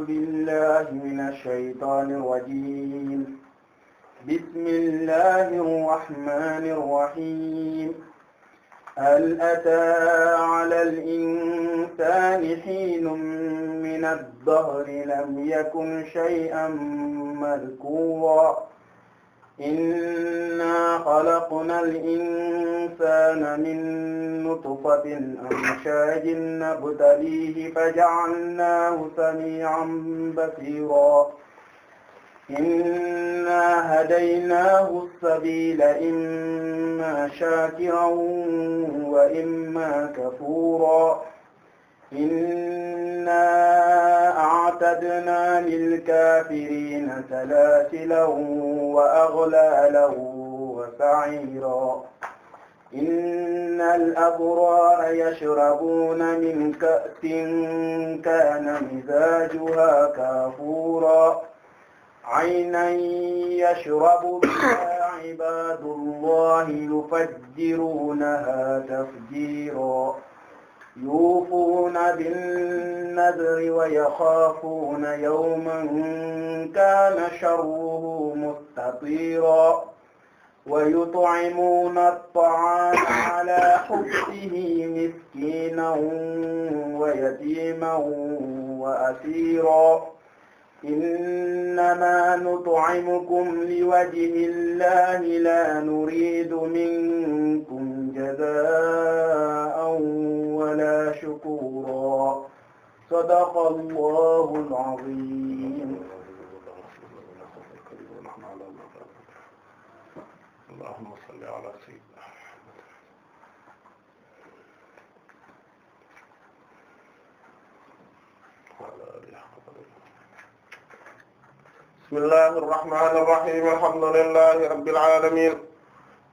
بالله من الشيطان الرجيم بسم الله الرحمن الرحيم هل أتى على الإنسان حين من الدهر لم يكن شيئا مذكورا إنا خلقنا الإنسان من نطفة أمشاج نبتليه فجعلناه سميعا بصيرا إنا هديناه السبيل إما شاكرا وإما كفورا إنا أعتدنا للكافرين سلاسلا وأغلالا وسعيرا إن الأبرار يشربون من كأس كان مزاجها كافورا عينا يشرب بها عباد الله يفجرونها تفجيرا yuufuuna bin-nadri wa yaxaafuuna yawman kaana sharruhu mustatira wa yut'imuuna at-ta'aama 'alaa hubbihi miskiinan wa yatiiman wa asiira innamaa nut'imukum liwajhi llaahi laa nuriidu minkum jazaa'an ولا شكورا صدق الله العظيم اللهم صل على سيدنا محمد وعلى آله بسم الله الرحمن الرحيم الحمد لله رب العالمين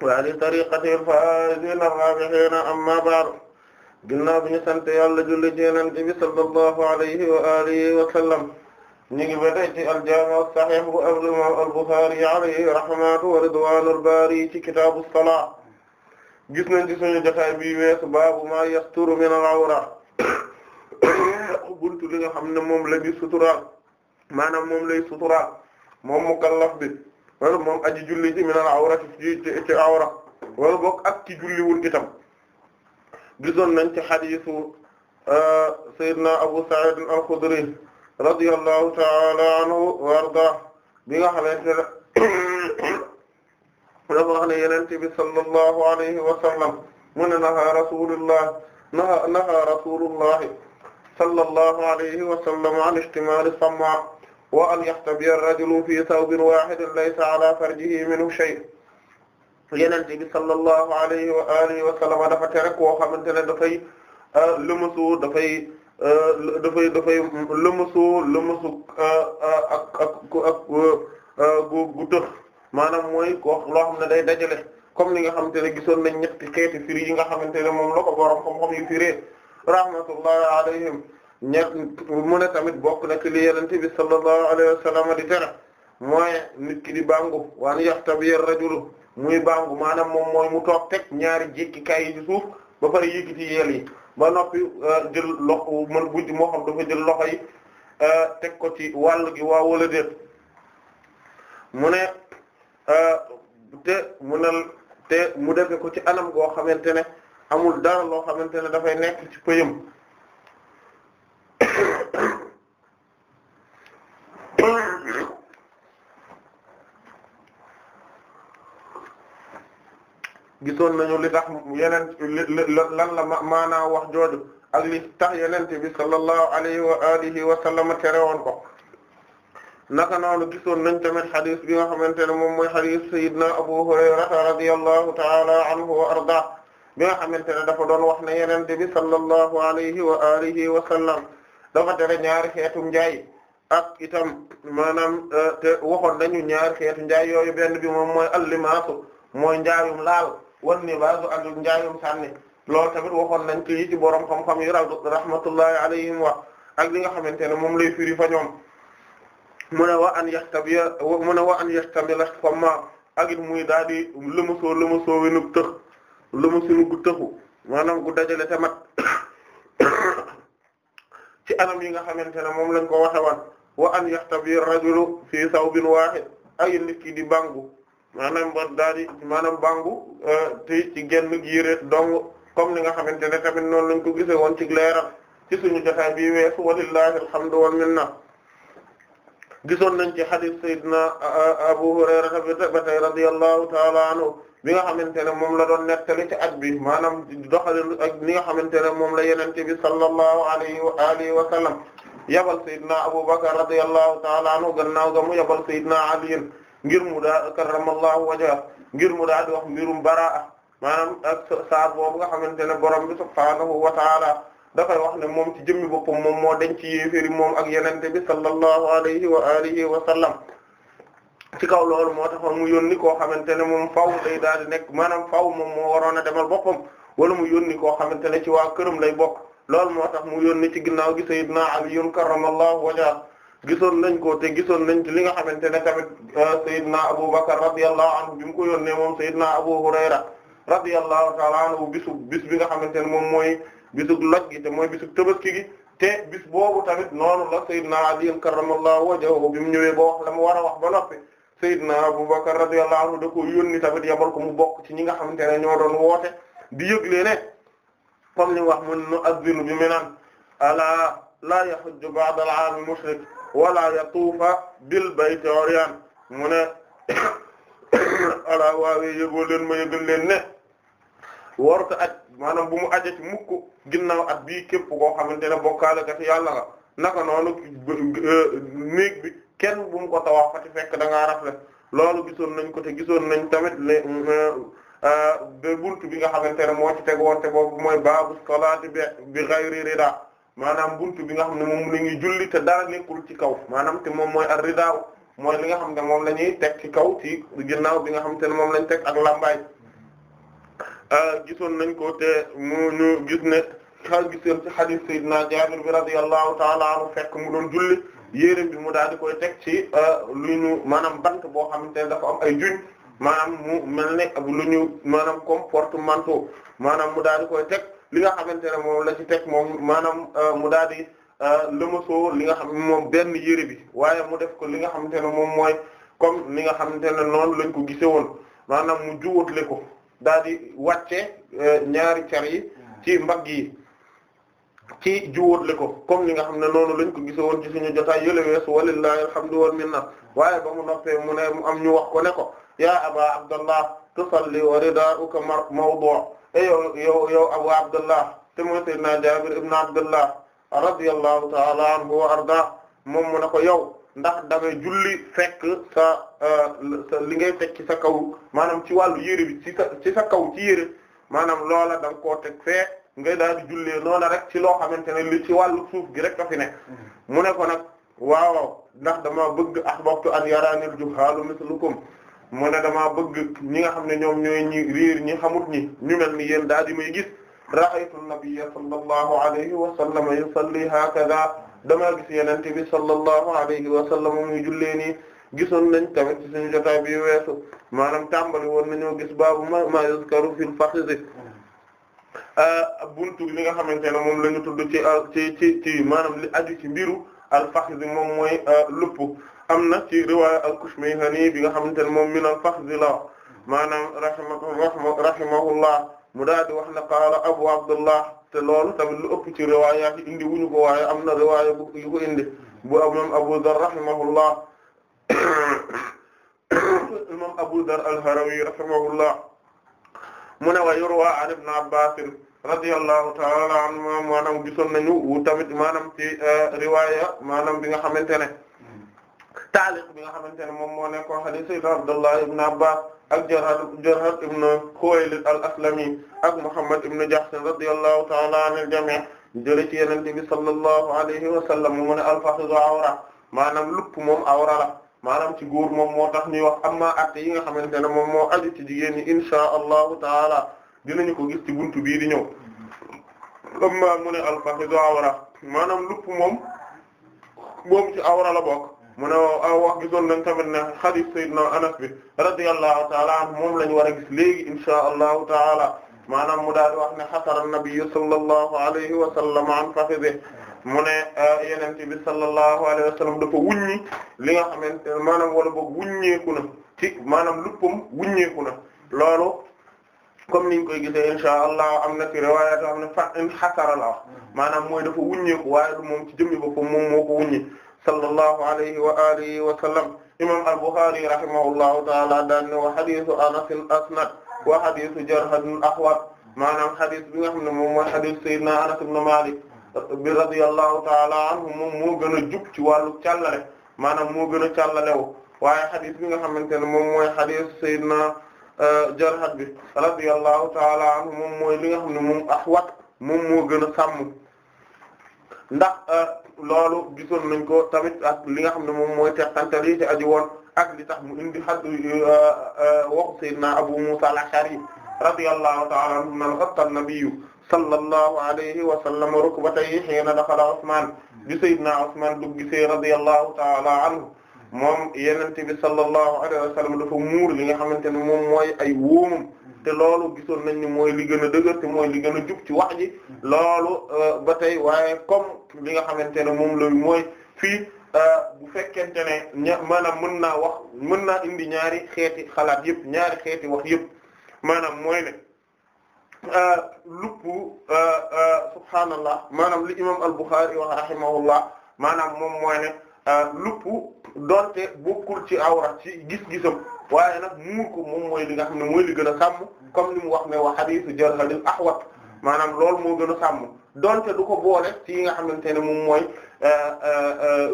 wa li tariqatil faa'izina raabihiina amma ba'du ginnaaw bi ñu sant yàlla julli ci Yonent bi sallallahu alayhi wa alihi wa sallam ñu ngi ba tey ci al-Jaami' as al-Imaam al-Bukhaari alayhi rahmatu wa ridwaanul baari ci kitaabu salaa gis nañ ci suñu jotaay bi weesu baabu maa yasturu min al-awra buntu li nga xam ne moom la ñuy bi wala moom aji julli ci minal awra ci ci awra wala boog ak ci julliwul itam gisoon nañ ci xadiisu euh, Seydina Abu Sa'id al-Khudri radiyallahu ta'ala anhu wa arda bi nga xamante ne dafa wax ne yenente bi sallallahu alayhi wa sallam mu ne naha rasulullah naha naha rasulullahi sallallahu alayhi wa sallam an ihtimal as-samma wa an yaxtabiya rajulu fi thawbin wahidin laysa ala farjihi minhu shay Yonent bi sallallahu alayhi wa alihi wa sallam dafa tere koo xamante ne dafay euh, lëmasu euh, dafay dafay dafay lëmasu lëmasu euh, ak ak ak gu gu tëx maanaam mooy koo loo xam ne day dajale comme ni nga xamante ne gisoon nañ ñetti xeeti firi yi nga xamante ne moom la ko borom xam-xam yu firee rahmatullahi alayhim ñett mu ne tamit bokk na ci li yenente bi sallallahu a wa sallam di tere mooy nit ki di bangu waan yaxtabiya rajulu muy bangu maanaam moom mooy mu toog teg ñaari jékki kay yi ci suuf ba pare yëkkati yeel yi ba noppi euh, jël loxo man moo xam dafa jël loxo yi euh, teg ko ci wàll gi waa wala déet mu ne euh, te mu ne te mu defe ko ci anam goo xamante ne amul dara loo xamante ne dafay nekk ci pëyam gisoon nañu li tax yeneen lan la maanaa wax jooju ak li tax yenente bi sallallahu alayhi wa alihi wa sallam terewoon ko naka noonu gisoon nañ tamit xadis bi nga xamante ne moom mooy xadis sayidna abu hurayrata radiyallahu taala anhu wa arda bi nga xamante ne dafa doon wax ne yenente bi sallallahu alayhi wa alihi wa sallam dafa tere ñaari xeetum njaay ak itam maanaam eh, te waxoon nañu ñaari xeetu njaay yooyu benn bi moom mooy allimaasu mooy njaayum laal wan ne baasu ak njaayum sànni loolu tamit waxoon nañ ko yi ci borom xam-xam yi rahmatullahi alayhim wa ak li nga xamante ne moom lay firi fa ñoom mu wa an yahtabiya mu ne wa an yahtamila famma muy daal di lëmasoo lëmasoo wenug tëx lëmasinu gu tëxu maanaam gu dajale te mat ci anam yi nga xamante ne moom lañ ko waxe wan wa an yahtabiya rajulu fi sawbin wahid ay nit di bangu maanaam ba daal di maanaam bangu euh, te ci genn yére dong comme ni nga xamante ne tamit noonu lañ ko gisee woon ci leeral ci suñu jotaay bi weesu walillahi alhamdu wal minna gisoon nañ ci hadith sayyidina euh, Abu Hurayra ba tey radiyallahu ta'ala anhu bi nga xamante ne moom la doon nettali ci at bi maanaam doxalin ak ni nga xamante ne moom la yonent bi sallallahu alayhi wa alihi wa sallam yabal sayyidina Abu Bakr radiyallahu ta'ala anhu gannaaw ga mu yabal sayyidina Ali ngir mu daa karramallahu wajha ngir mu daa di wax mbirum baraa maanaam ak saar boobu nga xamante ne borom bi subhaanahu wa dafay wax ne moom ci jëmmi boppam moom moo denc yéeféri moom ak yenente bi sallallahu alayhi wa alihi wa sallam ci kaw loolu moo taxoon mu yónni koo xamante ne moom faaw day daal di nekk maanaam faaw moom moo waroon a demal boppam wala mu yónni koo xamante ne ci waa këram lay bokk loolu moo tax mu yónni ci ginnaaw gi sayyidina Ali karramallahu wajha gisoon nañ ko te gisoon nañ ci li nga xamante ne tamit euh, Seydina Abu Bakar radiyallahu anhu bi mu ko yónnee moom Seydina Abu Hurayra radiyallahu ta'ala anhu bisu bis bi nga xamante ne moom mooy bisu loj gi te mooy bisu Tabaski gi te bis boobu tamit noonu la Seydina Ali karramallahu wajhahu bi mu ñëwee ba wax la mu war a wax ba noppi Seydina Abu Bakar radiyallahu anhu da ko yónni tamit yabal ko mu bokk ci ñi nga xamante ne ñoo doon woote di yëgle ne comme li wax mun nu azzinu mi naan ala wala yatuufa bil bayti uryan mu ne ala waawee yëgoo leen ma yëgal leen ne warut a aj maanaam bu mu aja ci mukk ginnaaw at bii képp koo xamante ne bokkaale kat yàlla nga naka noonu eh, néeg bi kenn bu mu ko tawaaf fa ci fekk da ngaa loolu gisoon nañ ko te gisoon nañ tamit les eh, eh, buntu bi nga xamante ne moo ci teg woon te boobu mooy baabu salaati bi bi ghayri rida maanaam buntu bi nga xam ne moom la ñuy julli te dara nekkul ci kaw maanaam te moom mooy ar ridaaw mooy li nga xam ne moom la ñuy teg ci kaw ci ginnaaw bi nga xam te ne moom lañ teg ak lambaay euh, gisoon nañ ko te mu ñu gis ne xaal gisoon ci hadith Seydina Jaabir bi radiyallahu ta'ala anhu fekk mu doon julli yéeréem bi mu daal di koy teg ci euh, lu ñu maanaam bant boo xam ne dafa am ay juñ maanaam mu mel ne lu ñu maanaam comme porte maanaam mu daal di koy teg li nga xamante ne moom la ci teg moom maanaam euh, mu daal di euh, lëmasoo li nga xam moom benn yëre bi waaye mu def ko li nga xamante ne moom mooy comme li nga xamante ne noonu lañ ko gise woon maanaam mu juwatle ko daal di wàcce euh, ñaari car yi ci mbagg yi ci juwatle ko comme li nga xam ne noonu lañ ko gise woon ci suñu jotaay yële weesu walillahi alhamdu wal minna waaye ba mu noppee mu ne am ñu wax ko ne ko yaa aba abdallah tusalli wa ridaa'uka mawdu' e yow yow yow Abu Abdullah te mooy sayyidina Jaabir ibn Abdullah radiyallahu ta'ala anhu wa arda moom mu ne ko yow ndax damay julli fekk sa euh, li ngay teg ci sa kaw maanaam ci wàllu yére bi ci sa ci sa kaw ci yére maanaam loola da nga koo fee ngay daal di jullee loola rek ci loo xamante ne li ci wàllu suuf gi rek a fi mm-hmm. mu ne ko nag waaw ndax dama bëgg ahbabtu an yaranil juhalu mislukum mu ne damaa bëgg ñi nga xam ne ñoom ñooy ñi réer ñi xamut ñi ñu mel ni yéen daal di may gis ra'aytu an-nabiyya sallallahu alayhi wa sallam yusalli hakaza damaa gis yenente bi sallallahu alayhi wa sallam muy jullee nii gisoon nañ tamit ci suñu bi weesu maanaam tàmbali woon nañoo gis baabu ma ma yuzkaru fil fakhiz ah, buntu li nga xamante ne moom la ñu tudd ci ci ci ci maanaam li aju ci mbiru al fakhiz moom mooy ah, lupp am na ci riwaaya al-Kushmayhani bi nga xamante ne moom min al-Fakhdhi la maanaam rahimahullah rahimahullah mu daal di wax ne qaala Abu Abdullah te loolu tamit lu ëpp ci riwaaya ko waaye am na riwaaya bu yu ko indi bu imam Abu Dharr rahimahullah imam Abu Dharr al-Harawi rahimahullah mu ne wa yurwa an Ibn Abbas radiyallahu ta'ala anhuma maanaam gisoon nañu tamit eh, bi nga xamante ne taaliq bi nga xamante ne moom moo nekkoon hadith sayyidina Abdullah ibn Abbas ak Jarhad Jarhad ibn Khuwaylid al-Aslami ak Muhammad ibn Jahsh radiyallahu ta'ala anil jami' jële ci Yonent bi sallallahu alayhi wa sallam mu ne al-fakhidhu awra maanaam lupp moom awra la maanaam ci góor moom moo tax ñuy wax amma at yi nga xamante ne moom moo aju ci jigéen ñi inshaa Allahu taala dinañu ko gis ci buntu bii di ñëw amma mu ne al-fakhidhu awra maanaam lupp moom moom ci awra la bokk mu ne ah, wax gisoon nañ tamit ne hadith sayyidina Anas bi radiyallahu ta'ala anhu moom lañ war a gis léegi inshaa allahu ta'ala maanaam mu daal di wax ne xasara nabiyyu sallallahu alayhi wa sallam an fakhidhi mu ne ah, yonent bi sallallahu alayhi wa sallam dafa wuññi li nga xamante ne maanaam wala boog wuññeeku na ci maanaam luppam wuññeeku na loolu comme niñ koy gisee inshaa allah am na ci riwaayat am na fa in xasara la wax maanaam mooy dafa wuññeeku waaye moom ci jëmmi boppam moom moo ko wuññi. sallallahu alayhi wa alihi wa sallam imam al-Bukhari rahimahullahu taala daan ne wa hadithu anasin asnad wa hadithu jarhadun ahwat maanaam hadith bi nga xam ne moom mooy hadith sayyidina anas ibn malik bi radiyallahu taala anhu moom moo gën a jug ci wàllu càllale maanaam moo gën a càllalewu waaye hadith bi nga xamante ne moom mooy hadith sayyidina uh, jarhad bi radiyallahu taala anhu moom mooy li nga xam ne moom ahwat moom moo gën a sàmm ndax uh, loolu gisoon nañ ko tamit ak li nga xam ne moom mooy teqantali ci aju woon ak li tax mu indi xad euh, euh, waxu sayyidina Abu Musa al-Ash'ari radiyallahu ta'ala anhu man ghatta an-nabiyyu sallallahu alayhi wa sallam rukbatayhi hina dakhala Usman bi sayyidina Usman dugg gisee radiyallahu ta'ala anhu moom yenente bi sallallahu alayhi wa sallam dafa muur li nga xamante ne moom mooy ay wóomam te loolu gisoon nañ ni mooy li gën a dëgër te mooy li gën a jub ci wax ji loolu euh, ba tey waaye comme li nga xamante ne moom la mooy fii euh, bu fekkente ne ña maanaam mën naa wax mën naa indi ñaari xeeti xalaat yëpp ñaari xeeti wax yëpp maanaam mooy ne euh, lupp subhaanallah maanaam li imam al-Bukhari wax rahimahullah maanaam moom mooy ne lupp donte bokkul ci awra ci gis-gisam waaye nag muur ko moom mooy li nga xam ne mooy li gën a sàmm comme ni mu wax ne wa hadithu jarhalil ahwat maanaam loolu moo gën a sàmm donte du ko boole ci yi nga xamante ne moom mooy euh, euh,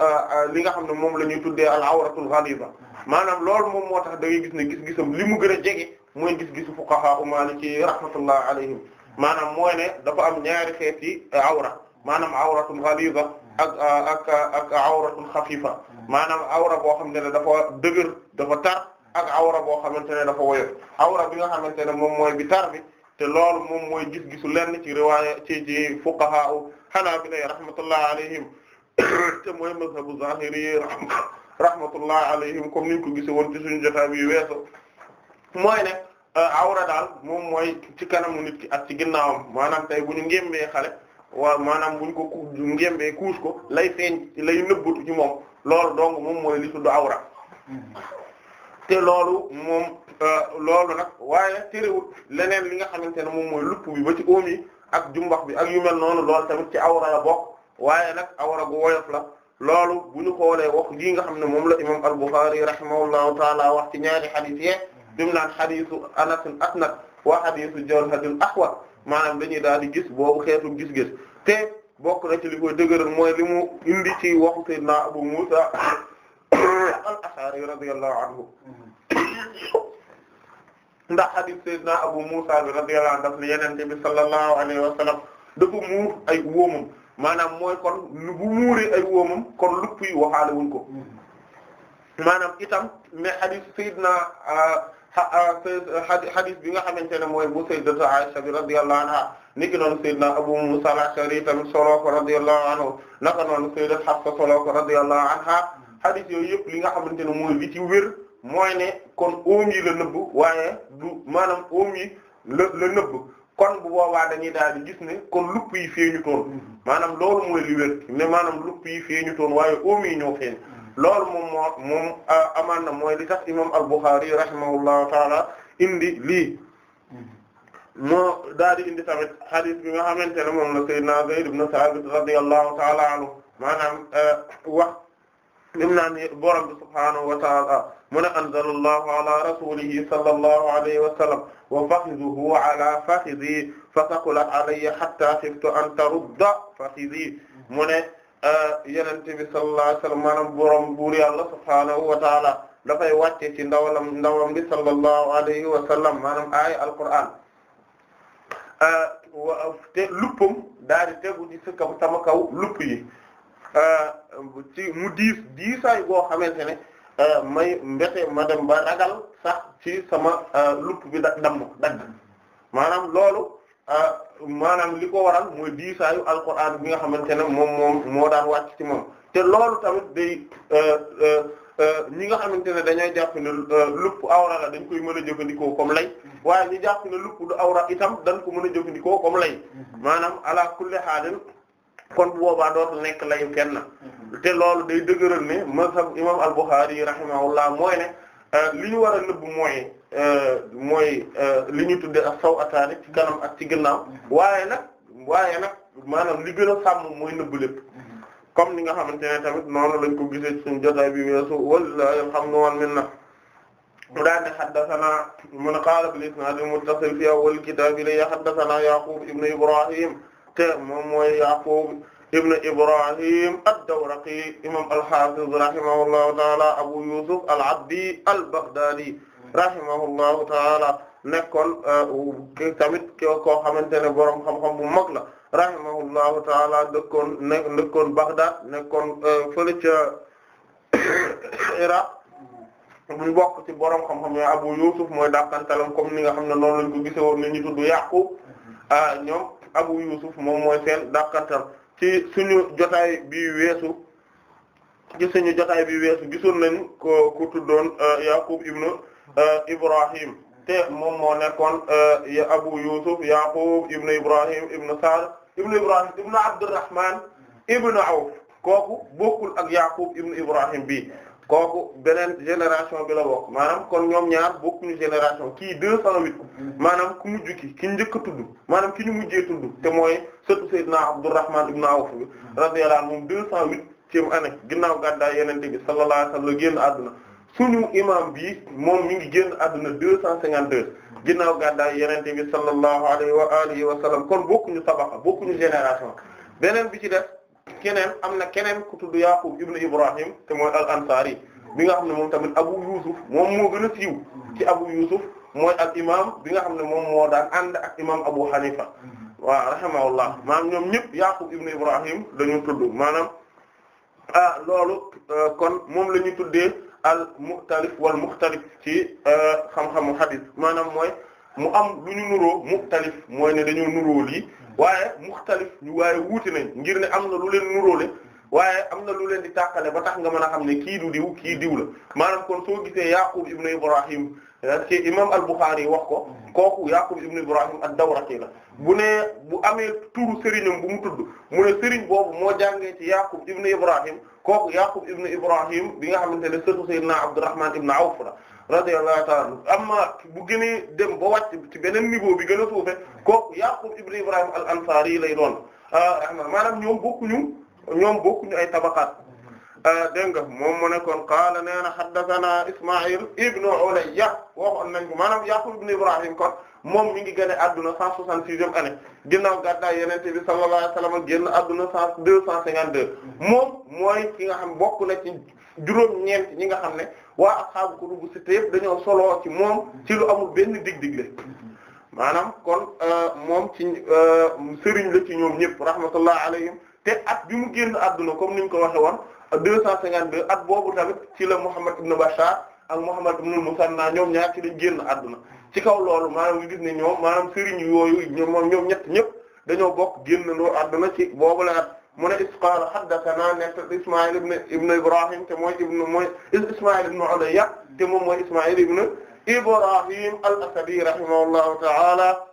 euh, li nga xam ne moom la ñuy tuddee al awratul ghaliba maanaam loolu moom moo tax da ngay gis ne gis-gisam li mu gën a jege mooy gis-gisu fuqaha maliki rahmatullah alayhim maanaam mooy ne dafa am ñaari xeet yi awra maanaam awratul ghaliba ak ak ak awratul xafifa maanaam awra boo xam ne dafa dëgër dafa tar ak awra boo xamante ne dafa woyof awra bi nga xamante ne moom mooy bi tar bi te loolu moom mooy gis-gisu lenn ci riwaaya ci ci fuqaha u hanabila rahmatullah alayhim te mooy mazhabu zahiri rahmatullah alayhim comme niñ ko gise woon ci suñu jotaay bi weesu mooy ne euh, awra daal moom mooy ci kanamu nit ki ak ci ginnaawam maanaam tey bu ñu ngémbee xale waaw maanaam bu ko ngémbee couche ko lay feeñ lay nëbbatu ci moom loolu donc moom mooy li tudd awra te loolu moom euh, loolu nag waaye terewul leneen li nga xamante ne moom mooy lupp bi ba ci oom ak jumbax bi ak yu mel noonu lool tamit ci awra la bokk waaye nag awra gu woyof la loolu bu ñu xoolee wax lii nga xam ne moom la imam al-Bukhari rahimahullahu taala wax ci ñaari xadis yee dum naan xadisu anas asnad waa xadisu jawhadul aswad maanaam dañuy daal di gis boobu xeetu gis-gis te bokk na ci li koy mooy li mu indi ci waxu sayyidina Abu Musa al-Ash'ari radiyallahu anhu ndax hadith sayyidina Abu Musa bi radiyallahu anhu daf ne yenente bi sallallahu alayhi wa sallam dafa muur ay wóomam maanaam mooy kon bu muuree ay wóomam kon lupp yi waxaale wuñ ko mm-hmm. maanaam itam mais Ah, hadith bi nga xamante ne mooy bu sayyidatu Aisha bi radiyallahu anha niki noonu sayyidna Abu Musa al-Ash'ari tamit solo ko radiyallahu anhu naka noonu sayyidatu Hafsa solo ko radiyallahu anha hadith yooyu yëpp li nga xamante ne mooy li ci wér mooy ne kon oom yi la nëbb waaye du maanaam oom la la nëbb kon bu boobaa dañuy daal di gis ne kon lupp yi feeñu toon mm-hmm. maanaam loolu mooy li wér ne maanaam lupp yi feeñu toon waaye oom yi ñoo feeñ loolu moom moo moom amaan na mooy li tax imam al-Bukhari rahimahullahu taala indi lii moo daal di indi tamit hadith bi nga xamante ne moom la sayyidina Zayd ibn Sabit radiyallahu taala anhu maanaam e, wax lim naan borom bi subhaanahu wa taala mu ne anzalallahu ala rasulihi sallallahu alayhi wa sallam wa fakhizuhu ala fakhidhi fa thaqulat alayya hatta khiftu an tarudda fakhidhi mu ne yenente bi sallallahu wa sallam maanaam borom buur yàlla subhaanahu wa taala dafay wàcce ci ndawalam ndawam bi sallallahu alayhi wa sallam maanaam aaya alquran te luppam daal tegu ci kaw sama kaw lupp yi ci mu diis diisaay boo xamante ne may mbete ma dem ba ragal ci sama lupp bi da maanaam loolu Ah, maanaam li ko waral mooy diisaayu alquran bi nga xamante ne moom moom moo daan wàcc ci moom te loolu tamit day euh, euh, euh, ñi nga xamante ne dañoo jàpp ne lupp awra dañ koy mën a jëfandikoo comme lay waaye ñu jàpp ne lupp awra itam dañ ko mën a jëfandikoo comme lay maanaam ala kulli haalin kon boobaa dootul nekk layu kenn te loolu day dëgëral ne mazhab imam al-Bukhari rahimahullah mooy ne li ñu war a nëbb mooy Euh, mooy euh, li ñu tuddee ak saw ataani ci kanam ak ci ginnaaw mhm. waaye nag waaye nag maanaam li gën a sàmm mooy nëbb lépp mhm. comme ni nga xamante ne tamit noonu lañ ko gisee ci suñu jotaay bi weesu wallahi alhamdu min na mu daan ne haddasanaa mun qaala bil isnaadil muttasil fi awwal kitaab ilay haddasanaa Yaqub ibn Ibrahim te moom mooy Yaqub ibn Ibrahim ad-Dawraqi imam al-Hafiz rahimahullahu ta'ala Abu Yusuf al-Abdi al-Baghdadi rahimahullahu taala nekkoon euh, tamit koo xamante ne boroom xam-xam bu mag la rahimahullahu taala dëkkoon ne dëkkoon Baghdad nekkoon euh, fële ca Iraq bokk ci boroom xam-xam ya Abu Yusuf mooy dàqantalam comme ni nga xam ne noonu lañ ko gisee woon ni ñu tudd Yaqub ah ñoom Abu Yusuf moom mooy seen dàqantal ci suñu jotaay bi weesu. ci suñu jotaay bi weesu gisoon nañ ko ku tuddoon Yaqub ibnu Euh, Ibrahim te moom moo nekkoon euh, Abu Yusuf Yaqub ibn Ibrahim ibn Sa'd ibn Ibrahim ibn Abdurrahman ibn Awf kooku bokkul ak Yaqub ibn Ibrahim bi kooku beneen génération bi la maanaam kon ñoom ñaar bokkuñu génération kii deux cent huit maanaam ku mujj ki ki njëkk tudd maanaam ki ñu mujjee tudd te mooy sëtu Seydina Abdurrahman ibn Awf bi radiyallahu anhu moom deux cent huit ci mu année ginnaaw gàddaay Yonent bi sallallahu alayhi wa sallam suñu imam bi moom mi ngi génn àdduna deux cent cinquante deux ginnaaw gàddaay yenente bi sallallahu alayhi wa alihi wa sallam kon bokkuñu tabaxa bokkuñu génération beneen bi ci def keneen am na keneen ku tudd Yaqub ibnu Ibrahim te mooy al ansari bi nga xam ne moom tamit Abu Yusuf moom moo gën a siiw ci Abu Yusuf mooy al imam bi nga xam ne moom moo daal ànd ak imam Abu Hanifa waaw rahimahullah maanaam ñoom ñëpp Yaqub ibnu Ibrahim dañu tudd maanaam ah, loolu euh, kon moom la ñu tuddee al muxtalif wal muxtalif ci euh, xam-xamu xadis maanaam mooy mu am lu ñu nuróo muxtalif mooy ne dañoo nuróo li waaye muxtalif ñu waaye wuute nañ ngir ne am na lu leen nuróole waaye am na lu leen di tàqale ba tax nga mën a xam ne kii du diw kii diw la maanaam kon soo gisee Yaqub ibn Ibrahim euh, ci imam al-Bukhari wax ko kooku Yaqub ibn Ibrahim ad la bu ne bu amee turu sëriñam bu mu tudd mu ne sëriñ boobu moo jàngee ci Yaqub ibn Ibrahim kooku Yaqub ibn Ibrahim bi nga xamante ne sëtu Sayyidina Abdurrahman ibn Awf la radiyallahu ta'ala amma bu gënee dem ba wàcc ci beneen niveau bi gën a suufe kooku Yaqub ibn Ibrahim al-Ansari lay doon rahma maanaam ñoom bokkuñu ñoom bokkuñu ay tabaqaat ah, dégg nga moom mu nekkoon qaala nee na haddathana Isma'il ibn Ulayya waxoon nañ ko maanaam Yaqub ibn Ibrahim kon moom mi ngi gën a adduna cent soixante-sixième année ginnaaw gàddaay yonent bi sallallahu alayhi wasallam génn adduna cent deux cent cinquante-deux moom mooy ki nga xam bokk na ci juróom-ñeent ñi nga xam ne waa ashaabu kutubu sitta yëpp dañoo solo ci moom ci lu amul benn dig-digle maanaam kon euh, moom ci euh, sëriñ la ci ñoom ñëpp rahmatullah alayhim te at bi mu génn adduna comme ni ñu ko waxe woon deux cent cinquante-deux at boobu tamit ci la Muhammad ibn Bashar ak Muhammad ibn Musanna ñoom ñaar ci lañ génn adduna ci kaw loolu maanaam nga gis ne ñoom maanaam sëriñ yooyu ñoom ñoom ñett ñëpp dañoo bokk génnandoo àdduna ci boobu la at mu ne isqaala haddathana nekk Ismaïl ibn ibn Ibrahim te mooy ibn mooy Ismaïl ibn Ulayya te moom mooy Ismaïl ibn Ibrahim al-Asadi rahimahullahu ta'ala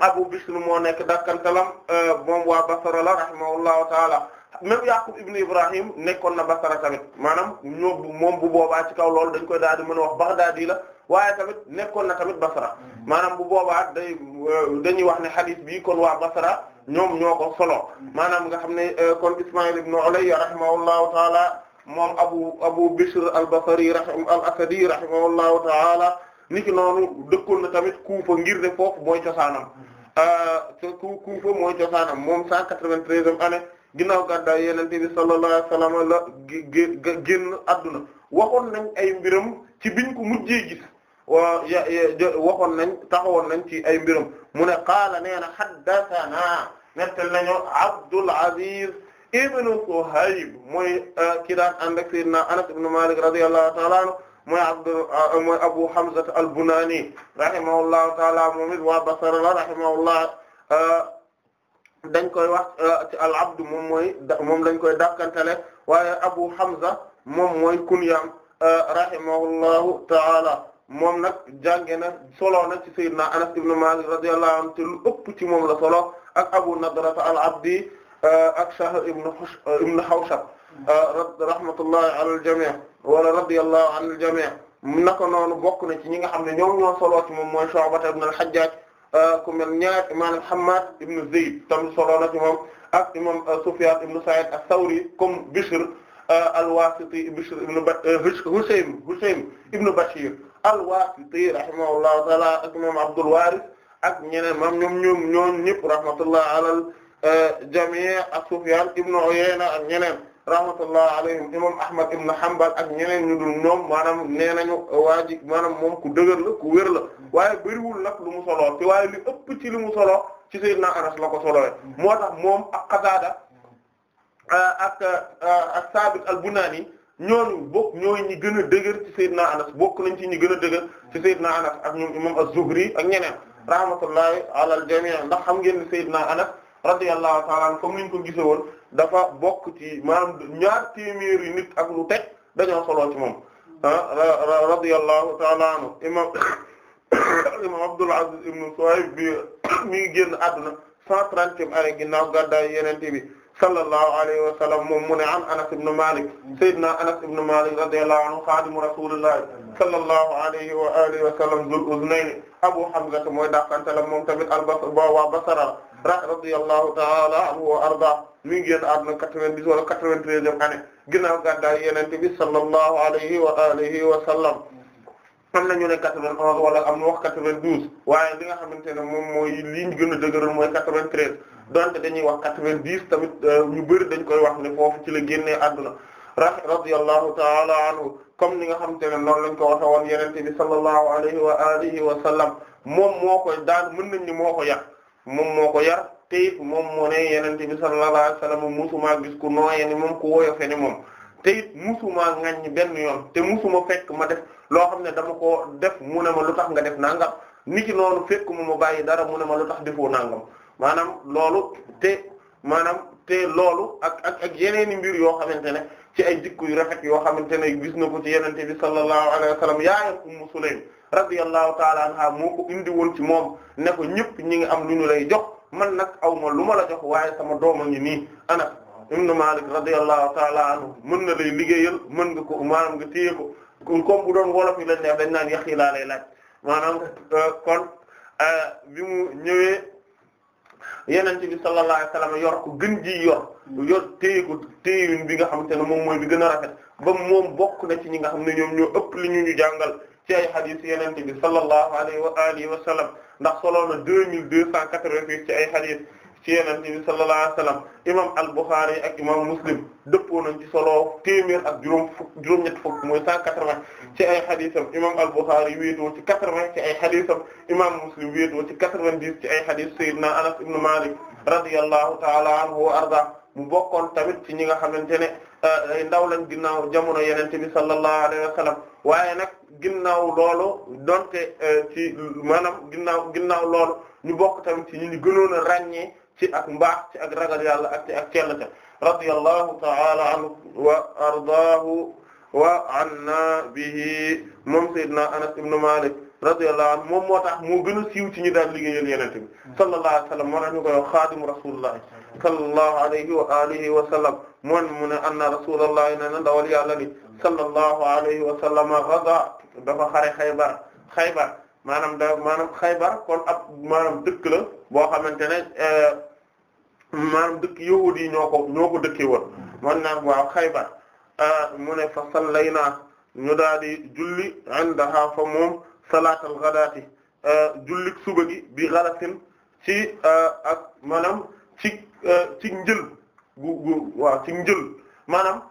Abu Bishr moo nekk dakkantalam moom waa Basra la rahimahullahu ta'ala même Yaqub ibn Ibrahim nekkoon na Basra tamit maanaam ñoo moom bu boobaa ci kaw loolu dañ koy daal di mën a wax Baghdadi la waaye tamit nekkoon na tamit Basra mm-hmm. maanaam bu boobaa day euh, dañuy wax ne hadith bi kon waa Basra ñoom ñoo ko solo mm-hmm. maanaam nga xam ne euh, kon Ismaïl ibn Ulayya rahimahullahu taala moom Abu Abu Bishr al-Basri rahim al-Asadi rahimahullahu taala niki noonu dëkkoon na tamit Kufa ngir ne foofu mooy cosaanam mm-hmm. euh, ku Kufa mooy cosaanam moom 193e année ginnaaw gàddaay Yonent bi sallallahu alayhi wasallam la génn adduna waxoon nañ ay mbiram ci biñ ko mujjee waxoon nañ taxawoon nañ ci ay mbirum mu ne qaala nee na haddathana nettal nañu Abdul Aziz ibn Suhayb mooy euh, ki daan ànd ak sayyidina Anas ibn Malik radiyallahu ta'ala anhu mooy Abdul euh, mooy Abu Hamza al-Bunani rahimahullahu ta'ala moom it waa Basra la rahimahullah euh, dañ koy wax ci al-Abd moom mooy moom lañ koy dàkkantele waaye Abu Hamza moom mooy kunyaam rahimahullahu ta'ala moom nag jànge na solo na ci sayyidina Anas ibn Malik radiyallahu anhu te lu ëpp ci moom la solo ak Abu Nadrata al-Abdi euh, ak Shahr ibn euh, ibn Hawshab euh, rahmatullahi ala al-jami' wala radiyallahu an al-jami' naka noonu bokk na ci ñi nga xam ne ñoom ñoo solo ci moom mooy Shu'ba ibn al-Hajjaj ku mel ñaar imaam Hammad ibn Zayd tam solo na ci moom ak imam Sufyan ibn Sa'id ath-Thawri comme Bishr al-Wasiti Bishr ibn Husaym Husaym ibn Bashir al-Waaqidi rahimahullahu ta'ala ak moom Abdul Waaris ak ñeneen mam ñoom ñoom ñoom ñëpp rahmatullah alal eh, jamii ak Sufyaan ibn Uyayna ak ñeneen rahmatullah alayhim imam Ahmad ibn Hanbal ak ñeneen ñu dul ñoom maanaam nee nañu waa ji maanaam moom ku dëgër la ku wér la waaye bëriwul nag lu mu solo te waaye li ëpp ci li mu solo ci Sayyidina Anas la ko solowee moo tax moom ak Qataada eh, ak eh, ak Saabit al-Bunaani ñooñu bokk ñooy ñi gën a dëgër ci Seydina Anas bokk nañ ci ñi gën a dëgër ci na Anas ak ñoom imam Az-Zuhri ak ñeneen rahmatullahi ala al-jami' ndax xam ngeen ne Seydina Anas radiyallahu ta'ala anhu comme niñ ko gise woon dafa bokk ci maanaam ñaar téeméeri nit ak lu teg dañoo solo ci moom ah radiyallahu ta'ala anhu imam imam Abdul Aziz ibn Suhayb bi mi ngi génn àdduna 130e année ginnaaw gàddaay Yonent bi sallallahu alayhi wa sallam moom mu ne an Anas ibn Malik sayyidina Anas ibn Malik radiyallahu anhu xaadimu rasulillahi sallallahu alayhi wa alihi wa sallam zul uznayni Abu Hamza mooy dàqanteel moom tamit al-Basri waa Basra radiyallahu ta'ala anhu wa arda mi ngi génn àdduna 90 wala 93e année ginnaaw gàddaay Yonent bi sallallahu alayhi wa alihi wa sallam am na ñu ne 91 wala am na wax 92 waaye li nga xamante ne moom mooy li ñu gën a dëgëral mooy 93. donte dañuy wax quatre-vingt-dix tamit euh, ñu bëri dañ koy wax ne foofu ci la génnee adduna radiyallahu ta'ala anhu comme ni nga xamante ne noonu lañ ko waxe woon yenente bi sallallahu alayhi wa alihi wa sallam moom moo koy daan mën nañ ni moo ko yar moom moo ko yar te it moom moo ne yenente bi sallallahu alayhi wa sallam musuma gis ku nooye ni moom ku woyofe ni moom te it musuma ngañ benn yoon te musuma fekk ma def loo xam ne dama ko def mu ne ma lu tax nga def nangam niki noonu fekk mu ma bàyyi dara mu ne ma lu tax defoo nangam maanaam loolu te maanaam te loolu ak ak ak yeneeni mbir yoo xamante ne ci ay jikko yu rafet yoo xamante ne gis na ko ci yenente bi sallallahu alayhi wa sallam yaayam Ummu Sulaym radiyallahu ta'ala anha moo ko indi woon ci moom ne ko ñëpp ñi ngi am lu ñu lay jox man nag aw ma lu ma la jox waaye sama dooma ngi nii Anas ibn Malik radiyallahu ta'ala anhu mën na lay liggéeyal mën nga ko maanaam nga téye ko comme bu doon wolof yi lañ neex dañ naan yaqi laa lay laaj maanaam euh, kon euh, bi mu ñëwee yeneen bi sallallahu alayhi wa sallam yor ko gën ji yor hmm. yor téye ko téye bi nga xamante ne moom mooy bi gën a rafet ba moom bokk na ci ñi nga xam ne ñoom ñoo ëpp li ñu ñu jàngal ci ay hadith yeneen bi sallallahu alayhi wa alihi wa sallam ndax solo na deux mille deux cent quatre-vingt-huit ci ay hadith ci Yonent bi sallallahu alayhi wa sallam imam al-Bukhari ak imam Muslim dëppoo nañ ci solo téeméer ak juróom fukk juróom-ñett fukk mooy cent quatre-vingts ci ay xadisam imam al-Bukhari wéetoo ci quatre-vingts ci ay xadisam imam Muslim wéetoo ci quatre-vingt-dix ci ay xadis Sayyidina Anas ibn Malik radiyallahu ta'ala anhu wa arda mu bokkoon tamit ci ñi nga xamante ne eh, ay ndaw ginnaaw jamono Yonent bi sallallahu alayhi wa sallam waaye nag ginnaaw loolu donte eh, ci maanaam ginnaaw ginnaaw loolu ñu bokk tamit ci ñi ñu a ràññee ci ak mbaax ci ak ragal yàlla ak ci ak cellta radiyallahu ta'ala anhu wa ardaahu wa anna bihi moom Seydina Anas ibn Malik radiyallahu anhu moom moo tax moo gën a siiw ci ñu daan liggéeyal Yonent bi sallallahu alayhi wa sallam moo tax ñu koy wax xaadimu rasulillahi sallallahu alayhi wa alihi wa sallam moon mu ne anna rasulullahi ne na ndawal yàlla li sallallahu alayhi wa sallam gada dafa xare Xaybar Xaybar maanaam da maanaam Xaybar kon ab maanaam dëkk la boo xamante ne eh, maanaam dëkk yahuud yi ñoo ko ñoo ko dëkkee woon man naan waaw Xaybar ah, mu ne fa sallaynaa ñu daal julli indaha fa moom salaatal ghadaati ah, jullik suba gi bi ghalatin ci ah, ak maanaam ci ci njël gu gu waaw maanaam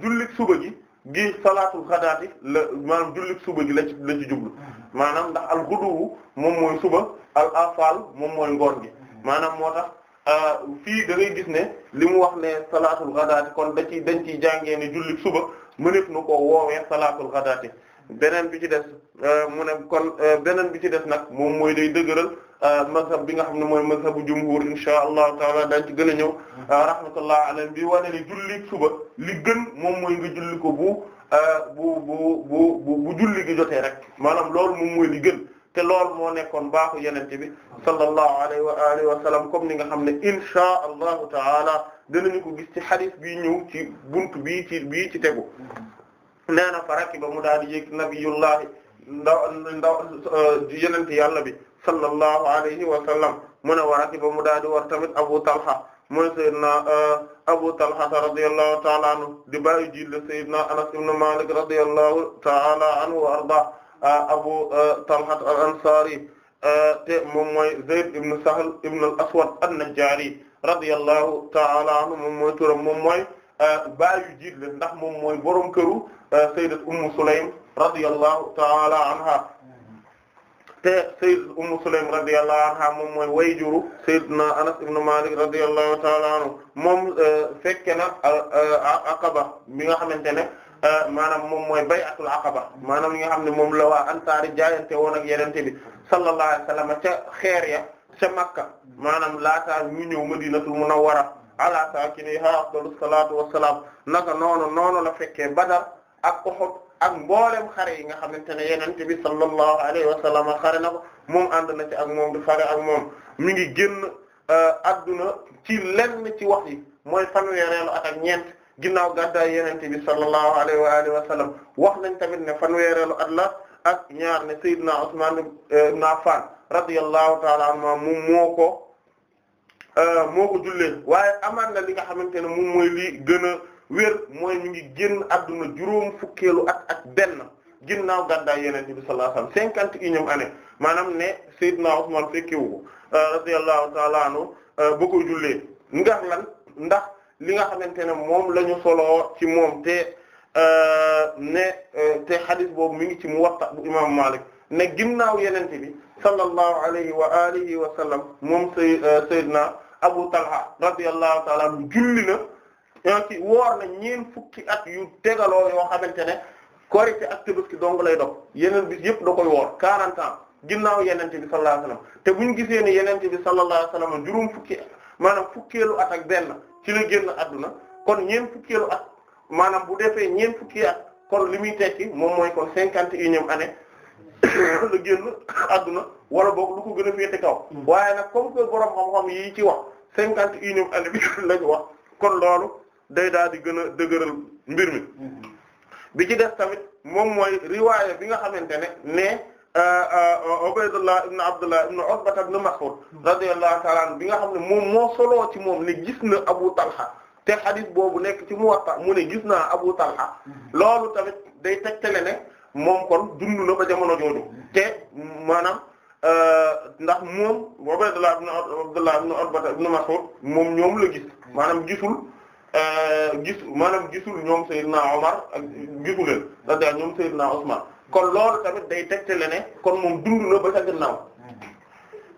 jullik suba gi gi salaatul ghadaati la maanaam jullik suba gi la ci la ci jublu maanaam ndax al ghudu moom mooy suba al afal moom mooy ngoon gi maanaam moo tax Euh, fii da ngay gis ne li mu wax ne salaatul ghadaati kon da ci dañ ciy jàngee ne jullit suba mëneef nu koo woowee salaatul ghadaati beneen bi ci des euh, mu ne kon euh, beneen bi ci des nag moom mooy day dëgëral mazhab bi nga xam ne mooy mazhabu jumhur insha allahu taala dañ ci gën a ñëw mm-hmm. rahmatullah alayhi bi wane ne jullit suba li gën moom mooy nga julli ko bu bu bu bu bu gi jotee rek maanaam loolu moom mooy li te loolu moo nekkoon baaxu yenente bi sallallahu alayhi wa alihi wa sallam comme ni nga xam ne inshaa allahu taala dinañu ko gis ci xadis bi ñëw ci buntu bii ci bii ci tegu nee na faraki ba mu daal di yéeg nabiyullahi ndaw ndaw yenente yàlla bi sallallahu alayhi wa sallam mu ne waraki ba mu daal di war tamit abu talha mooy sayyidna uh, abu talha radiyallahu taala di bàyyi anas ibn malik radiyallahu taala anhu wa arda Abu Talhat al-Ansari te moom mooy Zayd ibn Sahl ibn al-Aswad an-Najjari radiyallahu ta'ala anhu moom mooy turam moom mooy baayu jiit la ndax moom mooy borom këru sayyidat Ummu Sulaym radiyallahu ta'ala anha te sayyidat Ummu Sulaym radiyallahu anha moom mooy wayjuru sayyidina Anas ibn Malik radiyallahu ta'ala anhu moom fekke na Aqaba mi nga xamante ne Euh, maanaam moom mooy bay'atul aqaba maanaam li nga xam ne moom la waa ansaari jaayante woon ak yenente bi sallallahu alayhi wasallam ca xeer ya ca makka ma laataa ñu ñëw madinatul munawwara ala saakiniha afdalus salaatu wassalaam naka noonu noonu la fekkee badar ak Uhud ak mboolem xare yi nga xamante ne yenente bi sallallahu alayhi wasallam xare na ko moom na ci ak moom di xare ak moom mi ngi génn adduna euh, ci lenn ci wax yi mooy fanweereelu at ñeent ginnaaw gàddaay yonent bi alayhi wa alihi wa sallam wax nañ tamit ne fanweereelu at ak ñaar ne Seydina Usman ibn Affan radiyallahu ta'ala anhu moom moo ko euh, moo ko jullee waaye amaan na li nga xamante ne moom mooy li gën a ngi génn adduna juróom fukkeelu at ak benn ginnaaw gàddaay yonent bi sallallahu alayhi wa sallam cinquante et unième année ne Seydina Usman fekkiwu ko euh, radiyallahu ta'ala anhu euh, jullee ndax ndax li nga xamante ne moom la ñu soloo ci moom te euh, ne euh, te xadis boobu mu ngi ci Muwatta bu imaamu Maalik ne ginnaaw yenente bi sallallahu alayhi wa alihi wa sallam moom say euh, sayyidina Abu Talha radiyallahu ta'ala anhu julli na ci woor na ñeen fukki at yu tegaloo yoo xamante ne korite ak Tabaski dong lay dox yeneen bis yëpp da koy woor 40 ginnaaw yenente bi sallallahu alayhi wa sallam te buñu gisee ne yenente bi sallallahu alayhi wa juróom fukki maanaam fukkeelu at ak benn ci la génn àdduna kon ñeent fukkeelu at maanaam bu defee ñeent fukki at kon li muy tekki moom mooy kon cinquante et unième année la génn àdduna wala boog lu ko gën a féete kaw. Hmm. waaye nag comme que borom xam-xam yi ci wax cinquante et unième année bi lañu wax kon loolu day daal di gën a dëgëral mbir mi hmm. bi ci des tamit moom mooy riwaaya bi nga xamante ne ne. Euh, euh, euh, Ubaydullah ibn Abdullah ibn Utba ibn Mas'ud radiyallahu ta'ala anhu bi nga xam ne moom moo soloo ci moom ne gis na Abu Talha te hadith boobu nekk ci Muwatta mu ne gis naa Abu Talha loolu tamit day tegtale ne moom kon dund na ba jamono jooju te maanaam ndax moom Ubaydullah ibn Abdullah ibn Utba ibn moom ñoom la gis maanaam gisul gis maanaam gisul ñoom Seydina Omar ak gisuleen ñoom Seydina Usman kon loolu tamit day tegtale ne kon moom dund na ba ca ginnaaw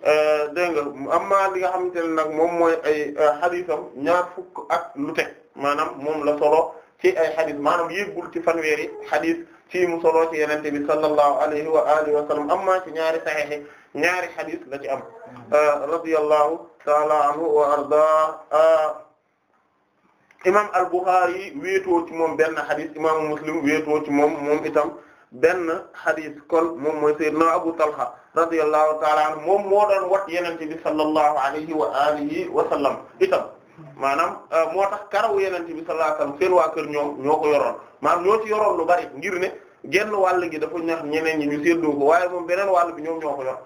euh, dégg nga amma li nga xamante ne nag moom mooy ay euh, xadisam ñaar fukk ak lu teg maanaam moom la solo ci ay xadis maanaam yéggul ci fanweeri xadis ci mu solo ci yenente bi sallallahu alayhi wa alihi wa sallam ci ñaari saxiix ñaari xadis la ci am euh, radiyallahu ta'ala anhu wa arda imam al-Bukhari wéetoo moom benn xadis imam Muslim wéetoo moom itam benn xadis kon moom mooy sayyidina Abu Talha radiyallahu ta'ala anhu moom moo doon wat yenente bi sallallahu alayhi wa alihi wa sallam itam maanaam euh, moo tax karaw yenente bi sallallahu alayhi wa sallam seen waa kër ñoo ñoo ko yoroon maanaam ñoo ci yoroon lu bari ngir ne genn wàll gi dafa ñax ñeneen ñi ñu séddoo ko waaye moom beneen wàll bi ñoom ñoo ko yor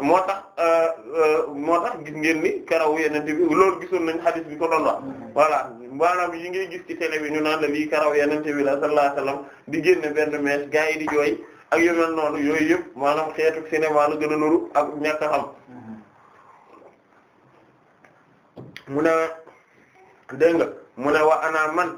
moo tax euh, euh, moo tax gis ngeen ni karaw yeneen bi loolu gisoon nañ xadis bi ko doon wax voilà maanaam yi ngay gis ci télé bi ñu naan la lii karaw yeneen bi la sallallahu alayhi di génne benn mèche gars yi di jooy ak yu mel noonu yooyu yëpp maanaam xeetu cinéma la gën a nuru ak ñàkk a xam mu ne dégg nga mu ne wa ana man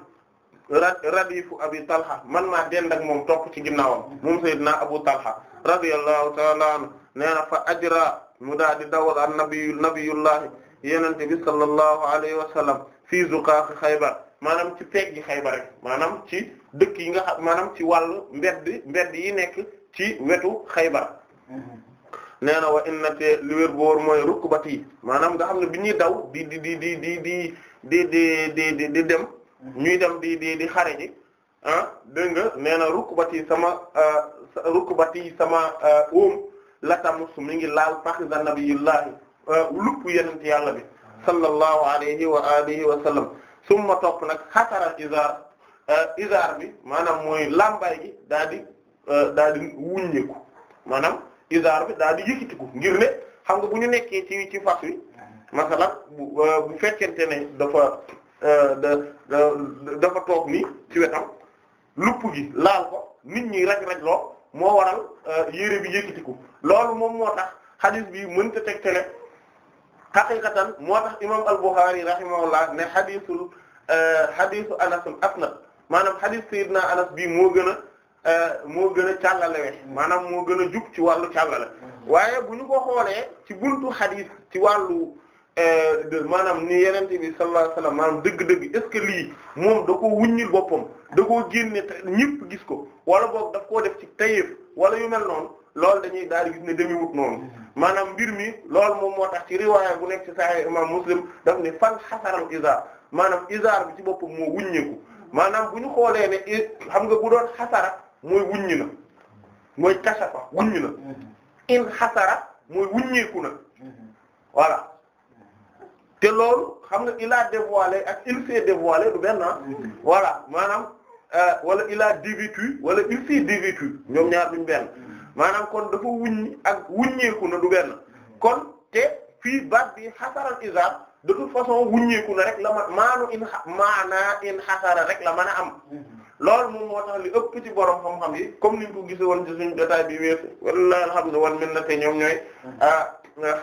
ra radifu abi talha man maa dend ak moom topp ci ginnaawam moom sayyidina abu talha radiyallahu ta'ala anhu nee fa ajra mu daa di dawal an nabiyu nabiyullahi yenente bi sallallahu alayhi wa sallam fii zuqaaqi xaybar maanaam ci peggi xaybar rek maanaam ci dëkk yi nga xam maanaam ci wàllu mbedd mbedd yi nekk ci wetu xaybar nee na wa inna te li wér mooy rukbat yi maanaam nga xam ne bi ñuy daw di di di di di di di di di di dem ñuy dem di di di xare ji ah nga nee na rukbat sama rukbat sama óom la tamus mi ngi laal faxiza nabiyullahi euh, lupp yenent yàlla bi sallallahu alayhi wa alihi wa sallam summa topp nag xataral izar euh, izar maanaam mooy lambay gi daa di euh, daa maanaam izar bi daa di yëkkitiku ngir ne xam nga bu ñu nekkee ci ci fas wi masalan bu bu fekkente ne dafa dafa toog nii ci wetam lupp gi laal ko nit ñi raj raj loo moo waral euh, yére bi yëkkatiku loolu moom moo tax xadis bi mënta tegtale xaqiqatan moo tax imam al-Bukhari rahimahullah ne xadisul euh, xadisu anasul asnad maanaam xadis na anas bi moo gën a euh, moo gën a càllalewe maanaam moo gën a jug ci wàllu càllale mm-hmm. waaye bu ñu ko xoolee ci buntu xadis ci wàllu Eh, maanaam ni yeneen bi sallallahu alayhi wasallam maanaam dëgg-dëgg est-ce moom da wuññil boppam da koo génne te ñëpp gis ko wala boog daf koo def ci tayeef wala yu mel noonu loolu dañuy daal di gis ne demi noonu maanaam mbir mi loolu moom moo tax ci riwaaya bu nekk ci Sahih imam Muslim daf ne fan xasaral isaar maanaam isaar bi ci boppam moo wuññeeku maanaam bu ñu xoolee ne eh, xam nga bu doon xasara mooy wuññi na mooy kasafa wuññi na mm-hmm. in xasara mooy wuññeeku na mm-hmm. voilà te loolu xam nga il a dévoilé ak il s'est dévoilé du benn ah. mm-hmm. voilà maanaam euh, wala il a wala il s'est dévécu ñoom ñaar duñ benn mm-hmm. maanaam kon dafa wuññi ak wuññeeku na du benn kon te fii baat bi xasaral isar de toute façon wuññeeku na rek la ma maanu in maanaa in xasara rek la mën a am mm-hmm. loolu moom moo tax li ëpp ci borom xam-xam yi comme niñ ko gise woon ci suñu jotaay bi weesu wallaahi alhamdu wal minna te ñoom ñooy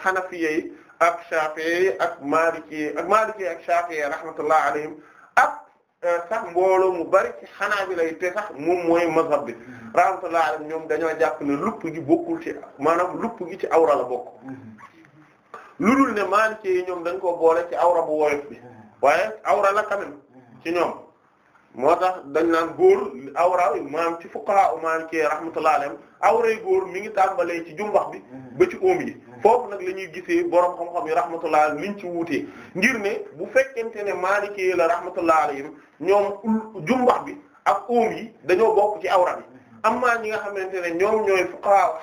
xanafiye euh, yi ak Shafi'i ak Maliki ak Maliki ak Shafi'i rahmatullah alayhim ak euh, sax mbooloo mu bari ci Hanabila yi te sax moom mooy mazhab bi mm-hmm. rahmatullah alayhim ñoom dañoo jàpp ne lupp gi bokkul ci maanaam lupp gi ci awra la bokk mm-hmm. lu dul ne Maliki yi ñoom dañ ko boole ci awra bu woyof bi mm-hmm. waaye awra la quand même ci ñoom moo tax dañ naan góor awra maanaam ci fuqaha Maliki rahmatullah alayhim awray góor mi ngi tàmbalee ci jumbax bi ba ci oom yi foofu nag la ñuy gisee borom xam-xam yi rahmatullah liñ ci wuutee ngir ne bu fekkente ne maalikee la rahmatullah alayhim ñoom jumbax bi ak óom yi dañoo bokk ci awra bi amma ñi nga xamante ne ñoom ñooy fuqaha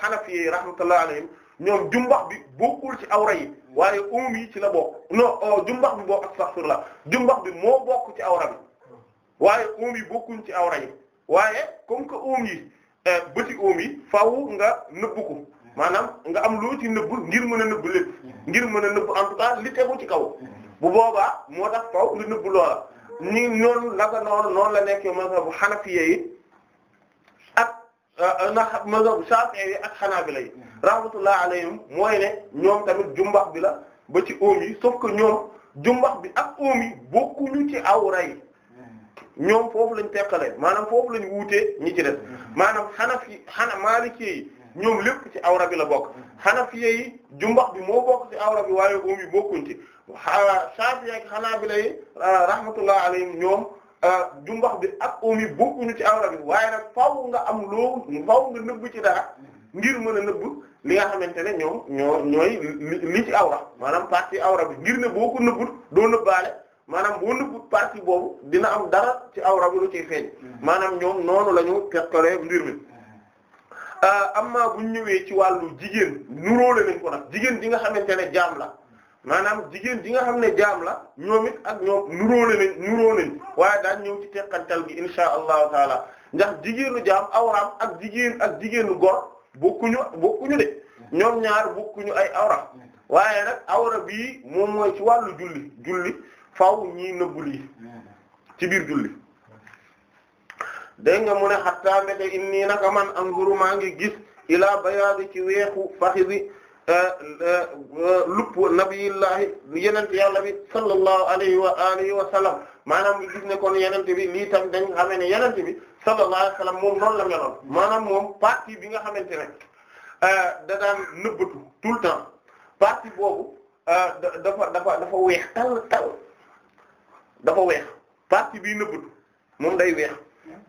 jumbax bi bokkul ci awra yi waaye óom yi ci la bokk non euh, jumbax bi boo astaghfirullah jumbax bi moo bokk ci awra bi waaye óom yi bokkuñ ci awra yi waaye comme que óom yi euh, bëti óom yi nga nëbbu maanaam nga am loo ci nëbbu ngir mën a nëbbu lépp ngir mën a nëbbu en tout cas li tegu ci kaw bu boobaa moo tax kaw nga nëbbu loola ñi noonu naka noonu noonu la nekkee mazhabu hanafiyya yi ak euh, na mazhabu shafi'i yi ak hanabila yi rahmatullah alayhim mooy ne ñoom tamit jumbax bi la ba ci oom yi sauf que ñoom jumbax bi ak oom yi bokkuñu ci awra yi ñoom foofu lañ teqale maanaam foofu lañ wuutee ñi ci def maanaam hanafi hana maliki yi ñoom lépp ci awra bi la bokk xanafiye yi jumbax bi moo bokk ci awra bi waaye oom yi bokkuñ ci Shafi'i ak xanaabila yi ah, rahmatullah alayhim ñoom ah, jumbax bi ak oom bokkuñu ci awra bi waaye nag faaw nga am loo faaw nga nëbb ci dara ngir mën a nëbb li nga xamante ne ñoom ñoo ñooy li ci awra maanaam partie awra bi ngir ne boo ko nëbbut doo nëbbaale maanaam boo nëbbut partie boobu dina am dara ci awra bi lu ciy feeñ mm-hmm. maanaam ñoom noonu la ñu teqalee mbir mi Euh, amma bu ñu ñëwee ci wàllu jigéen nuróole nañ ko nag jigéen ji nga xamante ne jaam la maanaam jigéen ji nga xam ne jaam la ñoom it ak ñoom nuróole nañ nuróo nañ waaye daan ñëw ci teqantal gi insha allahu taala ndax jigéenu jaam awraam ak jigéen ak jigéenu gor bokkuñu bokkuñu de ñoom ñaar bokkuñu ay awra waaye nag awra bii moom mooy ci wàllu julli julli faw ñii nëbbu lii ci biir julli. dégg nga mu ne xattaa mbéte innii naka man anzuru maa ngi gis ilaa bayaadi ci weexu faxi bi eh, eh, eh, lupp nabiyillahi yenente yàlla bi sallallahu alayhi wa alihi wa sallam maanaam ngi gis ne kon yenente bi lii tam dañ xamee ne yenente bi sallallahu wa sallam moom noonu la meloon maanaam moom partie bi nga xamante ne da daan nëbbatu le temps partie boobu dafa dafa dafa weex tal tal dafa weex partie bii nëbbatu moom day weex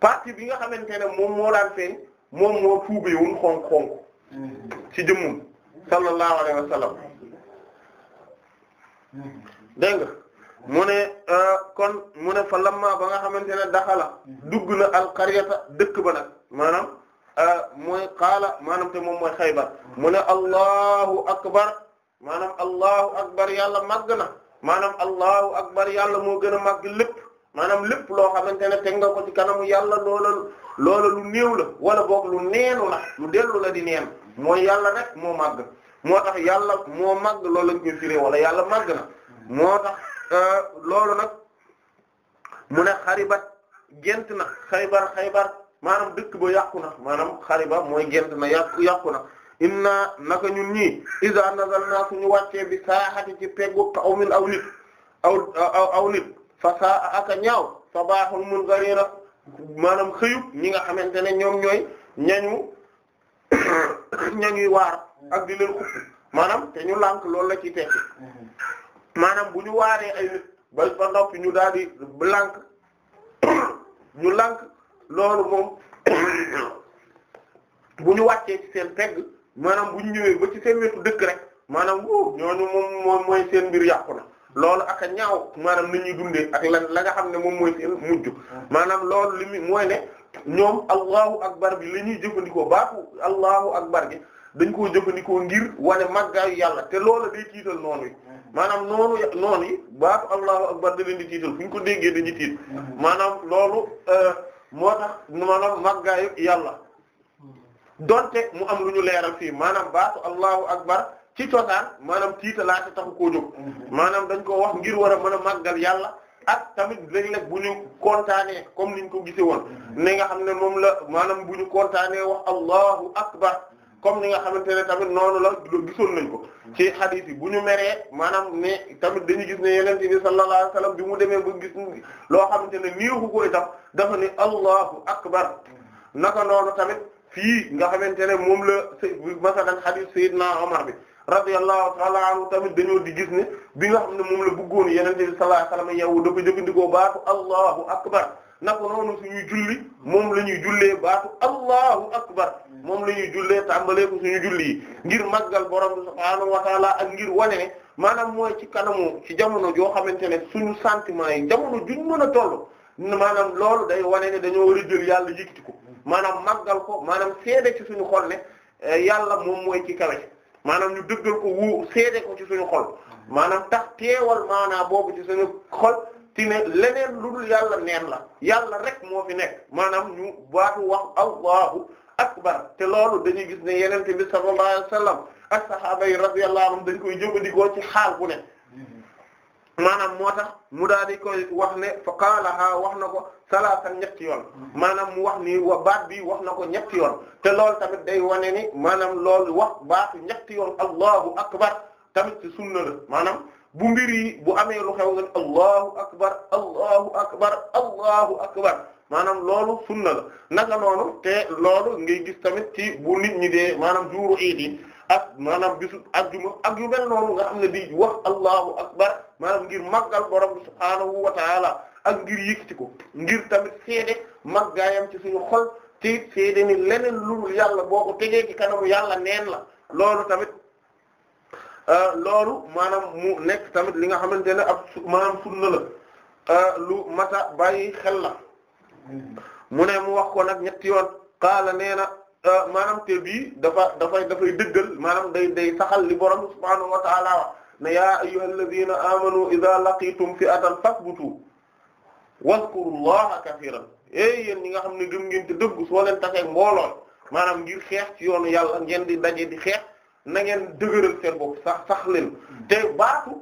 partie bi nga xamante ne moom moo daan feeñ moom moo tuubee wuñ xonk-xonk ci jëmmum sallallahu alayhi wa sallam dégg nga mu ne euh, kon mu ne fa lamma ba nga xamante ne daxala dugg na alqaryata dëkk ba nag maanaam euh, moy kaala maanaam te moom mooy xaybar mu ne allahu akbar maanaam allahu akbar yàlla màgg na maanaam allahu akbar yàlla moo gën a màgg lépp maanaam lépp loo xamante ne teg nga ko ci kanamu yàlla loola lu néew la wala boog lu neenu la lu dellu la di neen mooy yàlla rek moo màgg moo tax yàlla moo màgg loolu lañ koy firé wala yàlla màgg na moo tax euh, loolu nag mu ne xariba gent na xaybar xaybar maanaam dëkk ba yàqu na maanaam xariba mooy gent na yàqu na inna naka ñun ñii iza nazalna suñu wàccee bi saaxati ci peggu qawmin aw nit aw fasa aka ñaaw sabahul munzarina maanaam xëyub ñi nga xamante ne ñoom ñooy ñañu ñañuy waar ak di xupp maanaam te ñu lànk loolu la ci tekki mm-hmm. bu ñu waaree ay ba ñu daal di lànk ñu lànk loolu moom bu ñu wàccee ci seen pegg maanaam bu ñu ñëwee ba ci seen wetu dëkk rek maanaam wóo ñooñu moom mooy seen mbir yàqu loolu ak a ñaaw maanaam ni ñuy dundee ak lan la nga xam ne moom mooy seen mujj maanaam loolu li muy mooy ne ñoom allahu akbar bi la ñuy jëfandikoo baatu allahu akbar gi dañ koo jëfandikoo ngir wane màggaayu yàlla te loolu day tiital noonu yi maanaam noonu noonu yi baatu allahu akbar da leen di tiital fu ñu ko déggee dañuy tiit maanaam loolu euh, moo tax maanaam màggaayu yàlla donte mu am lu ñu leeral fii maanaam baatu allahu akbar ci cosaan maanaam tiitalaate taxu koo jóg mhm. maanaam dañ ko wax ngir war a mën a màggal yàlla ak tamit léeg-léeg bu ñu kontaanee comme niñ ko gisee woon mhm. ni nga xam ne moom la maanaam bu ñu kontaanee wax allahu akbar comme ni nga xamante ne tamit noonu la gisoon nañ ko mhm. ci hadith yi bu ñu meree maanaam ne tamit dañu gis ne sa bi sallallahu alayhi wasallam bi mu demee ba gis loo xamante ne néexu ko itam dafa ne allahu akbar naka noonu tamit fii nga xamante ne moom la masalan hadith sayyidna Umar bi radiyallahu ta'ala anhu tamit dañoo di gis ne bi nga xam ne moom la bëggoon yeneen bi sallallahu alayhi wasallam yow dafa jëfandikoo baatu allahu akbar naka noonu suñuy julli moom la ñuy jullee baatu allahu akbar moom la ñuy jullee tàmbalee ko suñu julli yi ngir màggal borom subhaanahu wa taala ak ngir wane ne maanaam mooy ci kanamu ci jamono joo xamante ne suñu sentiment yi jamono juñ mën a maanaam loolu day wane ne dañoo war a yàlla yëkkati ko maanaam maggal ko maanaam seede ci suñu xol ne eh, yàlla moom mooy ci kawe maanaam ñu dëggal ko wu seede ko ci xol maanaam tax teewal maanaam boobu ci suñu xol ci leneen lu dul yàlla neen la yàlla rek moo fi nekk maanaam ñu baatu wax allahu akbar te loolu dañuy gis ne yeneen bi sallallahu alayhi wasallam ak sahaaba yi radiyallahu anhum dañ koy jëfandikoo ci xaal bu ne mm-hmm. maanaam moo tax mu daal di koy wax ne fa qaalaha wax na ko salaatan ñetti yoon mm-hmm. maanaam mu wax ni wa baat bi wax na ko ñetti yoon te loolu tamit day wane ni maanaam loolu wax baatu ñetti yoon allahu akbar tamit ci sunna la maanaam bu mbir yi bu amee lu xew nga allahu akbar allahu akbar allahu akbar maanaam loolu sunna la naka te loolu ngay gis tamit ci bu nit ñi dee maanaam jur iid yi ak maanaam bisu ajjuma ak yu mel noonu nga xam ne di wax allahu akbar maanaam ngir màggal borom subhaanahu wa taala ak ngir ti ko ngir tamit seede maggaayam ci suñu xol te it seede ni leneen lu yàlla boo ko tegee ci kanamu yàlla neen la loolu tamit euh, loolu maanaam mu nekk tamit li nga xamante ne ab maanaam sunna la euh, lu mata bàyyi xel la mu ne mu wax ko nag ñetti yoon qaala nee na euh, maanaam te bii dafa dafay dafay dëggal maanaam day day saxal li borom subhaanahu wa taala wax ne yaa ayyuhalladhina amanu idha laqitum fi'atan fathbutu wazkurullaha kathiran éy yéen ñi nga xam ne gëm ngeen te dëggu soo leen taxee mbooloo maanaam ngir xeex ci yoonu yàlla ngeen di daje di xeex nangeen ngeen dëgëral seen bopp sax sax leen te baatu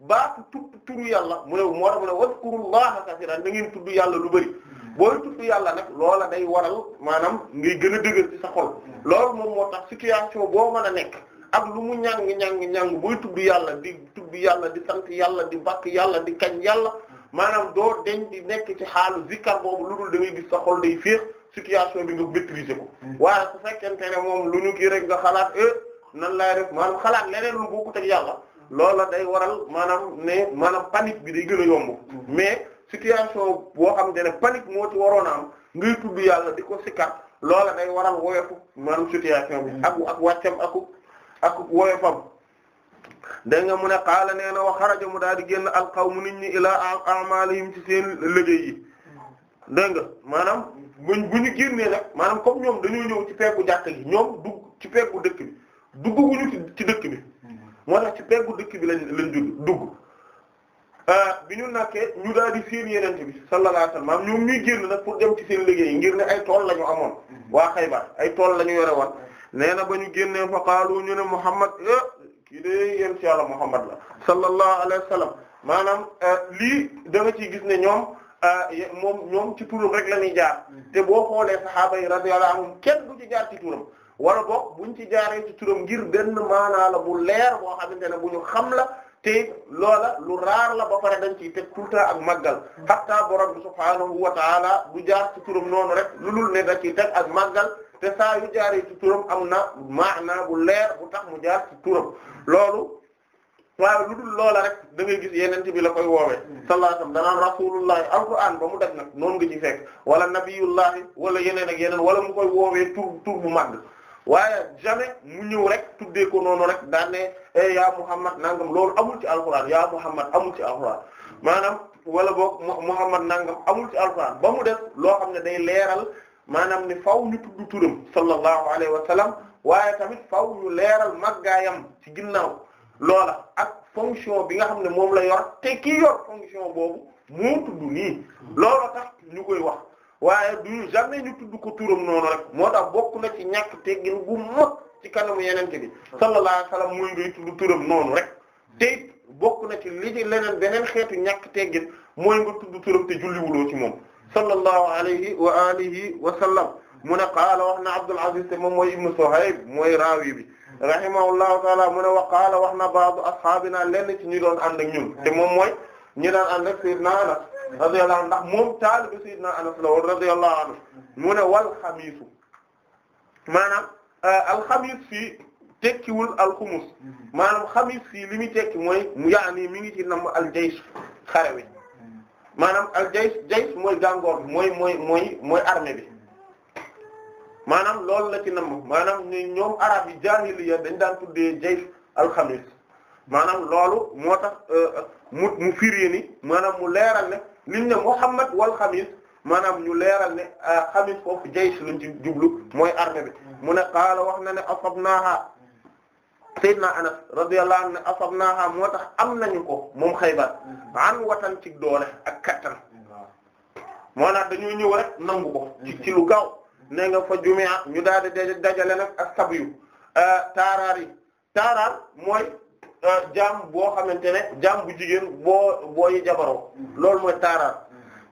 baatu tudd turu yàlla mu ne moo tax mu ne wazkurullaha kathiran na ngeen tudd yàlla lu bari booy tudd yàlla nag loola day waral maanaam ngi gën a dëgër ci sa xol loolu moom moo tax situation boo mën a nekk ak lu mu ñàng ñàng ñàng booy tudd yàlla di tudd yàlla di sant yàlla di bakk yàlla di kañ yàlla maanaam doo deñ di nekk ci xaalu zikkar boobu lu dul da ngay gis sa xol day féex situation bi nga maîtriser ko mm. waaye su fekkente ne moom lu ñu kii rek nga xalaat e nan laay def maanaam xalaat leneen lu bokkut ak yàlla mm. loola day waral maanaam ne maanaam panique bi day gën a yomb mm. mais situation boo xam ne panique moo ci waroon a am ngay tudd yàlla di ko sikkar loola day waral woyofu maanaam situation bi ak ak wàccam ak ak woyofam dégg nga mu ne qaala nee na wa xaraja mu daal di génn alqawmu nit ñi ilaa a'maalihim ci seen liggéey yi dégg nga maanaam buñ bu ñu génnee nag maanaam comme ñoom dañoo ñëw ci peggu jàkk gi ñoom dugg ci peggu dëkk bi ci dëkk bi moo ci peggu dëkk bi lañ lañ judd dugg euh, bi ñu nakkee ñu daal di seen yenente bi sallallahu alayhi wasallam ñoom ñuy génn nag pour dem ci seen liggéey ngir ne ay tool la ñu amoon mm-hmm. waa Xaybar ay tool la ñu yore woon mm-hmm. nee ba ñu génnee fa qaalu ñu ne Muhammad eh, kii de yéen ci yàlla Muhammad la sallallahu alayhi wa sallam maanaam euh, lii da ci gis ne ñoom euh, moom ñoom ci turam rek la ñuy jaar te boo xoolee sahaaba yi radiyallahu anhum kenn du ci jaar ci turam wala bu buñ ci jaaree ci turam ngir benn maanaa la bu leer boo xamante ne bu ñu xam la te loola lu raar la ba pare dañ ciy teg tout le temps ak màggal hatta borom bi subhaanahu wa taala du jaar ci turam noonu rek lu dul ne da ciy teg ak màggal te saa yu jaaree ci turam am na maanaa bu leer bu tax mu jaar ci turam loolu waaw lu du loola rek da ngay gis yeneen bi la koy woowee mm-hmm. sallallahu alayhi wasallam danaan rasulullahi ba mu def nag noonu nga ci fekk wala nabiyullahi wala yeneen ak yeneen wala mu koy woowee tur tur bu mag waaye jamais mu ñëw rek tuddee ko noonu rek daan ne eh, yaa Muhammad nangam loolu amul ci alquran yaa Muhammad amul ci alquran maanaam wala boog Muhammad nangam amul ci alquran ba mu def loo xam ne day leeral. maanaam ne faw ñu tudd turam sallallahu alayhi wa sallam waaye tamit faw ñu leeral màggaayam ci ginnaaw loola ak fonction bi nga xam ne moom la yor te ki yor fonction boobu mu tudd nii loola tax ñu koy wax waaye du jamais ñu tudd ko turam noonu rek moo tax bokk na ci ñàkk teggin gu mag ci kanamu yenente bi sallallahu alayhi wa sallam muy ngay tudd turam noonu rek te bokk na ci li leneen beneen xeetu ñàkk teggin mooy nga tudd turam te julliwuloo ci moom sallallahu alayhi wa alihi wa sallam mu ne qaala wax na Abdul Aziz te moom mooy ibnu Suhayb mooy raawi bi rahimahullahu taala mu ne wa qaala wax na baadu ashaabina lenn ci ñu doon ànd ak ñun te moom mooy ñi daan ànd ak Seydina Anas radiyallahu anhu ndax moom taalibu Seydina Anas la woon radiyallahu anhu mu ne wal xamiisu maanaam euh, alxamiis fii tekkiwul alxumus maanaam xamiis fii li muy tekki mooy yaani mi ngi ci namm aljaysh xare wi maanaam al jays jays mooy gàngoor bi mooy mooy mooy mooy armée bi maanaam loolu la ci maanaam ni ñoom arab yi jaahiliya dañ daan tuddee jays alxamis maanaam loolu moo tax euh, mu mu firi ni maanaam mu leeral ne liñ ne Muhammad wal xamis maanaam ñu leeral ne euh, xamis foofu jays lañ ci jublu mooy armée bi mu ne qaala wax na ne asabnaaha Seydina Anas radiyallahu anhu asabnaha moo tax am nañu ko moom Xaybar mm-hmm. an watan cig doole ak kattan mm-hmm. moo tax dañuy ñëw rek nangu ko ci ci lu gaaw ne nga fa jumia ñu daal di dajale na ak sab yu euh, taaraar mooy euh, jaam boo xamante ne jaam bu jigéen boo booy jabaroo mm-hmm. loolu mooy taaraar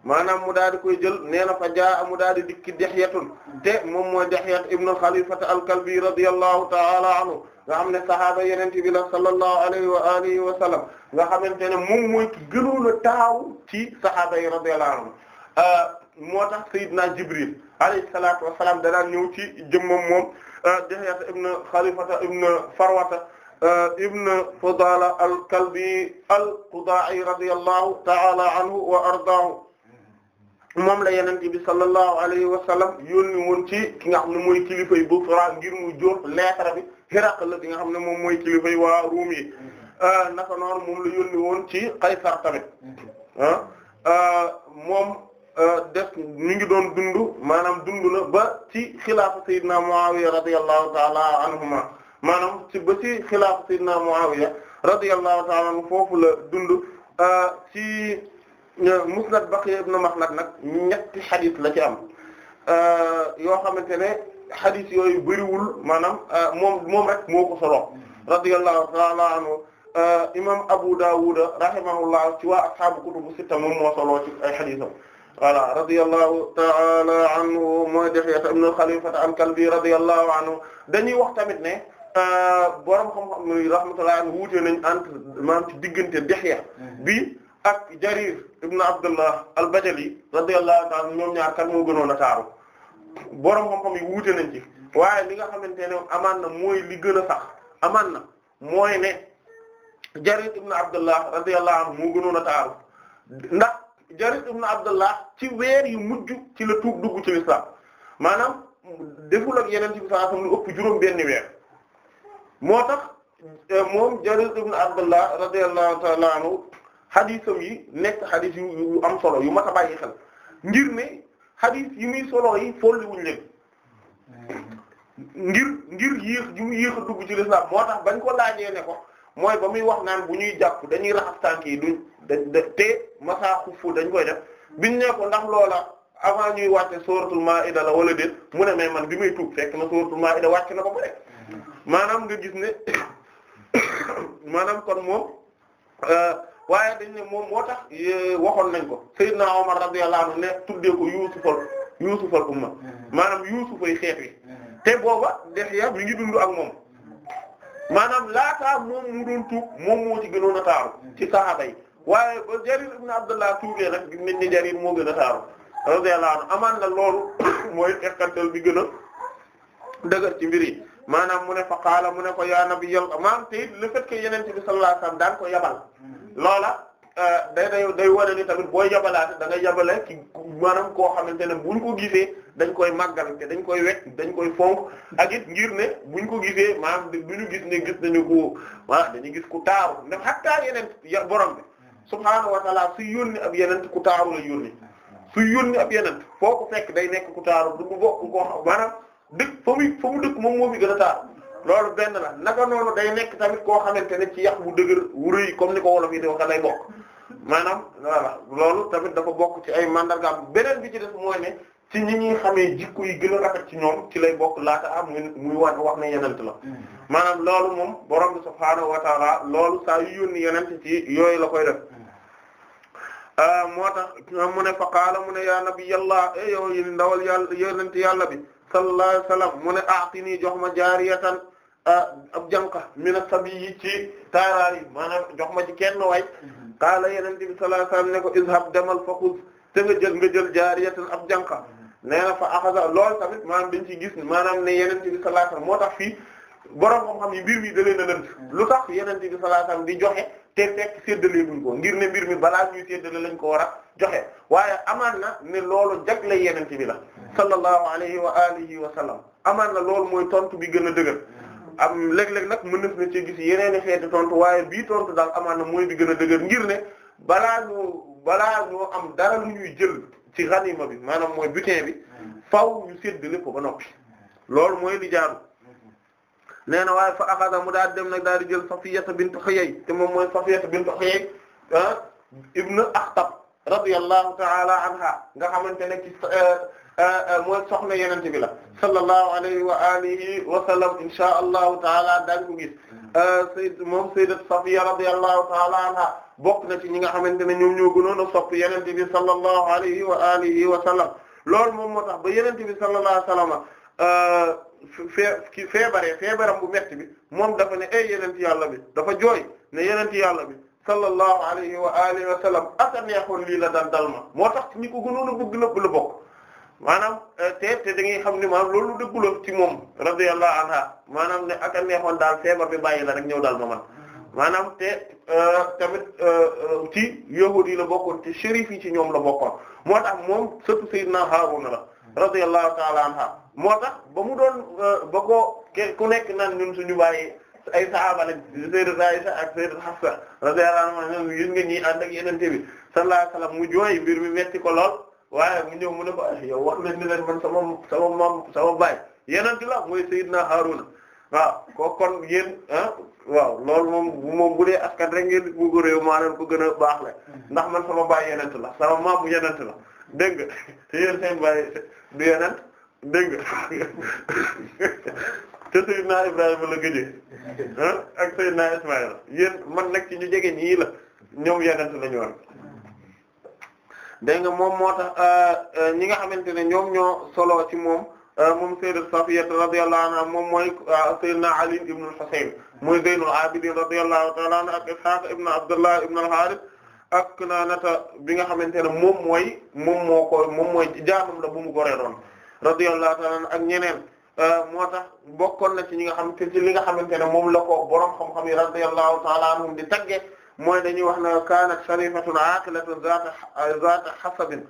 maanaam mu daal di koy jël nee na fa jaa mu daal di dikki Dihyatun te moom mooy Dihyat ibnu Khalifata al-Kalbi radiyallahu ta'ala anhu nga xam ne sahaaba yenente bi la sallallahu alayhi wa alihi wa sallam nga xamante ne moom mooy ki gënoon a taaw ci sahaaba yi radiyallahu anhu euh, moo tax Seydina Jibril alayhi salatu wassalam danaan ñëw ci jëmmam moom euh, Dihyat ibnu Khalifata ibnu Farwata euh, ibn Fudala al-Kalbi al-Quda'i radiyallahu ta'ala anhu wa ardaahu moom la yonent bi sallallahu alayhi wa sallam yónni woon ci ki nga xam ne mooy kilifay Busra ngir mu jox lettre bi Hiraql la bi nga xam ne moom mooy kilifay wa Ruum yi mm-hmm. euh, naka moom la yónni woon ci Qaysar tamit mm-hmm. ah euh, moom euh, def mi ngi doon dund maanaam dundu na ba ci xilaafa Seydina Muawiya radiyallahu ta'ala maanaam ci ba ci xilaafa Seydina Muawiya radiyallahu ta'ala anhu foofu la dund ci. Euh, musnad Baqi ibn Makhlad nag ñetti xadis la ci am euh, yoo xamante ne xadis yooyu bëriwul maanaam euh, moom moom rek moo ko solo radiyallahu ta'ala anhu imam Abu Dawud rahimahullah ci waa ashaabu kutubu sitta moom moo solo ci ay xadisam voilà radiyallahu ta'ala anhu mooy Dihya ibn al-Khalifa al-Kalbi radiyallahu anhu dañuy wax tamit ne borom xam-xam yi rahmatullahi anhu wuute nañ entre maanaam ci diggante Dihya bi ak Jarir ibn Abdullah al-Bajali radiyallahu ta'ala ñoom ñaar kan moo gënoon a taaru borom xam-xam yi wuute nañ ci waaye li nga xamante ne amaan na mooy li gën a sax amaan na mooy ne Jarir ibn Abdullah radiyallahu anhu moo a taaru ndax Jarir ibn Abdullah ci weer yu mujj ci la tuub dugg ci l'islam maanaam deful ak yeneen ci bi sallallahu alayhi juróom benn weer moo tax eh, moom Jarir ibn Abdullah radiyallahu ta'ala anhu xadisam yi nekk xadis yu am solo yu mat a bàyyi xel ngir ne xadis yi muy solo yi folliwuñ leen ngir ngir yéex ju yéex a dugg ci l'islam moo tax bañ ko laajee ne ko mooy ba muy wax naan bu ñuy jàpp dañuy raxas tànk yi duñ da te masaa xuffu dañ koy def biñ ne ko ndax loola avant ñuy wàcce suratul maida la wala déet mu ne mais man bi may tuub fekk na suratul maida wàcc na ko ba rek maanaam nga gis ne maanaam kon moom euh, waaye dañ ne moom moo tax euh, waxoon nañ ko Seydina Omar radiyallahu anhu ne tuddee ko Yuusufal Yuusufal umma mm-hmm. maanaam Yuusufay xeet wi mm-hmm. te booba Dihya mi ngi dund ak moom mm-hmm. maanaam laataa moom mu doon tuub moom moo ci gënoon a taaru ci sahaaba waaye ba Jarir ibn Abdullah tuubee nag bi mel ni Jarir moo gën a taaru radiyallahu anhu amaan na loolu mooy xeqantal bi gën ci mbir yi maanaam mu ne fa qaala mu ne ko yaa nabiyal maanaam te le fait que yenente ko yabal loola euh, day day day wane ni tamit booy yabalaate da ngay yabale ci maanaam koo xamante ne buñ ko gisee dañ koy màggal te dañ koy wekk dañ koy fonk ak it ngir ne buñ ko gisee maanaam du ñu gis ne gis nañu ko voilà dañu gis ku taaru ne xattaa yeneen ya borom bi subhaanahu wa taala su yónni ab yeneen ku taaru la yónni su yónni ab yeneen foo ko fekk day nekk ku taaru du mu bokk koo maanaam dëkk fa muy fa mu dëkk moom moo fi gën a taaru loolu benn la naka noonu day nekk tamit koo xamante ne ci yàq bu dëgër wu rëy comme ni ko wolof yi di wax lay bokk maanaam voilà loolu tamit dafa bokk ci ay mandargaam beneen bi ci def mooy ne ci ñi ñuy xamee jikko yi gën a rafet ci ñoom ci lay bokk laata am muy wax wax ne yenent la mm-hmm. maanaam loolu moom borom bi subhaanahu wa loolu saa yu yónni yenent ci yooyu la koy def mm-hmm. euh, moo tax mu ne faqaala mu ne yaa nabiyallah e yow yi ndawal yàlla yonent yàlla bi sallallahu alayhi mu ne aatini jox ma jaariyatan ab jànqa mina sabiyi ci taaraar yi maanaam jox ma ci kenn waay mhm. qaala yenente bi sallallahu alayhi wasallam ne ko izhab demal fa xuz te nga jël nga jël jaariyatan ab jànqa mhm. nee na fa axasa lool tamit maanaam dañ ciy gis maanaam ne yenente bi sallallahu moo tax fii borom xam-xam yi mbir mi da leen a lënt mhm. lu tax yenente bi sallallahu di joxe te fekk séddale buñ ko ngir ne mbir mi balaa ñuy séddale lañ ko war a joxe waaye amaan na ne lool loolu jagle yenente bi la sallallahu alayhi wa alihi wa sallam amaan na loolu mooy tontu bi gën a dëgër am léeg-léeg nag mën na ci gis yeneen xeeti tontu waaye bii tontu daal amaan na mooy bi gën a dëgër ngir ne balaa ñu balaa ñoo am dara lu ñuy jël ci xanima bi maanaam mooy butin bi faaw ñu séddale ko ba noppi loolu mooy li jaaru na waaye fa axada mu daal dem nag daal di jël Safiyata bint Xuyay te moom mooy Safiyata bint Xuyay ah ibn Axtab radiyallahu ta'ala anha nga xamante ne ci Euh, euh, mooy soxna yenente bi la sallallahu alayhi wa alihi wa sallam inshaa allahu taala daañ ko gis euh, sayd moom sayyidat Safiya radiyallahu taala anha bokk na ci ñi nga xamante ne ñu ñu gënoon a sopp yenente bi sallallahu alayhi wa alihi wa sallam loolu moom moo tax ba yenente bi sallallahu alayhi wa sallam fee ki feebaree feebaram bu metti bi moom dafa ne ay yenent yàlla bi dafa jooy ne yenent yàlla bi sallallahu alayhi wa alihi wa sallam aka lii la dal moo tax ñi ko gënoon la bokk maanaam euh, te te da ngay xam ni maanaam loolu dëggu la ci moom radiyallahu anha maanaam ne ak a daal feebar bi bàyyi la rek ñëw daal ma man maanaam te euh, tamit euh, ci yahuud yi la bokkoon te shérif yi ci ñoom la bokkoon moo tax moom surtout Seydina Haaruna la radiyallahu ta'ala anha moo tax ba mu doon ba ko ku nekk naan ñun suñu bàyyi ay sahaaba la Sayyidatu Aisha ak Sayyidatu Hafsa radiyallahu anha yéen nga ñii ànd ak yenente bi sallallahu alayhi wasallam mu jooy mbir mi metti ko lool waaye mu ñëw mu ne ko ah, yow wax leen ni leen man sama maam sama baay yeneen di la mooy Seydina Haruna waaw ko kon yéen ah waaw loolu moom moom bu dee askan rek ngeen bu ko réew maa leen ko gën a baax la ndax man sama baax yeneen la sama maam bu yeneen la dégg nga te yéen seen baay du yeneen dégg nga te Seydina Ibrahima la gëjee ah ak Seydina Ismaïla yéen man nag ci ñu jege ñii la ñoom yeneen la ñu war. dégg nga moom moo tax euh, euh, ñi nga xamante ne ñoom ñoo solo ci moom euh, moom sayyidat Safiya radiyallahu anha moom mooy sayyidina Ali ibn al-Husayn mooy Zaynul Abidin radiyallahu ta'ala anhu ak Ishaq ibn Abdullah ibn al-Harith ak Kinaanata bi nga xamante ne moom mooy moom moo ko moom mooy jaamam la bu mu goree doon radiyallahu ta'ala anhu ak ñeneen moo tax bokkoon na ci ñi nga xam te li nga xamante ne moom la ko borom xam-xam yi radiyallahu ta'ala anhum di tagge mooy dañuy wax na kaanat sharifatun aqilatun zaata euh, zaata hasabin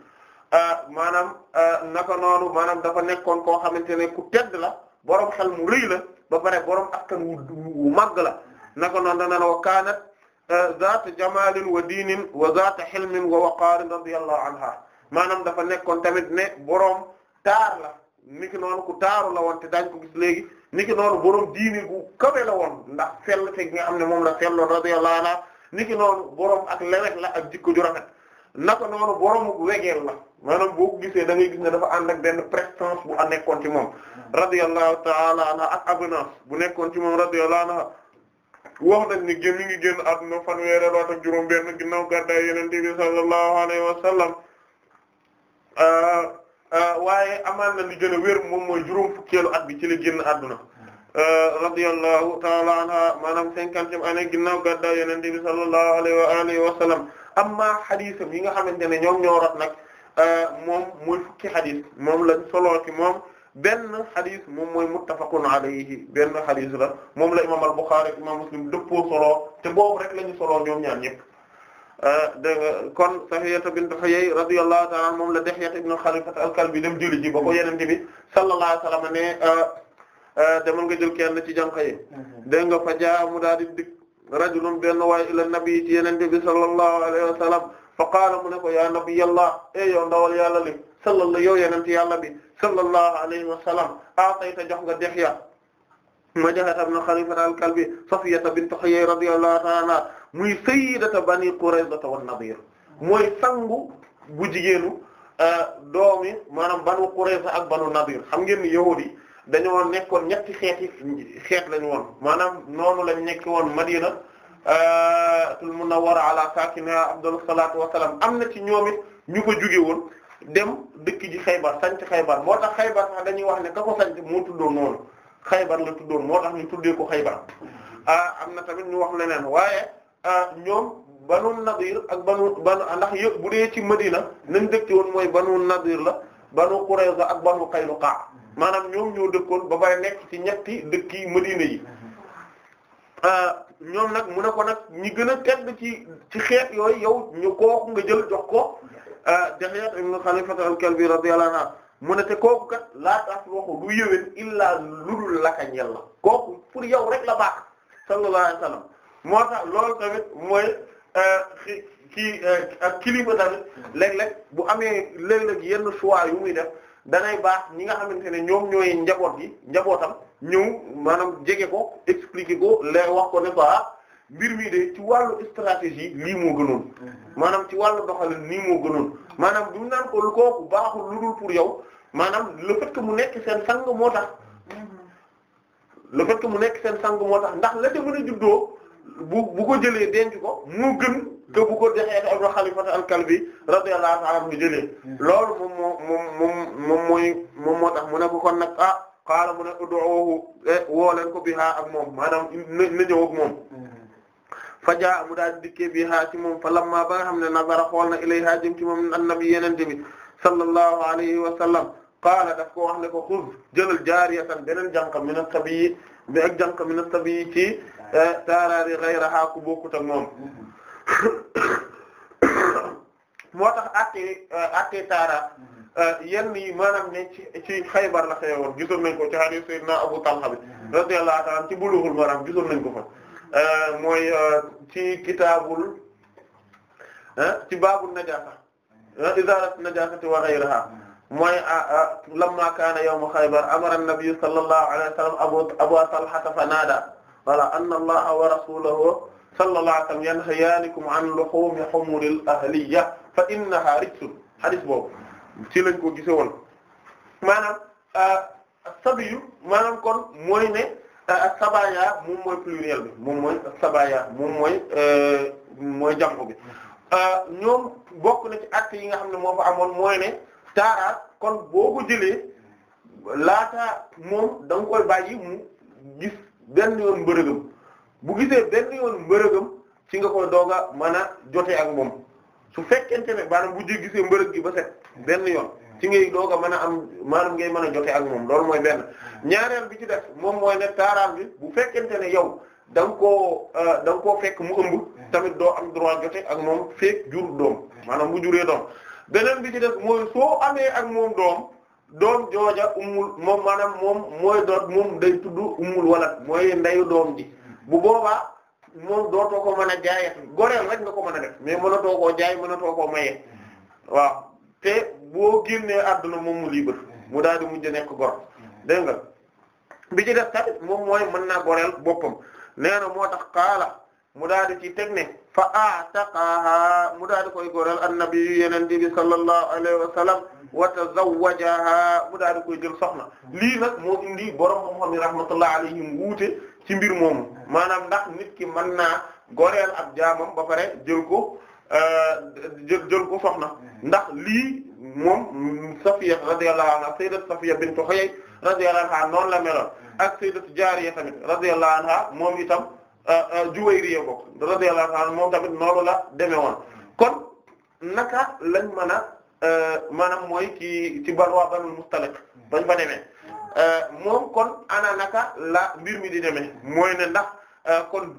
euh, maanaam euh, naka noonu maanaam dafa nekkoon koo xamante ne ku tedd la borom xel mu rëy la ba pare borom askan wu màgg la naka noonu dana na wa kaanat zaata jamaalin wa diinin wa zaata xilmin wa waqaarin radiyallahu anha maanaam dafa nekkoon tamit ne borom taar la niki noonu ku taaru la woon te daañu ko gis léegi niki noonu borom diini gu kawe la woon ndax sell te nga xam ne moom la selloon radiyallahu anha niki noonu borom ak lewet la ak jikko ju rafet naka noonu borom wegeel la maanaam boo ko gisee da gis ne dafa ànd ak benn prestance bu a nekkoon ci moom radiyallahu ta'ala anha ak avenance bu nekkoon ci moom radiyallahu anha wax nañ ni gén mi ngi génn adduna fanweere loo tax juróom benn ginnaaw gàddaay yonent bi sallallahu alayhi wa sallam ah, ah, waaye amaan na li gën a moom mooy juróom fukkeelu at bi ci la génn adduna Eh, radiyallahu ta'ala anha maanaam cinquantième année ginnaaw gàddaay Yonent bi sallallahu alayhi wa alihi wa sallam amma xadisam yi nga xamante ne ñoom ñoo rot nag eh, moom mooy fukki xadis moom la soloo ci moom benn xadis moom mooy muttafaqun alayhi benn xadis la moom la imam al-Bukhari imam Muslim dëppoo soloo te boo rek la ñu soloo ñoom ñaar ñëpp eh, dégg nga kon Safiyyata bint Huyay radiyallahu ta'ala moom la Dihya ibn Khalifat al-Kalbi dem julli ji ba ko Yonent bi sallallahu alayhi wa sallam ne Eh, demal nga jël kenn ci jànq yi mhm. dégg nga fa jaa mu daal di dik rajulun benn waay ila nabi ci yenente bi sallallahu alayhi wa sallam fa qaala mu ne ko ya nabiyallah eh, e yow ndawal yàlla li sallallahu yow yenente yàlla bi sallallahu alayhi wa sallam atayta jox nga Dihya Majahata ibn Khalifata al-Kalbi Safiyata bint Huyay radiyallahu ta'ala anha muy sayyidata Bani Qurayza wan-Nadir mooy sangu bu jigéenu eh, doomi maanaam Banu Qurayza ak Banu Nadir xam ngeen ni yahudi dañoo nekkoon ñetti yi xeet lañu woon maanaam noonu lañ nekk woon Madina euh, tul munawwara ala saakina afdalu salaatu wa salaam am na ci ñoom it ñu ko jóge woon dem dëkk ji Xaybar sanc Xaybar moo tax Xaybar sax dañuy wax ne ka ko sanc moo tuddoon noonu Xaybar la tuddoon moo tax ñu tuddee ko ah am na tamit ñu wax leneen waaye ah, ñoom banu Nadir ak banu banu ndax yëpp bu dee ci Madina nañ dëkk woon mooy banu Nadir la. banu Qurayza ak banu Qaynuqa maanaam ñoom ñoo dëkkoon ba pare nekk ci ñetti dëkk yi Madina yi mhm. ah, ñoom nag mu ne ko nag ñi gën a tedd ci ci xeet yooyu yow ñu kooku nga jël jox ko Dihya ah, ibn Khalifa al-Kalbi radiyallahu mu ne te kooku kat laa tax waxu du yëwén illaa ludul laka ñel la kooku pour yow rek la baax sallallahu alayhi wasallam moo tax loolu tamit mooy ah, kii euh, ak kilifa tamit léeg-léeg bu amee léeg-léeg yenn choix yu muy def danay baax ñi nga xamante ne ñoom ñooy njaboot gi njabootam ñëw maanaam jege ko expliquer ko lee wax ko ne ko ah, mbir mii de ci wàllu stratégie lii moo gënoon mm-hmm. maanaam ci wàllu doxalin nii moo gënoon maanaam du naan ko lu kooku baaxul lu dul pour yow maanaam le fait mu nekk seen sang moo tax mm-hmm. le fait mu nekk seen sang moo tax ndax la ca juddoo bu bu ko jëlee denc ko moo gën que bu ko dexeete Abdul Xalifata al-Kalbi radiyallahu ta'ala anhu jëlee loolu moom moo moom moom moom mooy moom moo tax mu ne ko kon nag ah xaala mu ne ud'uhu e, woo leen ko biha ak moom maanaam na ñëw ak moom fajaa mu daal dikkee biha ci moom fa lamma ba nga xam ne nazara xool na ilayha jëm ci moom annabi yenente bi sallallahu alayhi wa sallam qaala daf ko wax ne ko xuz jëlal jaariyatan beneen jànqa min as-sabiyi bi ak jànqa min as-sabiyi ci e, taaraari ghayraha ku bokkut ak moom moo tax àttee euh, àttee taara euh, yenn yi maanaam ne ci ci Xaybar la xewoon gisoon nañ ko ci hadith Sayyidina Abu Talha bi radiyallahu ta'ala ci Bulughul Maram gisoon nañ ko fa euh, mooy ci kitaabul ci baabul najaasa izaalat najaasati wa ghayraha mooy lamma kaana yawmu Xaybar amara an-nabiyyu sallallahu alayhi wa sallam Abu Talha fa naada wala anna Allaha wa rasulahu sallallahu alayhi wa sallam yanhayaanikum an luhumi humuril ahliya fa innaha rijsun boobu ci lañ ko gise woon maanaam ah, sabiyu maanaam kon mooy ne ah, sabaya moom mooy pluriel bi moom mooy sabaya moom mooy euh, mooy jàmm ah, ñoom bokk na ci acte yi nga xam ne moo amoon mooy ne kon boo ko jëlee laata moom da nga koy bàyyi mu gis benn yoon bu gisee benn yoon mbërëgam ci nga ko doog a mën a jotee ak moom su fekkente ne maanaam bu ji gisee mbërëg gi ba set benn yoon ci ngay doog a mën a am maanaam ngay mën a ak moom loolu mooy benn ñaareel bi ci def moom mooy ne taaraam bi bu fekkente ne yow dang nga koo euh, da nga fekk mu ëmb tamit doo am droit jote ak moom fekk jur doom maanaam bu juree doom beneen bi ci def mooy soo amee ak moom doom doom jooja umul moom maanaam moom mooy doot moom day tudd umul wala mooy ndeyu doom ji bu boobaa moom dootoo ko mën a jaayat goreel rek nga ko mën a def mais mënatoo jaay mënatoo koo maye waaw te boo génnee àdduna moom mu libre mu daal di mujj nekk gor dégg nga bi ci def tamit moom mooy mën naa goreel boppam nee moo tax kaala mu daal di ci teg ne fa ataqaha mu daal di koy goreel annabi yeneen bi sallallahu alayhi wa sallam wa tazawwajaha mu daal di koy jël soxna lii moo indi borom xam-xam yi rahmatullah alayhim wuute ci mbir moomu maanaam ndax nit ki mën naa goreel ab jaamam ba pare jël ko euh, jël ko soxna ndax lii moom Safiya radiyallahu anha sayyidat Safiya bint Huyay radiyallahu anha noonu la meloon ak sayyidat Jaariya tamit radiyallahu anha moom itam euh, euh, Juwayriya bokk radiyallahu anha moom tamit noonu la demee woon kon naka lañ mën a maanaam mooy ci ci ban waa Banul Mustaliq bañ fa demee Euh, moom kon ana naka la mbir mi di deme mooy ne ndax euh, kon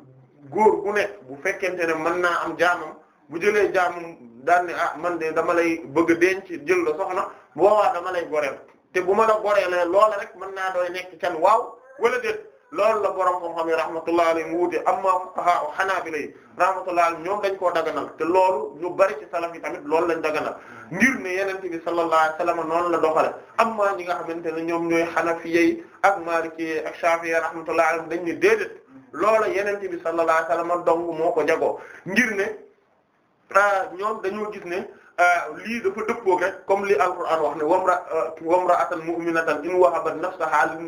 góor gu nekk bu fekkente ne mën naa am jaamam bu jëlee jaamam daane ne ah man de dama lay bëgg a ci jël la soxna bu boobaa dama lay goreel te bu ma la goreelee loola rek mën naa doy nekk can waaw wala déet loolu la borom xam-xam yi rahmatullahi alayhi mu wuute amma fuqaha u xanaabila rahmatullahi alayhi ñoom dañ koo daganal te loolu ñu bari ci salaf yi tamit loolu lañ daganal ngir ne yenente bi sallallahu alayhi wasallam noonu la doxale amma ñi nga xamante ne ñoom ñooy xanafiya ak maaliki ak shaafi'i rahmatullahi alayhi dañ ne déedéet loola yenente bi sallallahu alayhi wasallam dong moo ko jagoo ngir ne ah, ñoom dañoo gis ne ah, lii dafa dëppoog rek comme li alquran wax ne wamra wamra'atan mu'minatan in wahabat nafsaha lin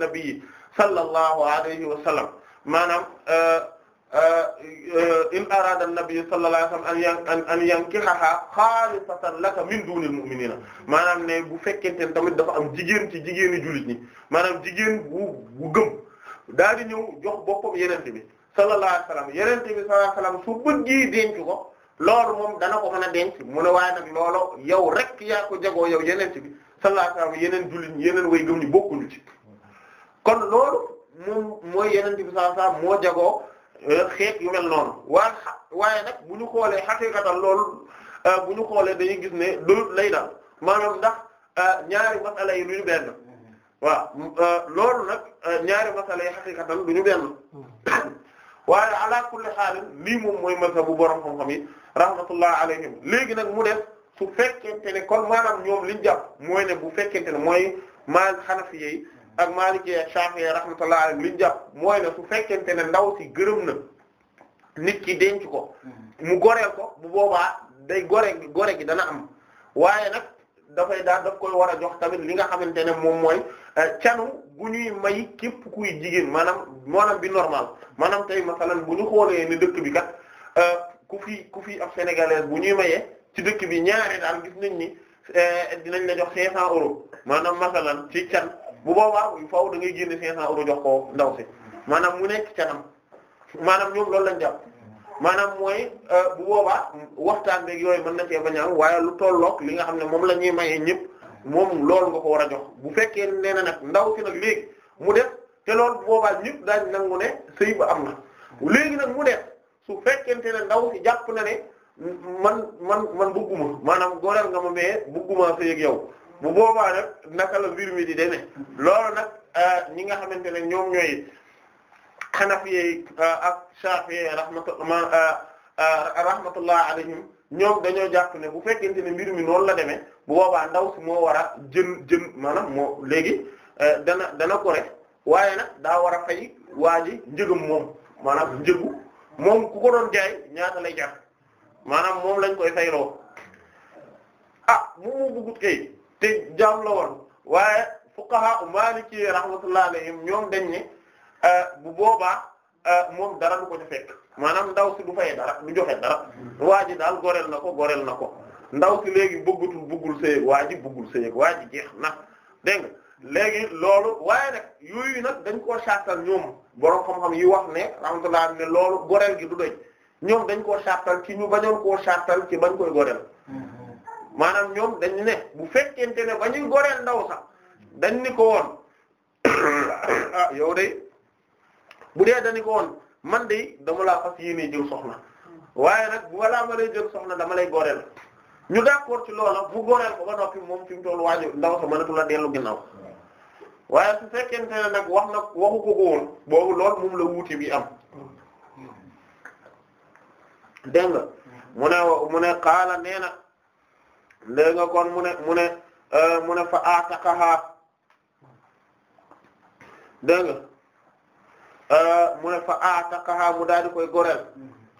sallallahu alayhi wa sallam maanaam uh, uh, uh, in arada an-nabi sallallahu alayhi wa sallam an an yankihaha khalisatan laka min dunil mu'minina maanaam ne bu fekkente ne tamit dafa am jigéen ci jigéenu julit ñi maanaam jigéen bu bu gëm daal di ñëw jox boppam yenente bi sallallahu alayhi wa sallam yenente bi sallallahu alayhi wa sallam su ko loolu moom dana ko mën a denc mu ne waaye nag loolu yow rek yaa ko jagoo yow yenen bi sallallahu alayhi wa sallam yeneen jullit ñi yeneen way gëm ñi bokkuñu ci kon loolu moom mooy yeneen bi saa saa moo jagoo euh, xeet yu mel noonu waa waaye nag bu ñu xoolee xaqiiqatan loolu euh, bu ñu xoolee dañuy gis ne doyut lay dal maanaam ndax euh, ñaari masala yi du ñu benn waaw loolu nag ñaari masala yi xaqiiqatan ñu benn waaye ala kulli xaalin lii moom mooy mazhabu borom xam-xam yi rahmatullah alayhim léegi nag mu def su fekkente ne kon maanaam ñoom liñ jàpp mooy ne bu fekkente ne mooy maal xanafi yi ak Maliki ak Shafi'i rahmatullah alayhi li ñu jàpp mooy ne su fekkente ne ndaw si gërëm na nit ki denc ko mhm. mu goreel ko bu boobaa day gore gore gi dana am waaye nag dafay daal daf koy war a jox tamit li nga xamante ne moom mooy euh, canu gu ñuy may képp kuy jigéen maanaam maanaam bi normal maanaam tey masalan bu ñu xoolee ni dëkk bi kat euh, ku fi ku fi ab sénégalaise bu ñuy mayee ci dëkk bi ñaare daal gis nañ ni euh, dinañ la jox 500 euros maanaam masalan ci can. bu boobaa faaw da ngay génne 500 euros jox ko ndaw si maanaam mu nekk canam maanaam ñoom loolu lañ jàpp maanaam mooy euh, bu boobaa waxtaan beeg yooyu mën na cee bañ a am waaye lu tolloog li nga xam ne moom la ñuy mayee ñëpp moom loolu nga ko war a jox bu fekkee nee na nag ndaw si nag léegi mu def te loolu bu boobaa ñëpp daañ nangu ne sëy ba am na léegi nag mu def su fekkente ne ndaw si jàpp na ne man man man bëgguma maanaam góoreel nga ma mayee bëgguma sëy ak yow bu boobaa nag naka la mbir mi di demee loolu nag euh, ñi nga xamante ne ñoom ñooy xanafiyey euh, ak saafiyey rahmatullah euh, rahmatullah alayhim ñoom dañoo jàpp ne bu fekkente ne mbir mi noonu la demee bu boobaa ndaw si moo war a jën jën maanaam moo léegi dana dana waaye nag daa war a fay waa ji njëgam moom maanaam njëgu moom ku ko doon jaay ñaata lay jar maanaam moom lañ koy fayloo ah mu mu bëggut kay te jaam la woon waaye fuqaha maliki rahmatullah alayhim ñoom dañ ne euh, bu boobaa euh, moom dara du ko ci maanaam ndaw si du fay dara du joxe dara waa ji daal goreel na ko goreel na ko ndaw si léegi bëggatul bëggul sëyeeg waa ji bëggul sëyeeg waa ji jeex na dégg nga léegi loolu waaye nag yooyu nag dañ ko sartal ñoom borom xam-xam yi wax ne rahmatullah ne loolu goreel gi du doy ñoom dañ ko sartal ci ñu bañoon ko sartal ci bañ koy goreel maanaam ñoom dañ ne bu fekkente ne ba ñuy goreel ndaw sax dañ ni ko woon a ah yow de bu dee dañ ni ko woon man de dama laa fas yéene jël soxna waaye nag bu walaa ma lay jël soxna dama lay goreel ñu d'accord ci loola bu goreel ko ba noppi moom fi mu toll waaju ndaw sa mënatu la dellu ginnaw waaye su fekkente ne nag wax na waxu ko woon boobu lool moom la wuute bi am dégg mu ne mu ne xaala nee na léegi nga kon mu ne mu ne euh, mu ne fa ataqaha dégg nga euh, mu ne fa ataqaha mu daal di koy goreel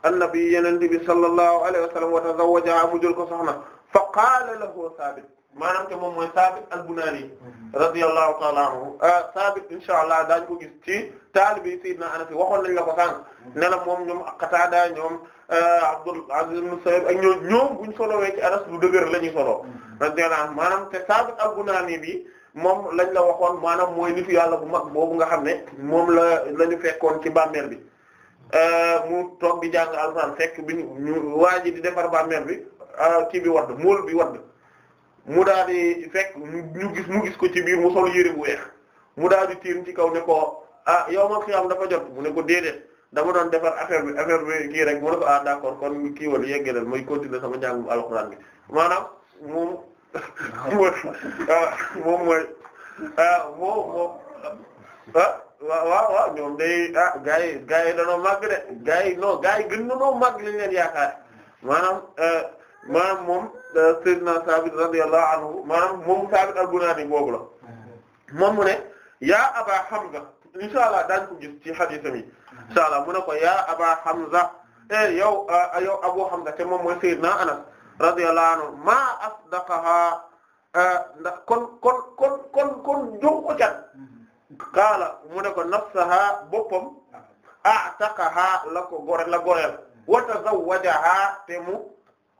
annabi yeneen bi sallallahu alayhi wa sallam wa tazawwajaha mu jël ko soxna fa qaala lahu Saabit maanaam te moom mooy Saabit al-Bunaani mhm. radiyallahu ta'ala anhu ah, Saabit insha Allah daañu ko gis ci taalibi Sayyidina Anas waxoon nañ la ko sànq mhm. ne moom ñoom a ñoom ah, Abdul Aziz ibn Sayyid ak ñoom ñoom buñ solowee ci Anas lu dëgër la ñuy solo mhm. radiyallahu anhu maanaam te Saabit al-Bunaani bi moom lañ la waxoon maanaam mooy nit yàlla bu mag boobu nga xam ne moom la la ñu fekkoon ci bàmmeel bi ah, mu toog bi jàng alxuraan fekk bi ñu waa ji di defar bàmmeel bi kii bi wadd mool bi wadd mu daal di fekk ñu gis mu gis ko ci biir mu sol yére bu weex mu daal di ci kaw ne ko ah yow ma xiyam dafa jot mu ne ko déedéet dama doon defar affaire bi affaire bi kii rek mu ne ko ah d'accord kon kii wala yeggaleel may continuer sama njàngum alxuraan bi maanaam moom mooy ah, moom mooy ah moom moom ah waaw waaw waaw ñoom day ah gars yi gars yi danoo màgg de gars yi non gars yi gën na noo màgg li ñu maanaam. Euh, maanaam moom euh, Seydina Saabit radiyallahu anhu maanaam moom Saabit al-Bunaani boobu la moom mu ne yaa Aba Hamza insha Allah daañu ko gis ci hadiisam yi insha Allah mu ne ko yaa Aba Hamza e yow euh, yow Abu Hamza te moom mooy Seydina Anas radiyallahu anhu maa asdaqahaa euh, ndax kon kon kon kon kon jóg ko cat qaala mu ne ko nafsahaa boppam a'taqahaa la ko gore la goreel wa tazawwajahaa te mu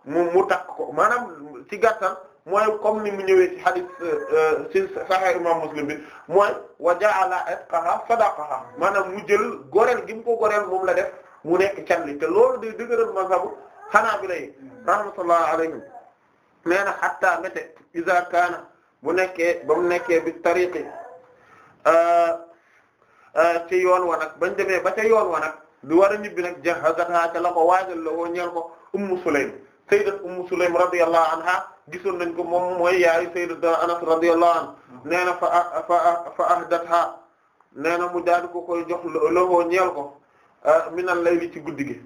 moom mu takk ko maanaam ci gàttal mooy comme ni mu ñëwee ci hadith euh, euh, ci Sahih imam Muslim bi mooy wa ja'ala atqaha sadaqaha maanaam mu jël goreel gi mu ko goreel la def mu nekk canli te loolu day dëgëral mazhabu Hanabila yi rahmatullahi alayhim nee na hatta mbéte iza kaana bu nekkee ba mu nekkee bi tariqi euh, ci yoon wa nag bañ demee ba ca yoon wa nag du war a ñibbi nag jahazatha ca la ko waajal la ñeel ko Ummu Sulaym sayyidat Ummu Sulaym radiyallahu anha gisoon nañ ko moom mooy yaayu sayyidat Anas radiyallahu anhu nee na fa fa fa ahdatha nee na mu daal ko koy jox loxo ñeel ko ah, minal layli ci guddi gi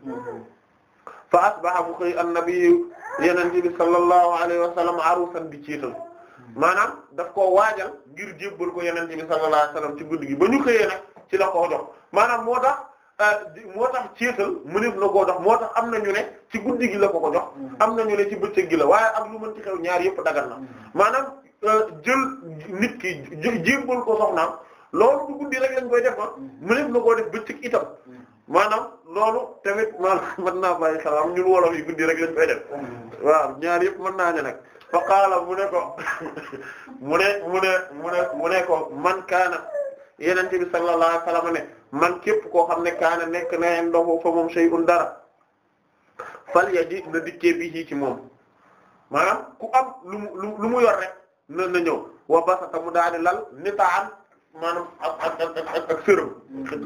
fa asbaha mu xëy annabi yenente bi sallallahu alayhi wa sallam arusan bi ciital maanaam daf koo waajal ngir jébbal ko yenente bi sallallahu alayhi wa sallam ci guddi gi ba ñu xëyee nag ci la koo jox maanaam moo tax Euh, moo tax ceetal mëneef na koo dox moo tax am na ñu ci guddi gi la ko ko jox mm-hmm. am na ñu ci bëccëg gi la waaye am lu mën ci xew ñaar yëpp dagan na mm-hmm. maanaam euh, jël nit ki jébbal ko soxnaam loolu du guddi rek lañ koy def ma mëneef na koo def bëccëg itam mm-hmm. maanaam loolu tamit maanaam mën naa bàyyi xel am ñun wolof yi guddi rek lañ koy def waaw ñaar yëpp mën naa ne nag fa qaala mu ko mu ne mu ne mu ne mu ne ko man kaana yenente bi sallallahu alayhi wasallam ne man képp koo xam ne kaana nekk na indahu fa moom sey shay'un dara fal yaji na dikkee bi ci moom maanaam ku am lu mu lu mu yor rek na na ñëw wa basata mu daal di lal nitaan maanaam ak ak ak ak sërëm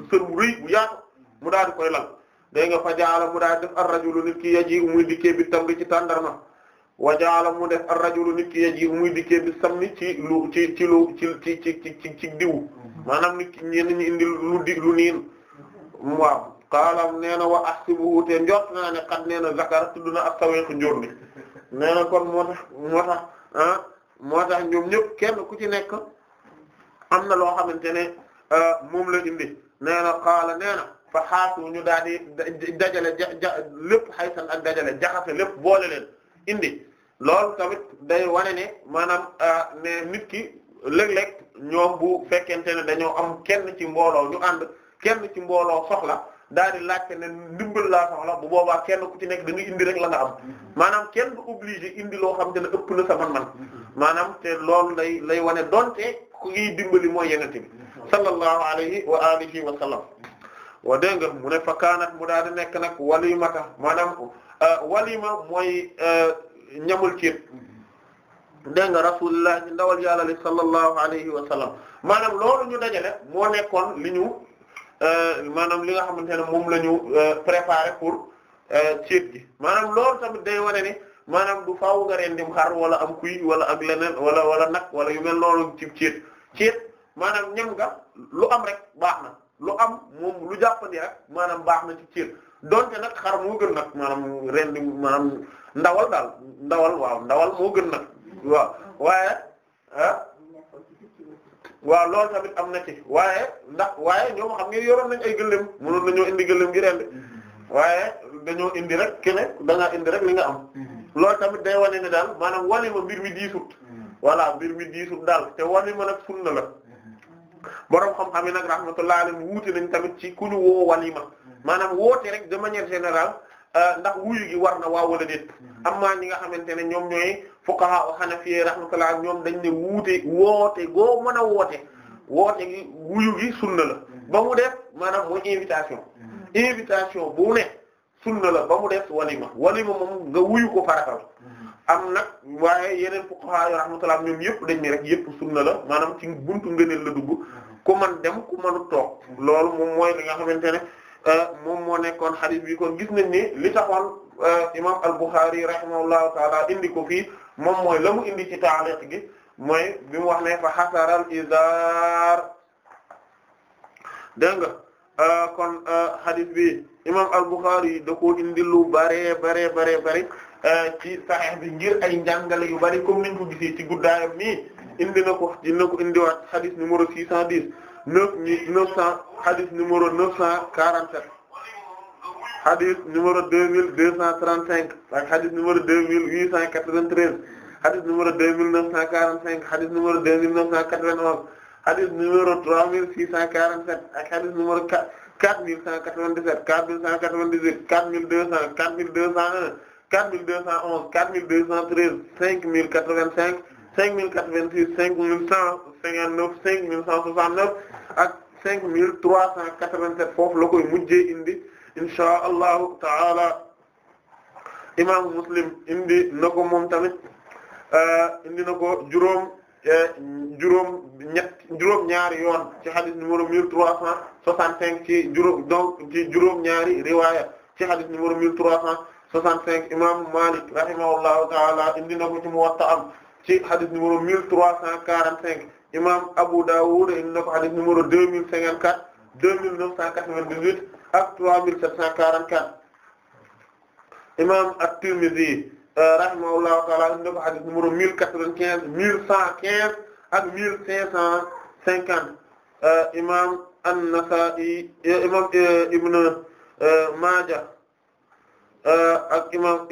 sërëm bu yaatu mu daal koy lal dégg nga fa jaala mu daal def ar-rajulu nit ki yaji muy dikkee bi tamri ci tàndarma wa jaalo mu def ar-rajulu nit ki yaji muy dikkee bi samni ci lu ci ci lu ci ci ci ci ci diwu maanaam nit ni ñi indi lu di lu niin waaw xaalam nee na wa ahsibuhu te njort naa ne xat nee na tudd na ak saweeku njóor ni nee na kon moo tax ah moo tax ñoom kenn ku ci nekk am na loo xamante ne ah, moom la indi nee na xaala fa xaasu ñu daal di dajale ja lépp xaysan ak dajale jaxase lépp boole leen indi loolu tamit day wane ne maanaam ah, ne nit ki léeg-léeg ñoom bu fekkente ne dañoo am kenn ci mbooloo ñu ànd kenn ci mbooloo soxla daal di laajte ne ndimbal laa soxla bu boobaa kenn ku ci nekk da indi rek la nga am maanaam kenn du obligé indi loo xam te ne ëpp na sa man-man maanaam te loolu lay lay wane donte ku ngi dimbali mooy yenente bi sallallahu alayhi wa alihi wa sallam wa dégg nga mu ne fa kaanat mu daal di nekk nag walimata maanaam euh, walima mooy euh, ñamul ceeb dégg nga rasulullah ci ndawal yàlla li sallallahu alayhi wa sallam maanaam loolu ñu le moo nekkoon li ñu euh, maanaam li nga xamante ne moom la ñu euh, préparé pour euh, ceet gi maanaam loolu tamit day wane ne maanaam du faaw nga rendim xar wala am kuy wala ak leneen wala wala nag wala yu mel noonu ci ceet ceet maanaam ñam nga lu am rek baax na lu am moom lu jàppandi rek maanaam baax na ci doon donte nag xar mu gën nag maanaam rendim maanaam ndawal daal ndawal waaw ndawal moo gën nag waaw waaye ah waaw loolu tamit am na ci waaye ndax waaye ñoom xam nga yoroon nañ ay gëléem mënoon nañu indi gëléem gi rendi waaye dañoo indi rek kene da indi rek li nga am lool tamit day wane ne daal maanaam wane ma mbir mi diisut voilà mbir mi diisut daal te wane ma nag sunna la borom xam-xam yi nag rahmatullah alayhi wuute nañ tamit ci ku ñu woo walima maanaam woote rek de manière générale Euh, ndax wuyu gi war na waaw wala mhm. am amma ñi nga xamante ne ñoom ñooy fuqaha hanafi rahmatullah ñoom dañ ne wuute woote goo mën a woote mhm. woote gi wuyu gi sunna la mhm. ba mu def maanaam invitation invitation bu ne sunna la ba mu def walima walima moom nga wuyu ko faratal am nag waaye yeneen fuqaha rahmatullah ñoom yëpp dañ ne rek yëpp sunna la maanaam ci buntu ngëneel la dugg ku man dem ku mënu toog loolu moom mooy li nga xamante ne Euh, moom moo nekkoon xadis bi kon gis nañ ni li taxoon euh, imam al-Bukhari rahimahullahu taala indi ko fii moom mooy la mu indi ci taaliq gi mooy bi mu wax ne fa xasaral izar dégg nga euh, kon xadis bi imam al-Bukhari da ko indi lu bare bare bare bare ci Sahih bi ngir ay njàngale yu bari comme niñ ko gisee ci guddaayam nii indi na ko dina ko indiwaat xadis numéro six cent dix neuf neuf cent hadith numéro 947 hadith numéro 2235 ak hadith numéro 2893 hadith numéro 2945 hadith numéro 2991 hadith numéro 3647 ak hadith numéro 4197 4198 4200 4201 4211 4213 5085 5086 5159 5169 ak cinq mille trois cent quatre-vingt-sept foofu la koy mujjee indi insha allahu taala imaamu muslim indi na ko moom tamit eh, indi na ko juróom eh, juróom ñett juróom ñaari yoon ci hadith numéro mille trois cent soixante-cinq ci juróom donc ci juróom ñaari riwaaya ci hadith numéro mille trois cent soixante-cinq imaamu Maalik rahimahullahu taala indi na ko ci Muwatta am ci hadith numéro mille trois cent quarante-cinq imam Abu Dawud indi na ko hadith deux mille cinquante quatre deux mille neuf cent quatre vingt dix huit ak trois mille sept cent quarante quatre imam At-Tirmidhi euh, rahimahullahu taala indi na ko hadith numéro quatre vingt quinze mille cent quinze ak mille cinq cent cinquante euh, imam an euh, Ibn Majah imam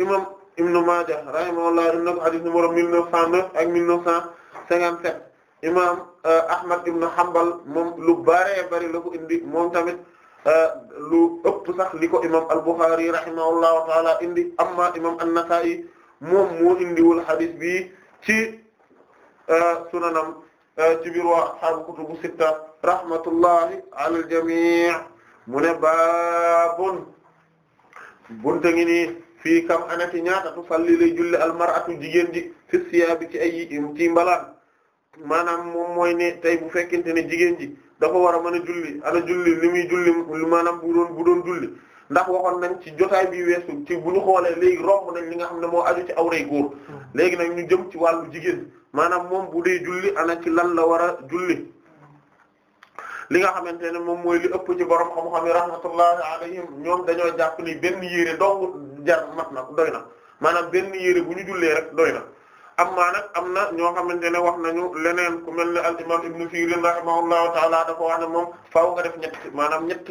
Ibn Majah rahimahullah indi na ko hadith numéro neuf cent neuf ak mille neuf cent cinquante sept imam euh, Ahmad ibn Hanbal lu bare bari la ko indi moom tamit euh, lu ëpp sax li ko imam al-Bukhari taala indi amma imam an-Nasa'i moom moo indiwul hadis bi ci euh, sunanam ci biir waa ashaabu kutubu sitta rahmatullahi ala al mu ne baabun bunta ngi nii fii kam anati ñaata tu salli lay julli al-mar'atu jigéen fi siyaa ci ay ci mbalaan maanaam moom mooy ne tey bu fekkente ne jigéen ji dafa war a mën a julli ana julli li muy julli maanaam bu doon bu doon julli ndax waxoon nañ ci jotaay bi weesu ci bu ñu xoolee léegi romb na li nga xam ne moo aju ci awray góor hmm. léegi nag ñu jëm ci wàllu jigéen maanaam moom bu dee julli ana ci lan la war a julli li nga xamante ne moom mooy li ëpp ci borom xam-xam yi rahmatullahi alayhim ñoom dañoo jàpp ni benn yére dong jar mat na doy na maanaam benn yére bu ñu jullee rek doy na amma nag am na ñoo xamante ne wax nañu leneen ku mel ne al imam ibnu Sirin rahimahullahu taala dafa wax ne moom faaw nga def ñett maanaam ñett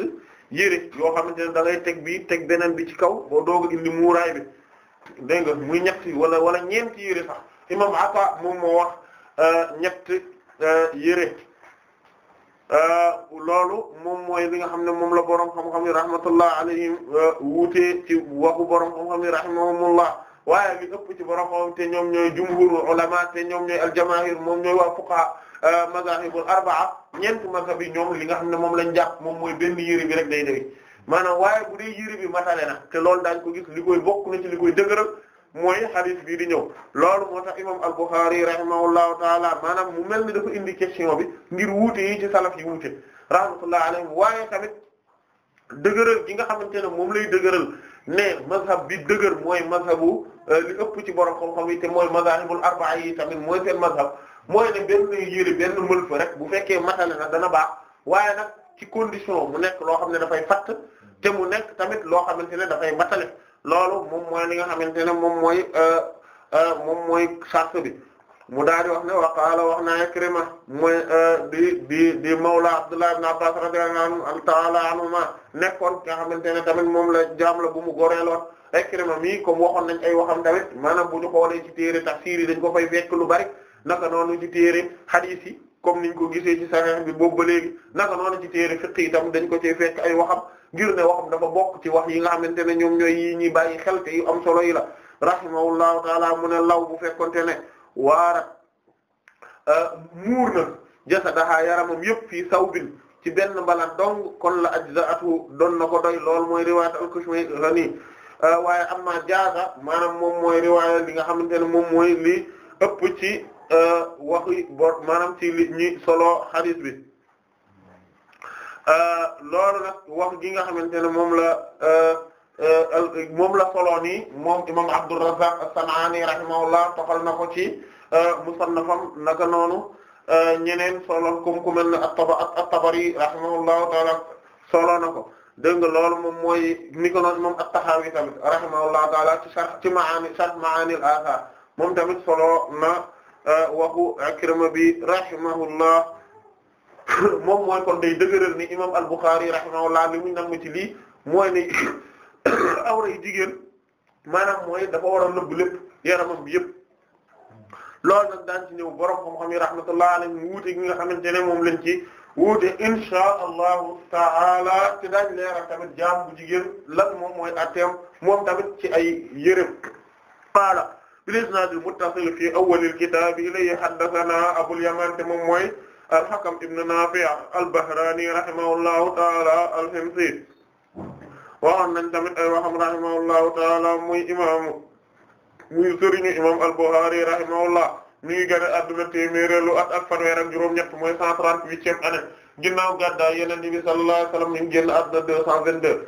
yére yoo xamante ne da teg bii teg beneen bi ci kaw o doog indi muuraay bi dégg nga muy ñett wala wala ñeenti yére sax imam Atta moom moo wax euh, ñett euh, yére euh, loolu moom mooy li nga xam ne moom la borom xam-xam yi rahmatullah alayhim wuutee ci waxu borom xam-xam yi waaye li ëpp ci borom xam te ñoom ñooy jumhurul ulama te ñoom ñooy aljamaahir moom ñooy waa fuqaha euh, mazahibul arbaa ñeent mazhab yi ñoom li nga xam ne moom lañ jàpp moom mooy benn yëri bi rek day day maanaam waaye bu dee yëri bi matale na te loolu daañ ko gis li koy bokk na ci li koy dëgëral mooy hadith bii di ñëw loolu moo tax imam al-Bukhari rahimahullahu taala maanaam mu mel ni dafa indi question bi ngir wuute yi ci salaf yi wuute rahmatullah alayhim waaye tamit dëgëral gi nga xamante ne moom lay dëgëral ne mazhab bi dëgër mooy mazhabu Euh, li ëpp ci borom xam-xam yi te mooy mazahibul arba'a yi tamit mooy seen mazhab mooy ne benn yére benn mël bu fekkee matale na dana baax waaye nag ci condition mu nekk loo xam ne dafay fatt te mu nekk tamit loo xamante ne dafay matale loolu moom mooy li nga xamante ne moom mooy euh, euh, moom mooy charte bi mu daal di wax ne wa qaala wax na Ikrima mooy di di di naa Abdullah ibn Abbas radiyallahu ta'ala anhuma nekkoon nga xamante ne tamit moom la jaam la bu mu goreeloon Ikrima mii comme waxoon nañ ay waxam tamit maanaam bu ñu xoolee ci téere tafsir yi dañ ko fay fekk lu bari naka noonu ci téere hadith yi comme niñ ko gisee ci Sahih bi boobu ba léegi naka noonu ci téere fiqh yi tam dañ ko cay fekk ay waxam ngir ne waxam dafa bokk ci wax yi nga xamante ne ñoom ñooy yi ñuy bàyyi xel te yu am solo yi la rahimahullahu taala mu ne law bu fekkonte ne waara euh, muur na jasadaha yaramam yëpp fii sawbin ci benn mbala dong kon la ajza'atu doon na ko toy lool mooy riwaat al-Kushmayhani Euh, waaye amma jaaza maanaam moom mooy riwaaya li nga xamante ne moom mooy li ëpp ci euh, waxi bor maanaam ci li ñi solo hadith bi euh, loolu nag wax gi nga xamante ne moom la moom la solo nii moom imam Abdurrazzaq as-San'ani rahimahullah toxal na ko ci musannafam naka noonu ñeneen solo comme ku mel tabari rahimahullahu ta'ala solo na ko. dégg nga loolu moom mooy ni ko noon moom at-Tahawi tamit rahimahullahu taala ci sharh maani sharh maanil moom tamit solo na euh, waxu Ikrima bi rahimahullah moom mooy kon day dëgëral ni imam al-Bukhari rahimahullah li mu nangu ci lii mooy ni awra yi jigéen maanaam mooy dafa war a nëbb lépp yaramam bi yëpp loolu nag daan ci ñëw borom xam-xam yi rahmatullah alayhi mu wuute gi nga xamante ne moom lañ ci wuute insha allahu taala ci daañ leeral tamit jaam bu jigéen lan moom mooy atteem moom ci ay yërëm qaala bil isnaadil muttasil fi awwalil kitaab ilayhi haddathana abul yaman te moom al-hakam ibn naafi' al-bahraani rahimahullahu taala al-himsi waxoon nañ tamit ay waxam rahimahullahu taala muy imaamu muy sëriñu imaam al-bukhari rahimahullah mi ngi gën a adduna téeméeréelu at ak fanweer ak juróom-ñett mooy 138e année ginnaaw gàddaay yonent bi sallallahu alayhi wa sallam mi ngi génn adduna 222.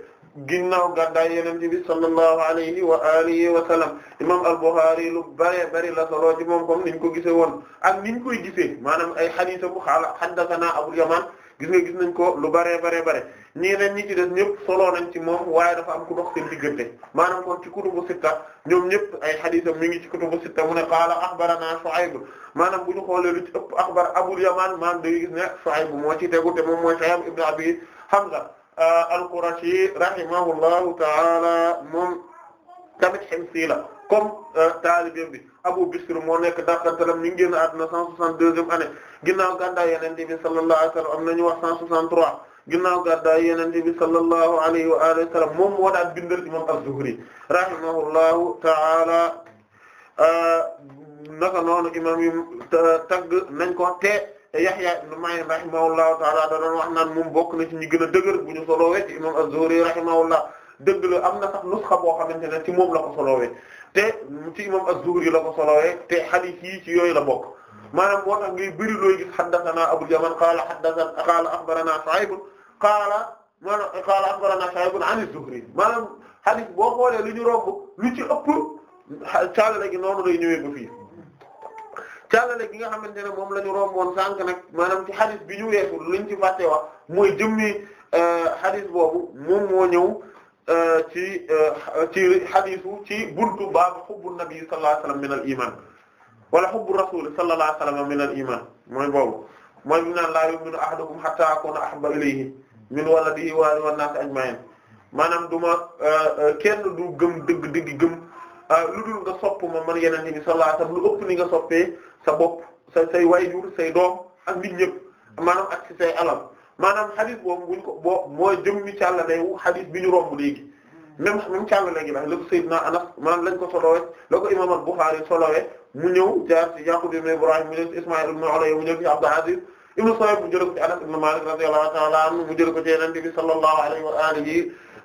ginnaaw gàddaay yonent bi sallallahu alayhi wa alihi wa sallam imam al-Bukhari lu bare bari la solo ci moom comme niñ ko gisee woon ak niñ koy gisee maanaam ay hadiis bu xaala haddathana Abul Yaman gis nga gis nañ ko lu baree baree bare ñeneen ñi ci des ñëpp solo nañ ci moom waaye dafa am ku dox seen diggante maanaam kon ci kutubu sitta ñoom ñëpp ay xadiisam mi ngi ci kutubu sitta mu ne qaala axbarana Shuayb maanaam bu ñu xoolee lu ci ëpp axbar Abul Yamaan maanaam day gis ne Shuayb moo ci tegu te moom mooy Shihab ibn Abi Hamza euh, al-Qurashi rahimahullahu ta'ala moom tamit Himsi la comme euh, taalibe bi Abu Bisr moo nekk dàqantalam ñu ngi génn àdduna 162e année ginnaaw gàddaay yenente bi sallallahu alayhi wa sallam am nañu wax 163 ginnaaw gàddaay yenente bi sallallahu alayhi wa alihi wa sallam moom moo daan bindal imam az-Zuhri rahimahullahu ta'ala euh, naka noonu imam yu tagg nañ ko te Yahya ibn Ma'in rahimahullahu ta'ala da doon wax naan moom bokk na ci ñi gën a dëgër bu ñu solowee ci imam az-Zuhri rahimahullah dëgg la am na sax nusxa boo xamante ne ci moom la ko solowee te ci imam az-Zuhri la ko solowee te hadith yi ci yooyu la bokk maanaam moo tax ngay bëri looy gis haddathana Abul Yaman qaala haddathana qaala akhbarana Shu'ayb qaala maanaam qaala akhbarana Shu'ayb an az-Zuhri maanaam hadith boo xoolee lu ñu romb lu ci ëpp caalale gi noonu lay ñëwee ba fii caalale gi nga xamante ne moom la ñu romboon sànq nag maanaam ci hadith bi ñu weesu luñ ci fàtte wax mooy jëmmi euh, hadith boobu moom moo ñëw euh, ci euh, ci hadithu ci buntu baabu hubbu nabi sallallahu alayhi wasallam min al-iman wala hubbu rasul sallallahu alayhi wasallam min al iman mooy boobu mooy bi naan laa yu'minu ahadukum hatta akuna ahabba ilayhi min waladihi wa wan-naasi ajma'in maanaam du ma euh, euh, kenn du gëm dëgg dëgg gëm euh, lu dul nga sopp ma man yeneen bi sallallahu alayhi wasallam lu ëpp ni nga soppee sa bopp sa say wayjur say doom ak nit ñëpp maanaam ak ci say alal maanaam hadith boobu buñ ko boo mooy jëmmi càlla nayu hadith bi ñu romb léegi même même càll léegi la lépp Seydina Anas maanaam lañ ko solowee la ko imam al-Bukhari solowee mu ñëw jaar ci Yaqub ibn Ibrahim mu ñëw ci Ismaïl ibn Ulayya mu ñëw ci Abdul Aziz ibn Suhayb mu jël ko ci Anas ibn Malik radiyallahu ta'ala anhu mu jël ko ci Yonent bi sallallahu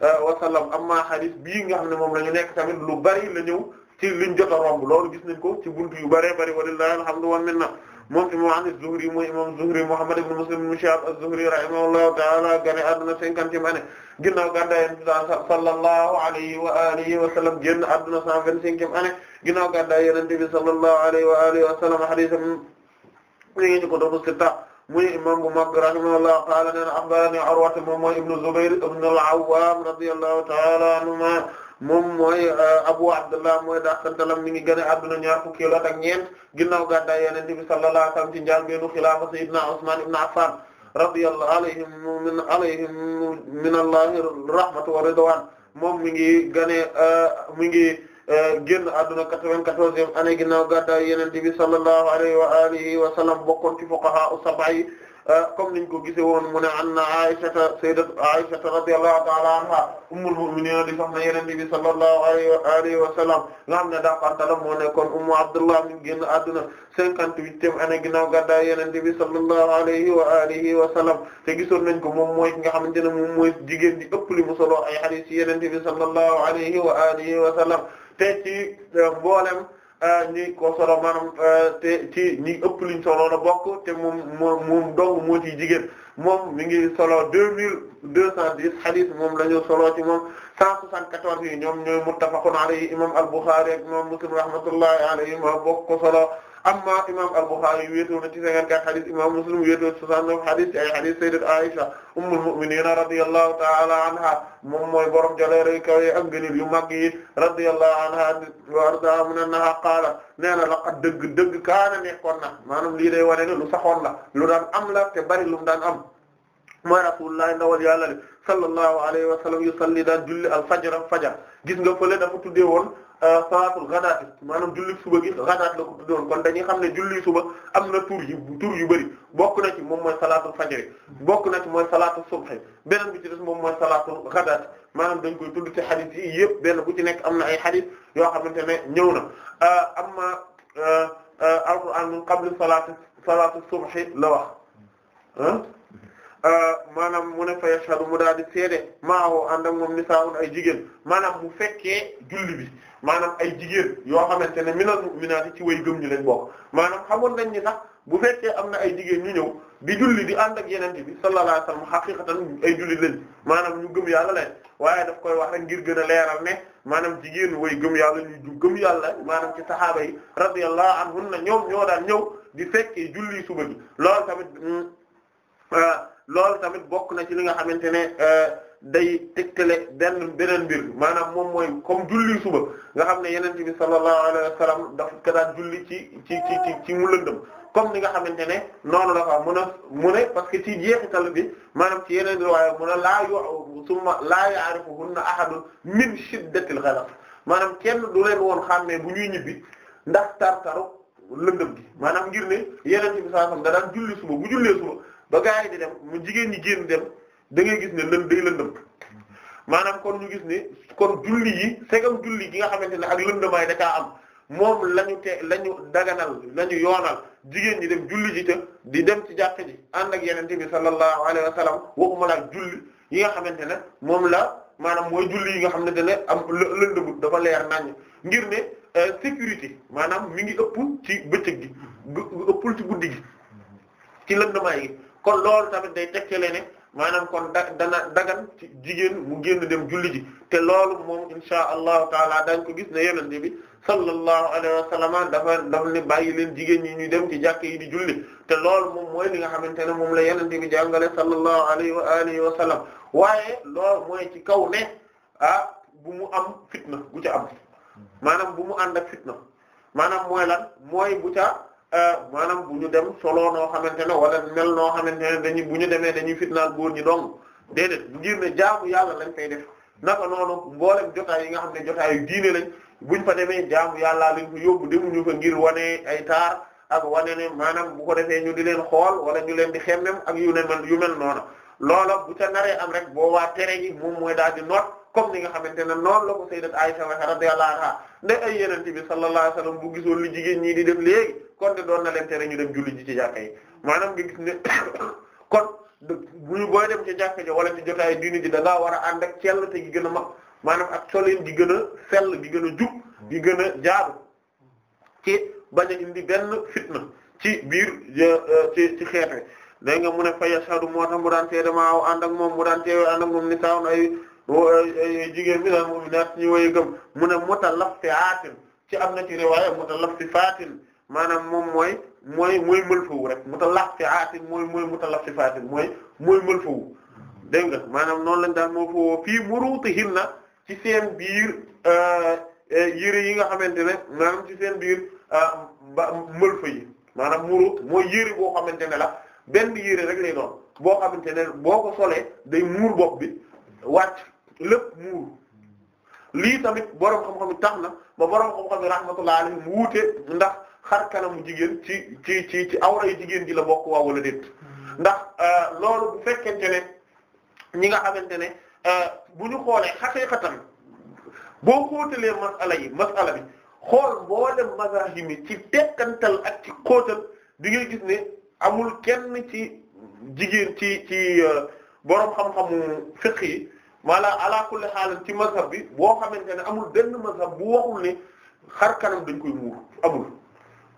euh, bii nga xam ne moom la ñu nekk tamit lu bari la ñëw ci liñ jot a romb loolu gis nañ ko ci buntu yu bëree bëri walillahi alhamdu wal minna moom imam az-Zuhri mooy imam Zuhri Muhammad ibn Muslim ibn Shihab az-Zuhri rahimahullahu ta'ala gane àdduna cinquantième année ginnaaw gàddaay Yonent bi sallallahu alayhi wa alihi wa sallam génn àdduna cent vingt-cinquième année ginnaaw gàddaay Yonent bi sallallahu alayhi wa alihi wa sallam haditham ñu ngi ci ko doon sitta muy imam bu mag rahimahullahu ta'ala nee na akhbarani Urwa moom mooy ibn Zubayr ibn al-Awwam radiyallahu ta'ala anhuma moom mooy euh, Abu Abdullah mooy daaxtantalam mi ngi gën a adduna ñaar fukki at ak ñeent ginnaaw gàddaay a bi sallallahu alayhi wa sallam ci njàlbéenu xilaafa Sayyidina Usman ibn Affan radiyallahu alayhim min alayhim moom mi ngi gane euh, mi ngi euh, génn adduna quatre-vingt-quatorzième année ginnaaw gàddaay Yonent bi sallallahu alayhi wa alihi wa Euh, comme niñ ko gise woon mu ne anna Aysata sayyidatu Aysata radiyallahu ta'ala anha ummul mu'minin di soxna Yonent bi sallallahu alayhi wa alihi wa sallam nga ne daa partalam moo nekkoon ummu Abdullah mi génn àdduna cinquante-huitième année ginnaaw gàddaay Yonent bi sallallahu alayhi wa alihi wa sallam te gisoon nañ ko moom mooy ki nga xamante ne moom mooy jigéen di ëpp li mu solo ay hadith Yonent bi sallallahu alayhi wa alihi te ci euh, mboolem Euh, ni ko solo maanaam euh, te ci ñi ëpp liñ solo la bokk te moom moom moom dong moo ci jigéen moom mi ngi solo deux mille deux cent dix hadith moom la ñu solo ci moom cent soixante-quatorze yi ñoom ñooy muttafaqun alayhi imam al-Bukhari ak imam Muslim rahmatullahi alayhi ma bokk ko solo amma imam al-Bukhari wéetoo na ci 54 hadith imam Muslim wéetoo 69 hadith ay hadith sayyidat Aisha ummul mu'minin radiyallahu ta'ala anha moom mooy borom jaleere kawe ak gënil yu mag yi radiyallahu anha wa arda mun annaha qaala nee na dëgg dëgg kaana nekkoon na maanaam lii day wane ne lu saxoon la lu daan am la te bari lu mu daan am mooy rasulullah ndawal yàlla sallallahu alayhi wa sallam yusalli daan julli al fajr fajar gis salaatul euh, ghadaat maanaam julli suba gi ghadaat la ko tuddoon kon dañuy xam ne julli suba am na tur yu tur yu bëri bokk na ci moom mooy salaatul fajr bokk na ci mooy salaatul subh beneen bi ci des moom mooy salaatul ghadaat maanaam dañ koy tudd ci hadith yi yëpp benn bu ci nekk am na ay hadith yoo xamante ne ñëw na euh, amma euh, alquran min qabl salaati salaatu subh la wax maanaam mu ne fa yashhadu mu daal di seede maa woo ànd ak moom nisaa'un ay jigéen maanaam mu fekkee julli bi maanaam ay jigéen yoo xamante ne minal mu'minaati ci way gëm ñi lañ bokk maanaam xamoon nañ ni sax bu fekkee am na ay jigéen ñu ñëw di julli di ànd ak yenente bi sallallahu alayhi wasallam xaqiqatan ay julli lañ maanaam ñu gëm yàlla leen waaye daf koy wax rek ngir gën a leeral ne maanaam jigéen way gëm yàlla ñu gëm yàlla maanaam ci sahaaba yi radiyallahu anhunna ñoom ñoo daan ñëw di fekkee julli suba gi lool tamit mm, euh, loolu tamit bokk na ci li nga xamante ne euh, day tëkkale benn beneen mbir maanaam moom mooy comme julli suba nga xam ne yonent bi sallallahu alayhi wa sallam daf ko daan julli ci ci ci ci mu lëndëm comme ni nga xamante ne noonu la fa mu ne parce que ci jeexital bi maanaam ci yeneen riwaaya mu ne laa yu summa laa ya'rifuhunna ahadun min shiddatil ghalaq maanaam kenn du leen woon xàmmee bu ñuy ñibbi ndax tartaru lëndëm gi maanaam ngir ne yonent bi sallallahu alayhi wa sallam da daan julli suba bu jullee suba ba gaa di mu jigéen ñi génn dem. da gis ne lën day lëndëm maanaam kon ñu gis ne kon julli yi segam julli gi nga xamante ne ak lëndëmaay da kaa am moom la ñu te la ñu daganal la yoonal jigéen ñi dem julli ji te di dem ci jàkk ji ànd ak yenente bi sallallahu alayhi wa sallam waxuma la ak julli yi nga xamante ne moom la maanaam mooy julli yi nga xamante ne am lëndëmut dafa leer naññ ngir ne euh, sécurité maanaam mi ngi ëpp ci bëccëg gi ëppul ci guddi gi ci lëndëmaay gi kon loolu tamit day tegtale ne maanaam kon da dana dagan ci jigéen mu génn dem julli ji te loolu moom insha allahu taala dañ ko gis ne yonent bi sallallahu alayhi wa sallam dafa dafa ne bàyyi leen jigéen ñi ñuy dem ci jàkk yi di julli te loolu moom mooy li nga xamante ne moom la yonent bi jàngale sallallahu alayhi wa alihi wa sallam waaye loolu mooy ci kaw ne ah, bu mu am fitna bu ca am maanaam bu mu ànd ak fitna maanaam mooy lan mooy bu Euh, maanaam bu ñu dem solo noo xamante ne wala mel noo xamante ne dañuy bu ñu demee dañuy fitnaal góor ñi dong déedéet ngir ne jaamu yàlla lañ fay def naka noonu mboolem jotaay yi nga xam ne jotaayu diine lañ buñ fa demee jaamu yàllaa lañ ko yóbbu demuñu fa ngir wane ay taar ak wane ne maanaam bu ko defee ñu di leen xool wala ñu leen di xemmem ak yu ne mel yu mel noonu loola bu ca naree am rek boobaa tere gi mooy daal di noot comme ni nga xamante ne noonu la ko sayyidat Aisha radiyallahu anha ne ay yenente bi sallallahu alayhi wasallam bu gisoon li jigéen ñii di def léegi kon de doon na leen tere ñu dem julli ji ci jàkka yi maanaam nga gis ne kon bu ñu booy dem ci jàkka ji wala ci jotaay diini ji da war a ànd ak sell te gi gën a mag maanaam ak soleen gi gën a sell gi gën a jub gi gën a jaaru ci bañ a indi ci biir euh, ci ci xeet wi dégg nga mu ne fa yashadu moo mu daan seede maa ànd ak moom mu daan teewe moom ni saawn ay jigéen bi daal moom naat ñu woy gëm mu ne mutalaffiaatin ci am na ci riwaaya mutalaffiaatin maanaam moom mooy mooy mooy mëlfawu rek mutalaffaatin mooy mooy mutalaffifaatin mooy mooy mëlfawu dégg nga maanaam noonu lañ daan mëlfawoo fii muruutihinna ci seen biir euh, euh, yére yi nga xamante ne maanaam ci seen biir euh, ba mëlfa yi maanaam muruut mooy yére boo xamante ne la benn yére rek lay doon boo xamante ne boo ko solee day muur bopp bi wàcc lépp muur lii tamit boroom xam-xam tax na ba boroom xam-xam rahmatullah alayhi mu wuute ndax xar kanamu jigéen ci ci ci ci awra yu jigéen ji la bokk waa wala déet ndax euh, loolu bu fekkente ne ñi nga xamante ne euh, bu ñu xoolee xaqiiqatan boo xóotalee masala yi masala bi xool mboolem mazahib yi ci tekkantal ak ci xóotal di ngay gis ne amul kenn ci jigéen ci ci euh, boroom xam-xamu fiqh yi maanaam ala kulli xaalan ci mazhab bi boo xamante ne amul benn mazhab bu waxul ne xar kanam dañ koy muur amul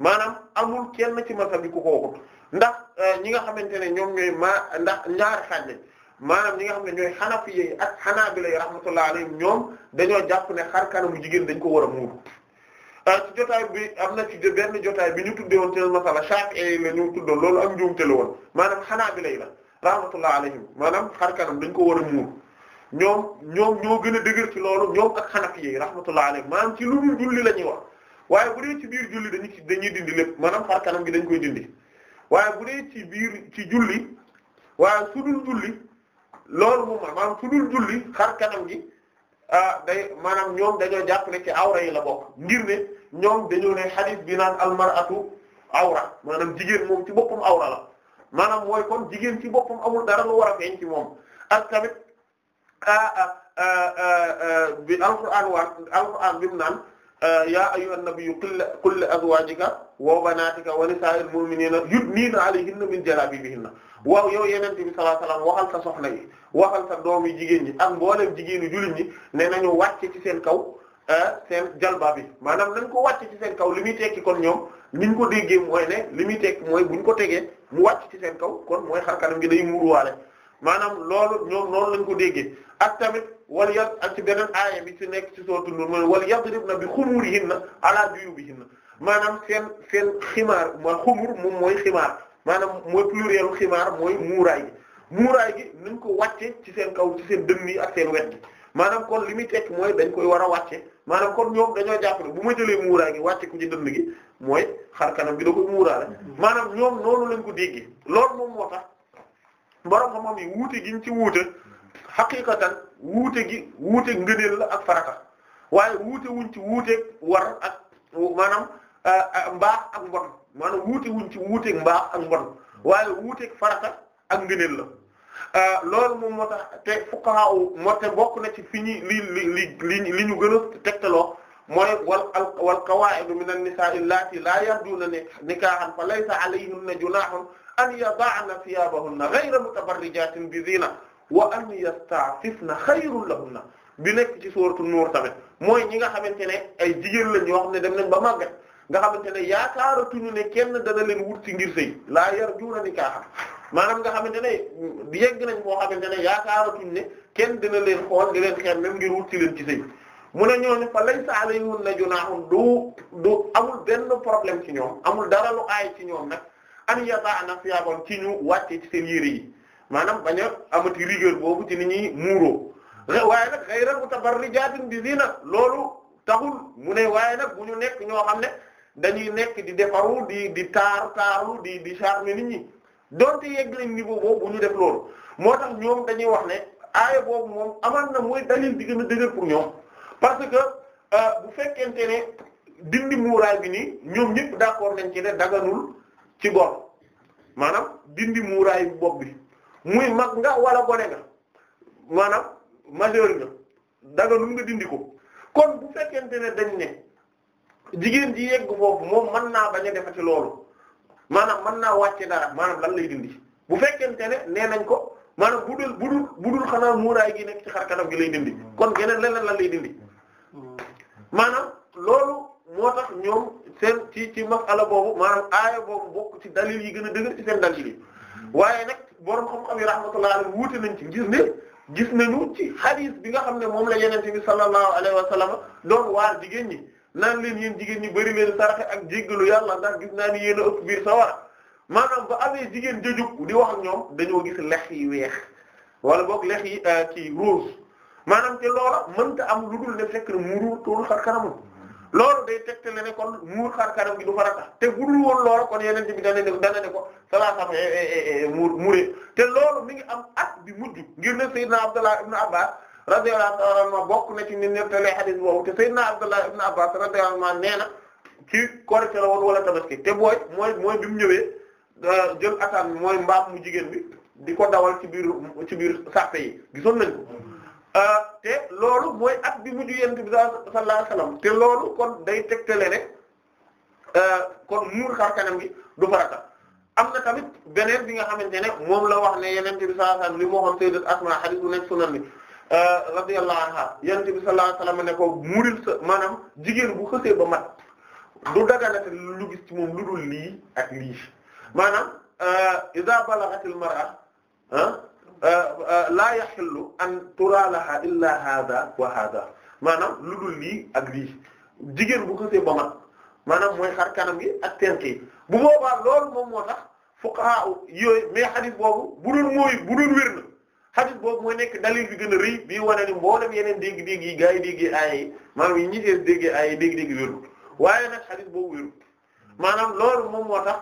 maanaam amul kenn ci masal bi ku ko ndax euh, ñi nga xamante ne ñoom ñooy ma ndax ñaar xaaj lañ maanaam ñi nga xam ne ñooy xanafi yi ak xanaabila yi rahmatullah alayhim ñoom dañoo jàpp ne xar kanamu jigéen dañ ko war a muur euh, ci jotaay bi am na ci benn jotaay bi ñu tuddee woon ci masala Shafi'i la ñu tuddoon loolu am njuumte la woon maanaam xanaabila yi la rahmatullah alayhim maanaam xar kanam dañ ko war a muur ñoom ñoom ñoo gën a dëgër ci loolu ñoom ak xanafi yi rahmatullah alayhim maanaam ci lu ñu julli la ñuy wax waaye bu dee ci biir julli dañu dañuy dindi lépp maanaam xar kanam gi dañ koy dindi waaye bu dee ci biir ci julli waaye su dul julli loolu moom maanaam su dul julli xar kanam gi ah day maanaam ñoom dañoo jàpp ne ci awra yi la bokk ngir ne ñoom dañoo ne hadith bi naan almaratu awra maanaam jigéen moom ci boppum awra la maanaam mooy kon jigéen ci boppam amul dara lu war a feeñ ci moom ak tamit ah ah, ah, ah bi alquran wa alquran bi mu naan. Uh, yaa ayyuhan nabiyyu qul li azwaajika wa banaatika wa nisaa'il mu'miniina yudniina alayhinna min jalaabiibihinna waaw yow yeneen bi sallallahu alayhi wa sallam waxal sa soxna yi waxal sa doom yi jigéen ñi ak mboolem jigéenu jullit ñi nee nañu wàcce ci seen kaw uh, seen jalba bi maanaam nañ ko wàcce ci seen kaw li muy tekki kon ñoom ni ñu ko déggee mooy ne li muy tekki mooy bu ñu ko tegee mu wàcc ci seen kaw kon mooy xar kanam gi day muuruwaale maanaam loolu ñoom noonu lañ ko déggee ak tamit wal yad ak ci beneen aaya bi ci nekk ci sourate Nur mooy wal yadribna bi xumurihinna ala juyubihinna maanaam seen seen ximaar ma xumur moom mooy ximaar maanaam mooy pluriel ximaar mooy muuraay gi muuraay gi nañ ko wàcce ci seen kaw ci seen dënn yi ak seen wet gi maanaam kon li muy tekk mooy dañ koy war a wàcce maanaam kon ñoom dañoo jàpp ne bu ma jëlee muuraay gi wàcce ko ci dënn gi mooy xar kanam bi da koy muuraale mm-hmm. maanaam ñoom ko déggee moo borom xam-xam yi wuute giñ ci wuute xaqiqatan wuute gi wuute ngëneel la ak farata waaye wuute wuñ ci wuuteeg war ak maanaam euh, euh, mbaax ak mbon maanaam wuute wuñ ci wuuteeg mbaax ak mbon waaye wuuteeg faraka ak ngëneel la euh, loolu moom moo tax te fuqaha moo bokk na ci fi ñi li li li li ñu gën a tegtaloo mooy wal wal qawaa'idu min an-nisaa'i allaati laa yarjuuna nikaahan fa laysa alayhinna junaahun an yada'na thiyabahunna ghayra mutabarrijatin bi zina wa an yasta'fifna khayrun lahunna bi nekk ci sooratu nuur tamit mooy ñi nga xamante ne ay jigéen lañ yoo xam ne dem nañ ba màggat nga xamante ne yaakaaratuñu ne kenn dana leen wut ci ngir sëy laa yarjuuna nikaaha maanaam nga xamante ne yegg nañ boo xamante ne yaakaaratuñu ne kenn dina leen xool di leen xeer même ngir wut ci leen ci sëy mu ne ñooñu fa laysa alayhunna junaahun du du amul benn problème ci ñoom amul dara lu aay ci ñoom nag an yadaana siyaabam ci ñu wàcce ci seen yére yi maanaam bañ a amati rigueur boobu ci ni ñuy muuroo waaye nag ghayra mutabarrijaatin bi zina loolu taxul mu ne waaye nag bu ñu nekk ñoo xam ne dañuy nekk di defaru di di taaru taaru di di charmer nit ñi donte yegg lañ niveau boobu bu ñu def loolu moo tax ñoom dañuy wax ne aaya boobu moom amal na mooy dalil di gën a pour ñoom parce que euh, bu fekkente ne dindi muuraay bi nii ñoom ñëpp d'accord nañ ci ne daganul ci góor maanaam dindi muuraayu bopp bi muy mag nga wala gone nga maanaam majeur nga daga nu nga dindi ko kon bu fekkente ne dañ ne jigéen ji yegg foofu moom mën naa bañ a defati loolu maanaam mën naa wàcce dara maanaam lan lay dindi bu fekkente ne nee nañ ko maanaam bu dul bu dul bu dul xanaa muuraay gi nekk ci xar kanam gi lay dindi kon geneen leneen lan lay dindi hmm. maanaam loolu moo tax ñoom. seen ci ci masala boobu maanaam aaya boobu bokk ci dalil yi gën a dëgër ci seen dalil yi waaye nag borom xam-xam yi rahmatullahi alayhi wuute nañ ci gis gis nañu ci hadis bi nga xam ne moom la yenente bi sallallahu alayhi wa sallam doon waar jigéen ñi naan leen yéen jigéen ñi bari leen saraxe ak jéggalu yàlla ndax gis naa ni yéen a ëpp biir sa war maanaam ba amee jigéen jëjug di wax ak ñoom dañoo gis lex yi weex wala boog lex yi euh, ci rose maanaam te loola mënta am lu dul mu ruur toolu xar kanamam loolu day tegtale ne kon muur xar kanam gi du farata te budul woon loolu kon yeneen bi dana ne dana ne ko salaasam eh, eh, eh, muur muuree te loolu mi ngi am at bi mujj ngir ne Seydina Abdullah ibn Abbas radiyallahu ta'ala anhu bokk na ci ni nettalee hadith boobu te Seydina Abdullah ibn Abbas radiyallahu anhu nee na ci Korite la woon wala Tabaski te booy mooy mooy bi mu ñëwee jël ataan bi mooy mbaam mu jigéen bi di ko dawal ci biir ci biir sàppe yi gisoon nañ ko. Euh, te loolu mooy at bi mujj yonent bi sallallahu alayhi wasallam te loolu kon day tegtale rek euh, kon muur xar kanam gi du farata am na tamit beneen bi nga xamante ne moom la wax ne yonent bi sallallahu alayhi wasallam li mu waxoon sayyidat Asma hadith bu nekk sunan bi euh, radiyallahu anha yonent bi sallallahu alayhi wasallam ne ko muuril sa maanaam jigéen bu xësee ba mat du daganate lu gis ci moom lu dul lii ak lii maanaam iza balaghatil mar'a ah, Euh, euh, laa yaxillu an turalaha illa hada wa hada maanaam lu dul lii ak lii jigéen bu xasee ba maanaam mooy xar kanam gi ak tenk yi bu boobaa loolu moom moo tax fuqaha yooyu mais hadith boobu bu dul mooy bu dul wér na boobu mooy nekk dalil bi gën a rëy bii wane ni yeneen dégg-dégg yi gaa yi déggee aaye yi maanaam yi ñi dee déggee aaye yi dégg waaye nag hadith boobu wérul maanaam loolu moom moo tax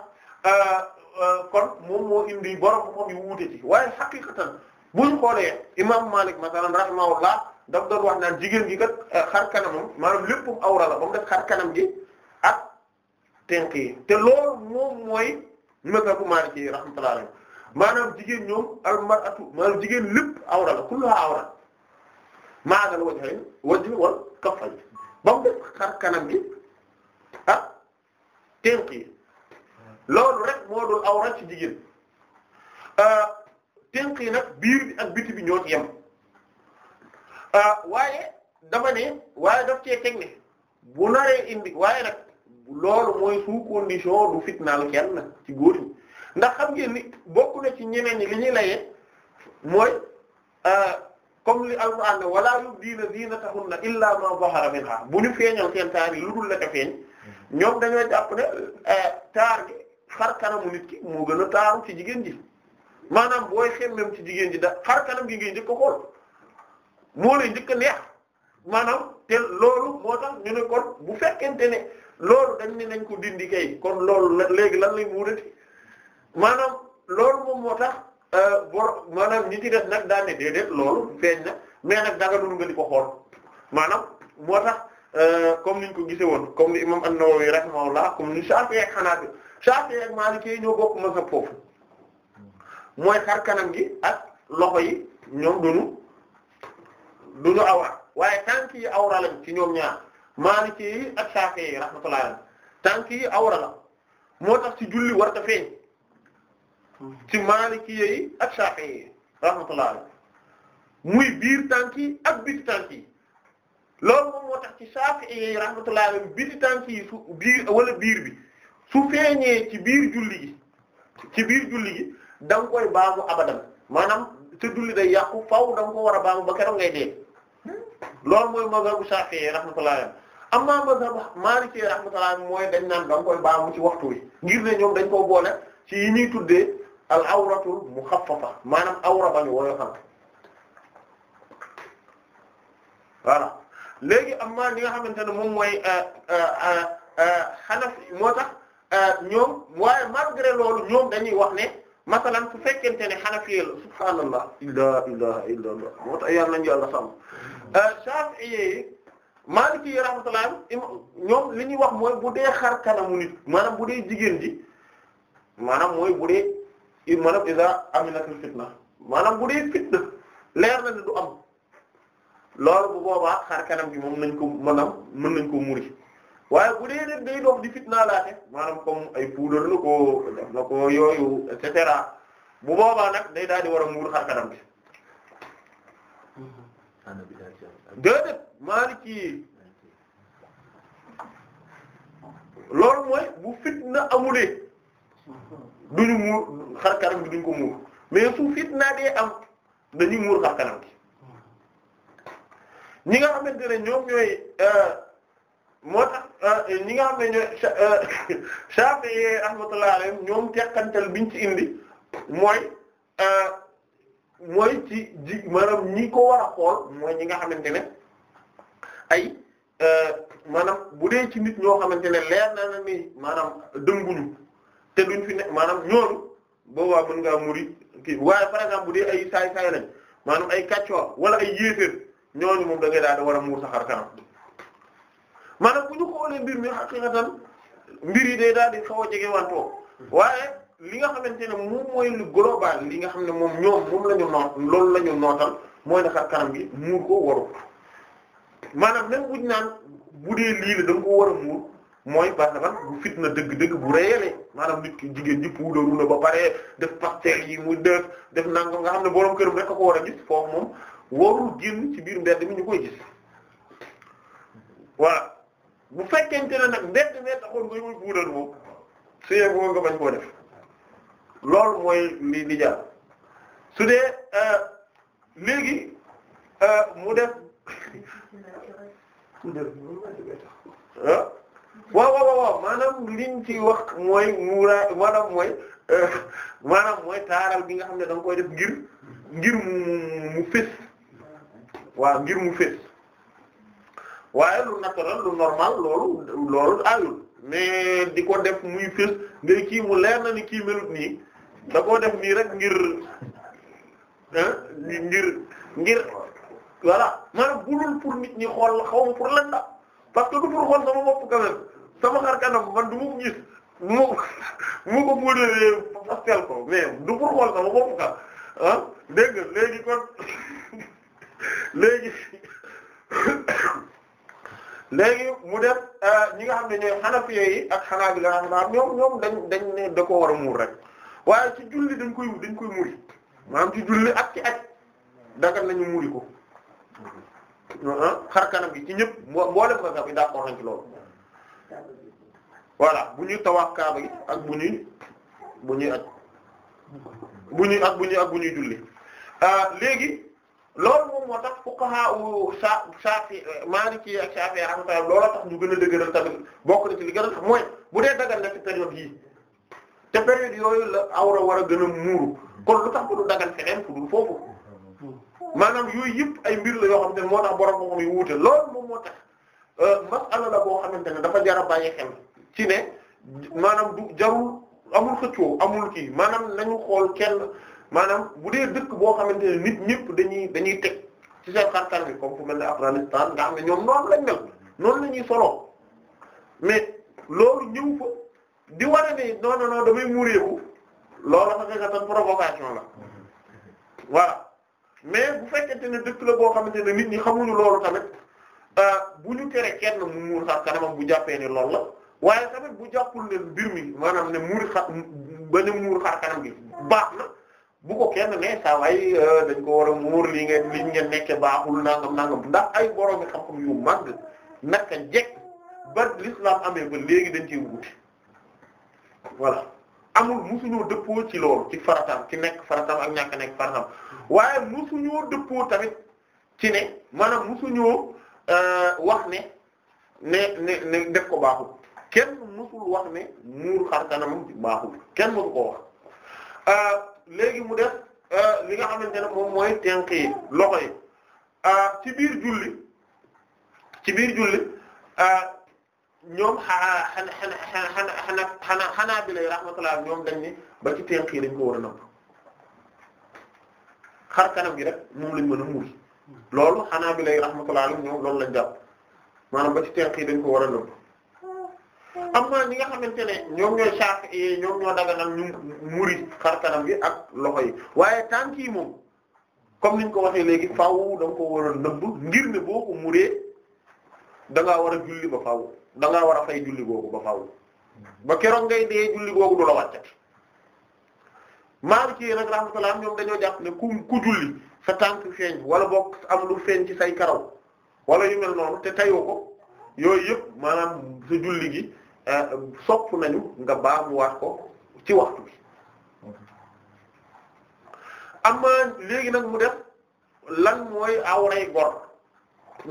euh, Euh, kon moom moo indi borom xam yu wuute ci waaye xaqiqatan xoolee imam Malik masalan rahimahullah daf doon wax naan jigéen gi kat euh, xar kanamam maanaam lépp awra la xar kanam gi ak tenk te loolu moom mooy mazhabu Maliki rahmatullahi alayhi maanaam jigéen ñoom al-mar'atu maanaam jigéen lépp awra la kulluha awra ma'al wajhi wajhi wal kaffay ba mu def xar kanam gi ak tenk loolu rek moo dul awra ci jigéen euh, tënk yi nag biir bi ak biti bi ñoo ci yem euh, waaye dafa ne waaye daf cee teg ne bu naree indi waaye nag loolu mooy sous condition du fitnaal kenn ci góor ndax xam ngeen ni bokk na ci ñeneen ñi li ñuy layee mooy euh, comme li alquran ne wala yubdiina zinatahunna illa ma zahara minha bu ñu feeñal seen taar yi lu dul la ka feeñ ñoom dañoo jàpp ne taar gi xar kanamu nit ki moo gën a taaru ci jigéen ji maanaam booy xemmem ci jigéen ji da xar kanam gi ngay njëkk a xool moo lay njëkk a neex maanaam te loolu moo tax ñu ne kon bu fekkente ne loolu dañ ne nañ ko dindi kay kon loolu léegi lan lay wuutati maanaam loolu moom moo tax euh, bor maanaam ñi ci def nag daan ne déedéet loolu feeñ na mais nag danga dul nga di ko xool maanaam moo tax euh, comme niñ ko gisee woon comme ni imam an-Nawawi rahimahullah comme ni Shafi'i xanaa bi Shafi ak Maliki ñoo bokk mazhab foofu mooy xar kanam gi ak loxo yi ñoom duñu duñu awra waaye tànk yi awra lañ ci ñoom ñaar Maliki yi ak Shafi yi awra la moo tax ci julli war ta feeñ ci Maliki yi ak Shafi yi rahmatullahi alayhi muy biir tànk ak biti tànk yi loolu moom moo tax ci Shafi yi rahmatullahi alayhi biti tànk yi su biir wala biir bi su feeñee ci biir julli gi ci biir julli gi da nga koy baamu abadan maanaam sa julli day yàqu faw da ko war a baamu ba keroog ngay dee loolu mooy mazhabu Shafi'i rahmatullahi amma mazhabu Maliki rahmatullahi mooy dañ naan da nga koy baamu ci waxtu wi ngir ne ñoom dañ koo boole ci yi ñuy tuddee al awratul muxaffafa maanaam awra ba ñu woyofal voilà léegi amma li nga xamante ne moom mooy xanaf euh, euh, euh, moo tax. Euh, ñoom waaye loolu ñoom dañuy wax ne matala su fekkente ne xanafiye la subhaanallah la ilaha illa allah moo tax yàlla nañu yàlla sàmm euh, shafi'i maliki yi rahmatullah ñoom li ñuy wax mooy bu dee xar kanamu nit maanaam bu dee jigéen ji maanaam mooy bu dee maanaam iza aminatul fitna maanaam bu dee fitna leer na ne du am loolu bu boobaa xar kanam gi moom nañ ko maanaam mën nañ ko muri waaye bu dee day dox di fitna laate maanaam comme ay puudar la ko def na ko yooyu et cetera bu boobaa nag day daal war a muur xar kanam bi déedéet Maliki loolu mooy bu fitna amulee duñu muur xar kanam bi duñ ko muur mais su fitna dee am dañuy muur xar kanam bi ñi nga xamante ne ñoom ñooy. Euh, moo tax euh, ñi nga xam ne ñooy Shafi'i euh, rahmatullahi alayhim ñoom teqantal biñ ci indi mooy euh, mooy ci ji maanaam ñi ko war xool mooy ñi nga xamante ne ay maanaam bu dee ci nit ñoo xamante ne leer na na ni maanaam dënguñu te duñ fi ne maanaam ñooñu boobaa mën ngaa muri kii waaye par exemple bu dee ay saay saay lañ maanaam ay kàccoor wala ay yéeféer ñooñu moom da ngay daal di war a muur sa xar kanam maanaam bu ñu xoolee mbir mi xaqiiqatan mbir yi dee daal di xaw a jege wantoo waaye li nga xamante ne moom mooy lu global li nga xam ne moom ñoom moom la ñu noot loolu la ñu nootal mooy naka kanam gi muur ko waru maanaam même buñ naan bu dee lii la da ko war a muur mooy parce que bu fitna dëgg-dëgg bu réyalee maanaam nit ki jigéen ji puudaru na ba pare def pastel yi mu def def nanga nga xam ne boroom kër rek a ko war a gis foofu moom warul génn ci biir mbedd mi ñu koy gis bu fekkente ne nag mbedd mee taxoon nga muy puudar moom suyee boo nga bañ koo def loolu mooy li li jaar su dee euh, léegi euh, mu def ah waaw waaw waaw maanaam liñ ci wax mooy muura maanaam mooy euh, maanaam mooy taaral bi nga xam ne da nga koy def ngir ngir mu mu fés ngir mu fés waaye lu naturel lu normal loolu loolu ayul mais di ko def mu fës ngay kii mu leer na ni kii melut nii da koo def nii rek ngir ngir ngir voilà maanaam bulul pour nit ñi xool xaw ma pour lan la parce que du pour xool sama bopp quand même sama xar kanam man du ma ko gis du ma ko du ma ko modéré du pour xool sama bopp ka ah dégg nga kon léegi. léegi mu def euh, ñi nga xam ne ñooy xanafiye yi ak xanaa bi la raxmatulla ñoom ñoom dañ dañ ne da ko war a muur rek waaye ci julli dañ koy dañ koy muri maanaam ci julli ak ci aj dagat nañu muri ko ah, xar kanam gi ci ñëpp mboolem mazhab yi d'accord nañ ci loolu voilà bu ñuy tawaaf kaaba gi ak bu ñuy bu ñuy aj bu ñuy ak bu ñuy ak bu ñuy julli euh, léegi loolu moom moo tax fuqaha u sa Shafi Maliki ak Shafi rahmatullah looloo tax ñu gën a dëgëral tamit bokk na ci li gën tax mooy bu dee dagan na ci période yii te période yooyu la awra war a gën a muuru kon lu tax ba du dagan feneen fu dul foofu maanaam yooyu yëpp ay mbir la yoo xam te moo tax borom moom yu wuute loolu moom moo tax euh, masala a boo xamante ne dafa jar a bàyyi xel ci ne maanaam du jarul amul xëccoo amul kii maanaam nañu xool kenn. maanaam bu dee dëkk boo xamante ne nit ñëpp dañuy dañuy teg ci seen xartar bi comme fu mel ne Afghanistan nga xam ne ñoom noonu lañ mel noonu la ñuy soloo mais loolu ñëw fa di wane ni non non non damay muureeku loolu dafa la voilà bu fekkente ne dëkk la boo xamante ne nit ñi xamuñu loolu tamit euh, bu ñu tere kenn mu muur xar kanamam bu jàppee ne loolu la waaye tamit bu jàppul ne mbir mi maanaam ne muur xar ba ne baax na. bu ko kenn ne saa ay euh, dañ ko war a muur lii ngeen liñ ngeen nekke baaxul nangam nangam ndax ay boroomi xam-xam yu mag naka njëkk ba laa amee ba léegi dañ ciy wuti voilà amul musuñoo dëppoo ci loolu ci faratam ci nekk faratam ak ñàkk nekk faratam waaye musuñoo dëppoo tamit ci ne maanaam musuñoo euh, wax ne ne ne def ko baaxul kenn musul wax ne muur xar kanam baaxul kenn musu koo wax euh, léegi mu def euh, li nga xamante ne moom mooy tenk loxo yi euh, ci biir julli ci biir julli euh, ñoom xanaa xanaa xanaa xanaa bi lay rahmatullah ñoom dañ ni ba ci tenk yi ko war a napp xar kanam gi rek moom lañ mën a muur loolu xanaa bi lay rahmatullah ñoom loolu lañ jàpp maanaam ba ci tenk yi dañ ko war a napp am na ñi nga xamante ne ñoom ñooy Shafi'i ñoom ñoo daganal ñu muri xar gi ak loxo yi waaye tànk yi moom comme niñ ko waxee léegi faw da ko war a nëbb ngir ne boo ko war a julli ba faaw war a fay julli googu ba faaw ba keroog ngay dee julli googu du la wàccati Maliki yi nag rahmatullah ñoom dañoo jàpp ne ku ku julli sa tànk feeñ wala boog am lu feeñ ci say karaw wala yu mel noonu te tayoo ko yooyu yëpp maanaam sa julli gi. Euh, sopp nañu nga baax mu baamuwaat ko ci waxtu bi amma léegi nag mu def lan mooy awray gor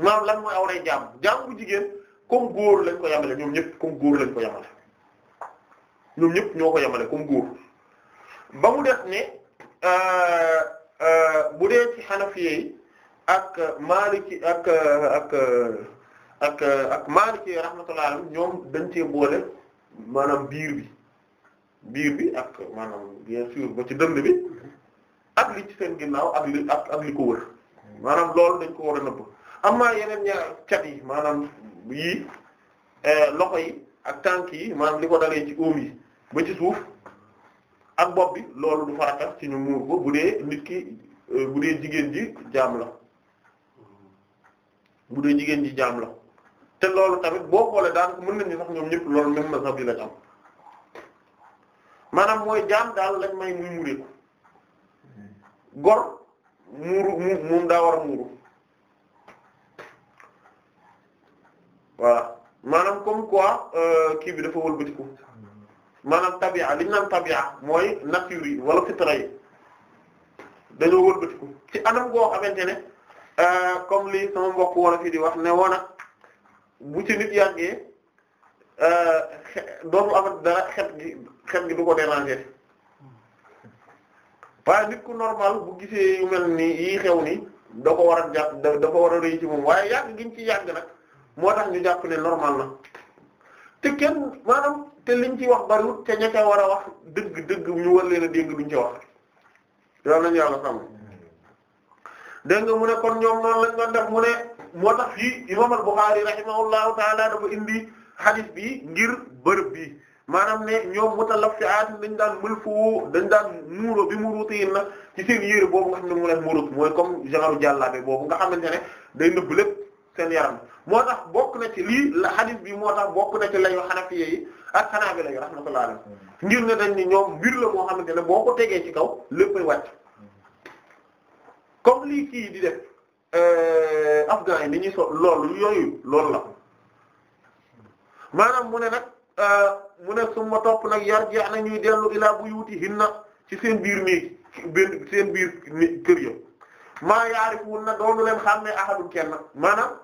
maanaam lan mooy awray jaam jaam bu jigéen comme góor lañ ko yamale ñoom ñëpp comme góor lañ ko yamale ñoom ñëpp ñoo ko yamale comme góor ba mu def ne euh, euh, bu dee ci xanafiye yi ak maliki ak ak ak euh, ak Maliki rahmatullah alayhi ñoom dañ cee boole maanaam biir bi biir bi ak maanaam bien sûr ba ci dënd bi ak li ci seen ginnaaw ak li maanaam loolu dañ ko war a nëbb amma yeneen ñaar cat yi maanaam yi euh, loxo yi ak tànk yi maanaam li ko dalee ci oom yi ba ci suuf ak bopp bi loolu du farata ci ñu muur ko bu dee nit ki euh, bu dee jigéen ji jaam la bu dee jigéen ji jaam la te loolu tamit boo xoolee daanaka mën nañu sax ñoom ñëpp loolu même mazhab bi lañ am mooy jaam daal lañ may muy mureeku gor muuru mu moom daa war a muuru voilà maanaam comme quoi euh, kii bi dafa wëlbatiku maanaam tabia li ñu naan tabia mooy nature yi wala fitra yi dañoo wëlbatiku ci anam goo xamante ne euh, comme li sama mbokk wala fii di wax ne woon bu ci nit yàggee euh, dootu amat dara xet gi xet gi du ko déranger waaye nit ku normal bu gisee yu mel ni yii xew ni da ko war a jàpp da da ko war a rëy ci moom waaye yàgg giñ ci yàgg nag moo tax ñu jàpp ne normal na te kenn maanaam te liñ ci wax bariwut te ña war a wax dëgg dëgg ñu war leen a dégg duñ ci wax yow nañu yàlla sàmm dégg nga mu ne kon ñoom noonu lañ doon def mu ne moo tax fii imam al-Bukhari rahimahullahu taala dafa indi hadith bi ngir bërëb bi maanaam ne ñoom mutalaffi'aat dañ daan mulfu dañ daan muuro bi muruutiin na ci seen yére boobu nga xam ne mu leen murut mooy comme genre jàllaabe boobu nga xamante ne day nëbb moo tax bokk na ci lii la hadith moo tax bokk na ci layu Hanafiyya yi ak Hanaabila yi rahmatullahi alayhim ngir ne dañ ni ñoom mbir la moo xamante ne boo ko tegee ci kaw léppay wàcc comme lii kii di def Euh, afghans yi ni ñi so loolu yooyu loolu la maanaam mu ne nag euh, mu ne suma topp nag yar jeex na ñuy dellu ilaa buyutihinna ci seen biir nii benn seen biir kër ya maa yaarifun na doonu leen xam ne ahadun kenn maanaam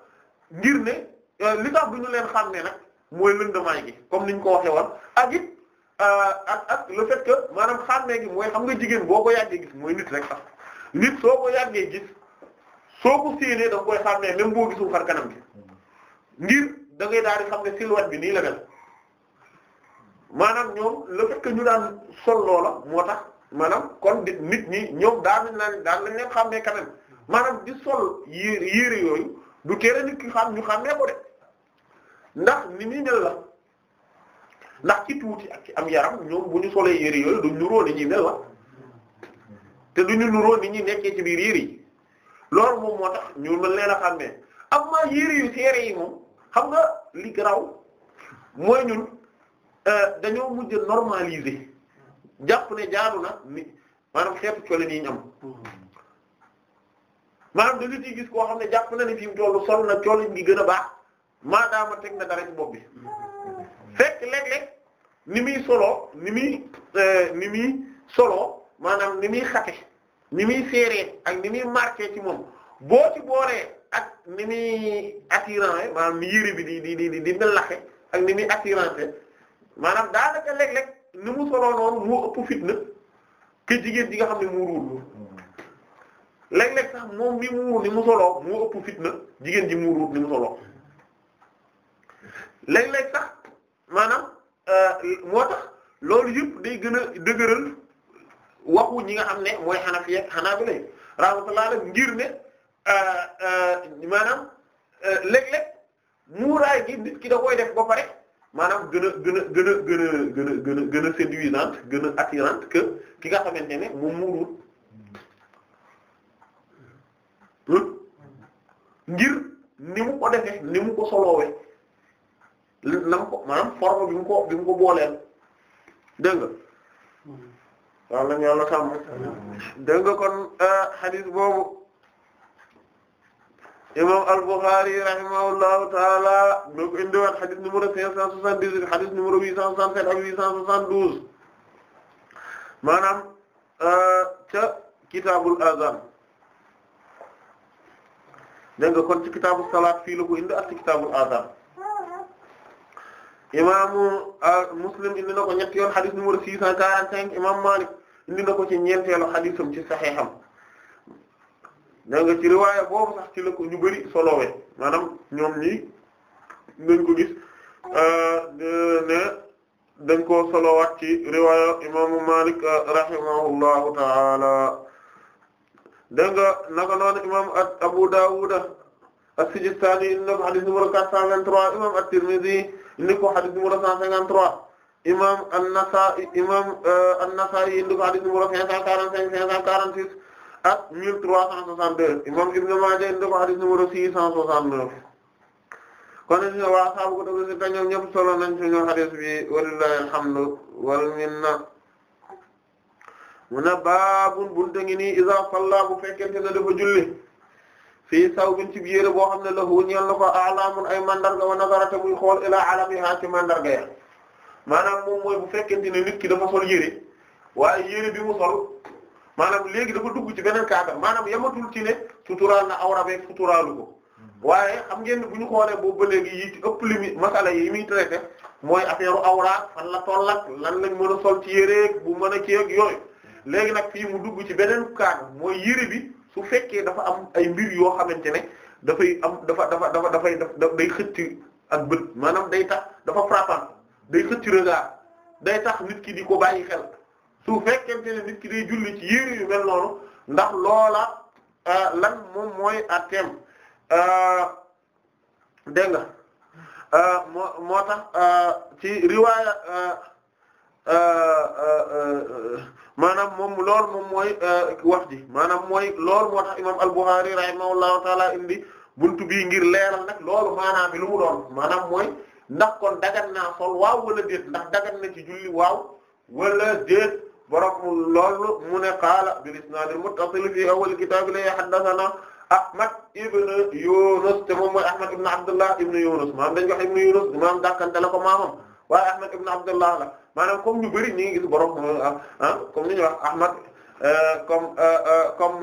ngir ne euh, li tax du ñu leen xam ne nag mooy lëndamaay gi comme niñ ko waxee woon ak it ak ak le fait maanaam xàmmee gi mooy xam nga jigéen boo ko yàggee gis mooy nit rek sax nit soo ko yàggee gis soo ko séenee da koy xàmmee même boo gisul xar kanam gi ngir da ngay daal di xam ne silhouette bi nii la mel maanaam ñoom le fait ñu daan sol loola moo tax maanaam kon di nit ñi ñoom daan nañ daal daan nañ leen xàmmee kanam maanaam di sol yére yére yooyu du tere nit ki xam ñu xàmmee ko de ndax ni muy mel la ndax ci tuuti ak ci am yaram ñoom bu ñu solee yére yooyu du nuroo ni ñuy mel la te duñu nuroo ni ñuy nekkee ci biir yére yi. loolu moom moo tax ñu mën leen a xàmmee am na yére yu seere yi moom xam nga li graw mooy ñun euh, dañoo mujj normaliser jàpp ne jaadu na ni maanaam xeetu colin yi ñu am maanaam da gis koo xam ne jàpp na ne fi mu tollu sol na colin gi gën a baax maadaama teg na dara ci bopp bi fekk léeg-léeg ni muy solo ni muy euh, ni muy soloo maanaam ni muy xate ni muy seeree ak ni muy marqué ci moom boo ci booree ak ni muy attirant maanaam ni yëre bi di di di di melaxe ak ni muy attirante maanaam daanaka léeg-léeg ni mu soloo noonu moo ëpp fitna ke jigéen ji nga xam ne muuruwul léeg-léeg sax moom mi muuru ni mu soloo moo ëpp fitna jigéen ji muuruwul ni mu soloo léeg-léeg sax maanaam euh, moo tax loolu yëpp day gën a dëgëral waxu ñi nga xam ne mooy Hanafiya Hanabila rahmatullah alayhi ngir ne euh, euh, maanaam euh, léeg-léeg muuraay gi nit ki da koy def ba pare maanaam gën a gën a gën a gën a séduisante gën a attirante ki nga xamante ne moom muurul hmm? ngir ni mu ko defee ni mu ko nam ko maanaam forme ko bi ko booleel dégg waaw nañu yàlla sàmm dégg nga kon hadith euh, boobu imam al-Bukhari rahimahullahu taala ñoo ko indiwaat hadith numéro 578 hadith numéro 867 ak 872 maanaam euh, ca kitabul azan dégg kon ci kitabu salat fii la ko indi kitabul azan imaamu ah, Muslim indi na ko ñetti yoon xadis numéro 645 imaamu Maalik indi na ko ci ñeenteelu xadisam ci saxeexam da nga ci riwaaya boobu sax ci la ko ñu bari solowee maanaam ñoom ñi dañ ko gis ah, ne dañ ko solowaat ci riwaaya imaamu Maalik ah, rahimahullahu taala da nga naka noonu imaamu Abu Daawuda as-Sijistaani indi na ko xadis numéro 423 indi ko hadith numéro 153 imam an-Nasa'i imam euh, an-Nasa'i indi ko hadith numéro 545 546 ak 1362 imam Ibn Maaja indi ko hadith numéro 669 kon ñu waa saabu ko dëgg si te ñoom ñëpp solo nañ suñu hadith bi walillahi alhamdu wal mu ne baabun bunte ngi nii iza salla bu fekkente ne dafa julli fii sawbin ci yére boo xam ne la hu ñeel na ko alaamun ay mandarga wa nazarata muy xool ila alamiha ci mandarga ya maanaam moom mooy bu fekkente ne nit ki dafa sol yére waaye yére bi mu sol maanaam léegi dafa dugg ci beneen cadre maanaam yamatul ci ne suturaal na awra beeg suturaalu ko waaye xam ngeen bu ñu xoolee boobu ba léegi ëpp limi masala yi muy traité mooy affaire awra fan la toll lan lañ mën a sol ci yére bu mën a ci ak yooyu léegi nag fii mu dugg ci beneen cadre mooy yére bi su fekkee dafa am ay mbir yoo xamante ne dafay am dafa dafa dafa dafay daf day xëcc ak bët maanaam day tax dafa frappant day xëcc regard day tax nit ki di ko bàyyi xel su fekkente ne nit ki day julli ci yu mel noonu ndax loola euh, lan moom mooy àtteem euh, dégg nga euh, moo moo tax ci riwaaya Euh, euh, euh, maanaam moom loolu moom mooy wax ji maanaam mooy loolu moo tax imaam al-Bukhari rahimahullahu taala indi buntu bii ngir leeral nag loolu maanaam bi lu mu doon maanaam mooy ndax kon dagan naa sol waaw wala déet ndax dagan na ci julli waaw wala déet borom loolu mu ne qaala bil isnaad al-muttasil fi awwal kitaab la haddathana Ahmad ibn Yunus te moom mooy Ahmad ibn Abdullah ibn Yunus maanaam dañu wax ibn Yunus maanaam dàkkante la ko maamam waaye Ahmad ibn Abdullah la. maanaam comme ñu bari ñu ngi gis borom ah, ah comme ni ñuy wax Ahmad euh, comme euh, euh, comme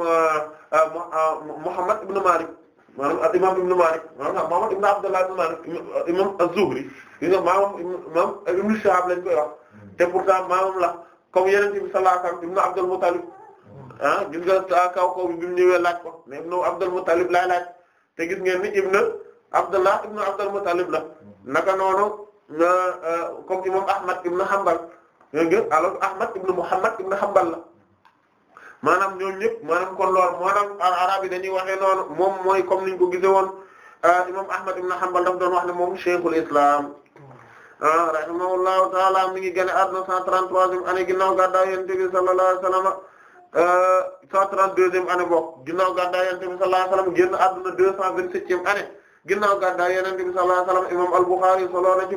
Muhammad ibn Malik maanaam ak imaam ibn Malik maanaam Muhammad ibn Abdullah ibn Malik imaam az-Zuhri yi nga maamam maam ibn Shihab lañ koy wax te pourtant maamam la comme Yonent bi sallallahu alayhi wa sallam ibn Abdul Muttalib ah gis nga kaw kaw bi mu ñëwee laaj ko mais ibn Abdul Muttalib laay laaj te gis ngeen ni ibn Abdullah ibn Abdul Muttalib la naka noonu Euh, comme imam Ahmad ibn Hanbal nga alors Ahmad ibn Muhammad ibn Hanbal la maanaam ñoom ñëpp maanaam kon lool maanaam arab yi dañuy waxee noonu moom mooy comme niñ ko gisee woon euh, imam Ahmad ibn Hanbal daf doon wax ne moom Cheikhul Islam euh, rahimahullahu taala mi ngi génn àdduna 133e année ginnaaw gàddaay Yonent bi sallallahu alayhi wasallam 132e année bokk ginnaaw gàddaay Yonent sallallahu alayhi wasallam génn àdduna 227 ginnaaw gàddaay yonent bi sallallahu alayhi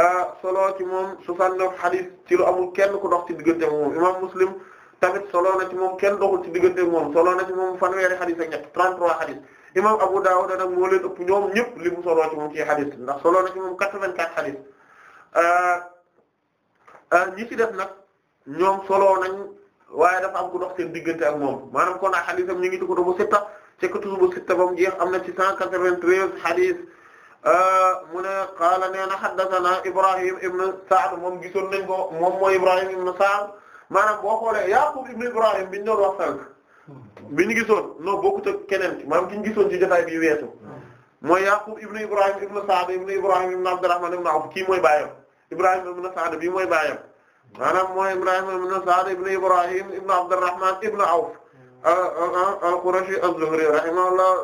euh, solo ci moom solo ci moom 69 hadith ci lu amul kenn ku dox ci diggante moom imam Muslim tamit solo na ci moom kenn doxul ci diggante moom solo na ci moom fanweeri hadith ak ñett 33 hadith imam Abu Dawud ñëpp li mu solo ci moom ci hadith ndax solo na ci moom 84 hadith euh, euh, ñi ci def nag ñoom solo nañ waaye dafa am ku dox seen diggante ak moom maanaam kon haditham ñu ngi ci ko do bu sitta ci kutubu sitta bam jeex am na ci 193 hadis euh, mu ne qaala nee na haddathana Ibrahim ibn Sa'd moom gisoon nañ ko moom mooy Ibrahim ibn Sa'd maanaam boo xoolee Yaqub ibn Ibrahim biñ doon wax sànq bi ñu gisoon non bokkut ak keneen maanaam ki ñu gisoon ci jotaay bi weesu mooy Yaqub ibn Ibrahim ibn Sa'd ibn Ibrahim ibn Abdurrahman ibn Awf kii mooy baayam Ibrahim ibn Sa'd bii mooy baayam maanaam mooy Ibrahim ibn Sa'd ibn Ibrahim ibn Abdurrahman ibn Awf al-Qurashi euh, euh, euh, az-Zuhri rahimahullah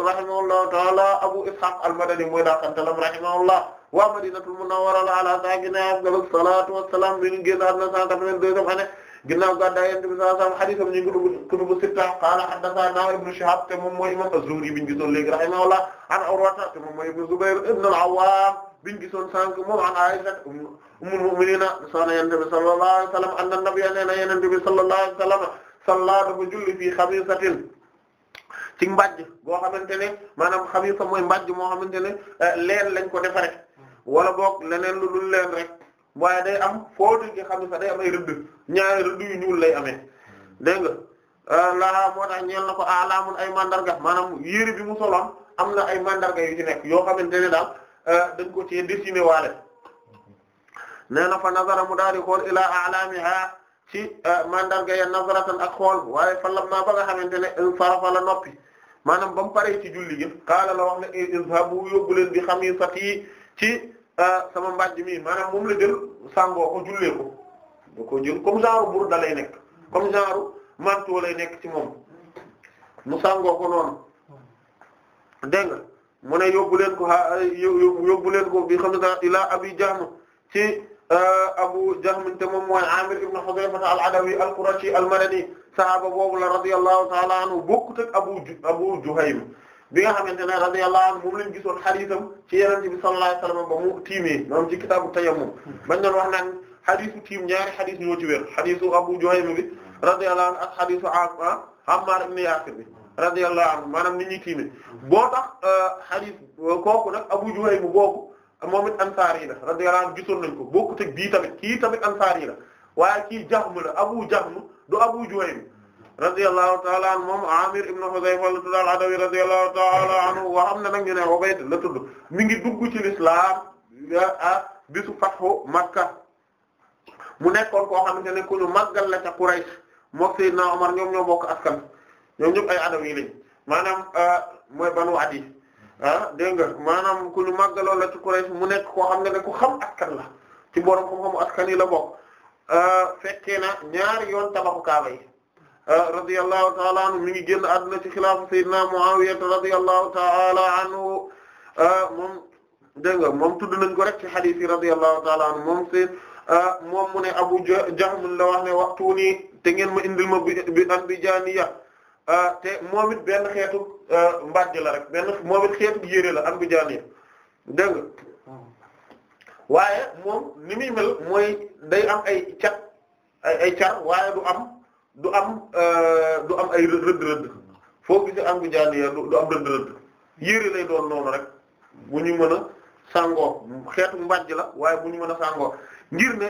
rahimahullahu ta'ala Abu Ishaq al-Madani mooy daakantalam rahimahullah wa Madinatul Munawwara ala saakinihaa afdalu salaatu wa salaam bi ñu génn àdduna 182 ane ginnaaw gàddaay Yonent bi sallallahu alayhi wa sallam hadiisam ñu ngi dugg kutubu sitta qaala haddathanaa Ibnu Shihaab te moom mooy imaam az-Zuhri bi ñu gisoon léegi rahimahullah an Urwa te moom mooy Ibnu Zubayr ibn al-Awwaam bi ñu gisoon sànq moom an Aisha ummul mu'miniina soxna Yonent bi sallallahu alayhi wa sallam anna nabiyya nee na Yonent bi sallallahu alayhi wa sallam salla dafa julli fii xamisatin ci mbàjj boo xamante ne maanaam xamisa mooy mbàjj moo xamante ne eh, leen lañ ko defaree wala bokk leneen lu dul leen rek waaye day am foo dégg xamisa day am ay rëdd ñaari rëdd yu ñuul lay ame dégg nga eh, laa moo tax ñeel na ko alaamun ah, ay mandarga maanaam yére bi mu am na ay mandarga yu yoo xamante ne daal eh, dañ ko ci dessiné waale mm-hmm. nee na fa nazara mu daal di xool ilaa alaamiha ci eh, mandarga ya nazaratan ak xool waaye fa lamma ba nga xamante ne farafa la noppi maanaam ba mu paree ci julli gi xaala la wax ne eh, izhabu yóbbu leen bi xamiisati ci eh, sama mbàjj mi maanaam moom la jël sàngoo ko jullee ko ko jël comme genre da lay nekk comme genre manteau lay nekk ci moom mu sàngoo ko noonu dégg nga mu ne yóbbu leen ko a yóbbu leen ko bi xam ilaa abi ci Euh, Abu Jahm te moom mooy Amir ibn Hudayfa al-Adawi al-Qurashi al-Madani sahaaba boobu la radiyallahu ta'ala anhu bokkut ak Abu Abu Juhaym bi nga xamante ne radiyallahu anhu moom lañ gisoon xadiisam ci Yonent bi sallallahu alayhi wasallam ba mu tiimee moom ci kitaabu tayammum bañ doon wax naan xadiisu tiim ñaari xadiis ñoo ci wér xadiisu Abu Juhaym bi radiyallahu anhu ak xadiisu Ammar ah, ibn Yaasir bi radiyallahu anhu maanaam nit ñuy tiimee boo tax euh, xadiis kooku nag Abu Juhaym boobu moom it ansaar yi la radiyallahu anhu gisoon nañ ko bokkut ak bii tamit kii tamit ansaar yi la waaye kii Jahm la Abu Jahm du Abu Juhaym radiyallahu ta'ala moom Amir ibn Hudayfa la tudd al-Adawi radiyallahu ta'ala anhu ngi dugg ci lislaam ah, ah bisu fathu Makka mu nekkoon koo xamante ne ku ñu màggal la ca Quraysh mook Seydina Omar ñoom ñoo bokk askan ñoom ñëpp ay Adawi lañ maanaam ah, mooy Banu Adi ah dégg nga maanaam ku lu màggaloon la ci Quraysh mu nekk koo xam ne ne ku xam askan la ci borom xam-xamu askan yi la bokk ah, fekkee na ñaari yoon tabaxu kaaba yi ah, radiyallahu ta'ala anhu mi ngi génn àdduna ci xilaafu sayyidina Muawiya radiyallahu ta'ala anhu ah, moom dégg nga moom tudd nañ ko rek ci hadith yi radiyallahu ta'ala mu ne Abu Jahm la wax ne waxtu nii te ngeen ma indil ma bi Ah, te moom it benn xeetu ah, mbàjj la rek benn moom it xeetu yére la am bu jaan yi dégg waaye moom ni muy mel mooy day am ay cat ay ay car waaye du am du am ah, du am ay rëdd rëdd foo gis am bu jaan du am rëdd rëdd yére lay doon noonu rek bu ñu mën a sangoo xeetu mbàjj la waaye bu ñu mën a sangoo ngir ne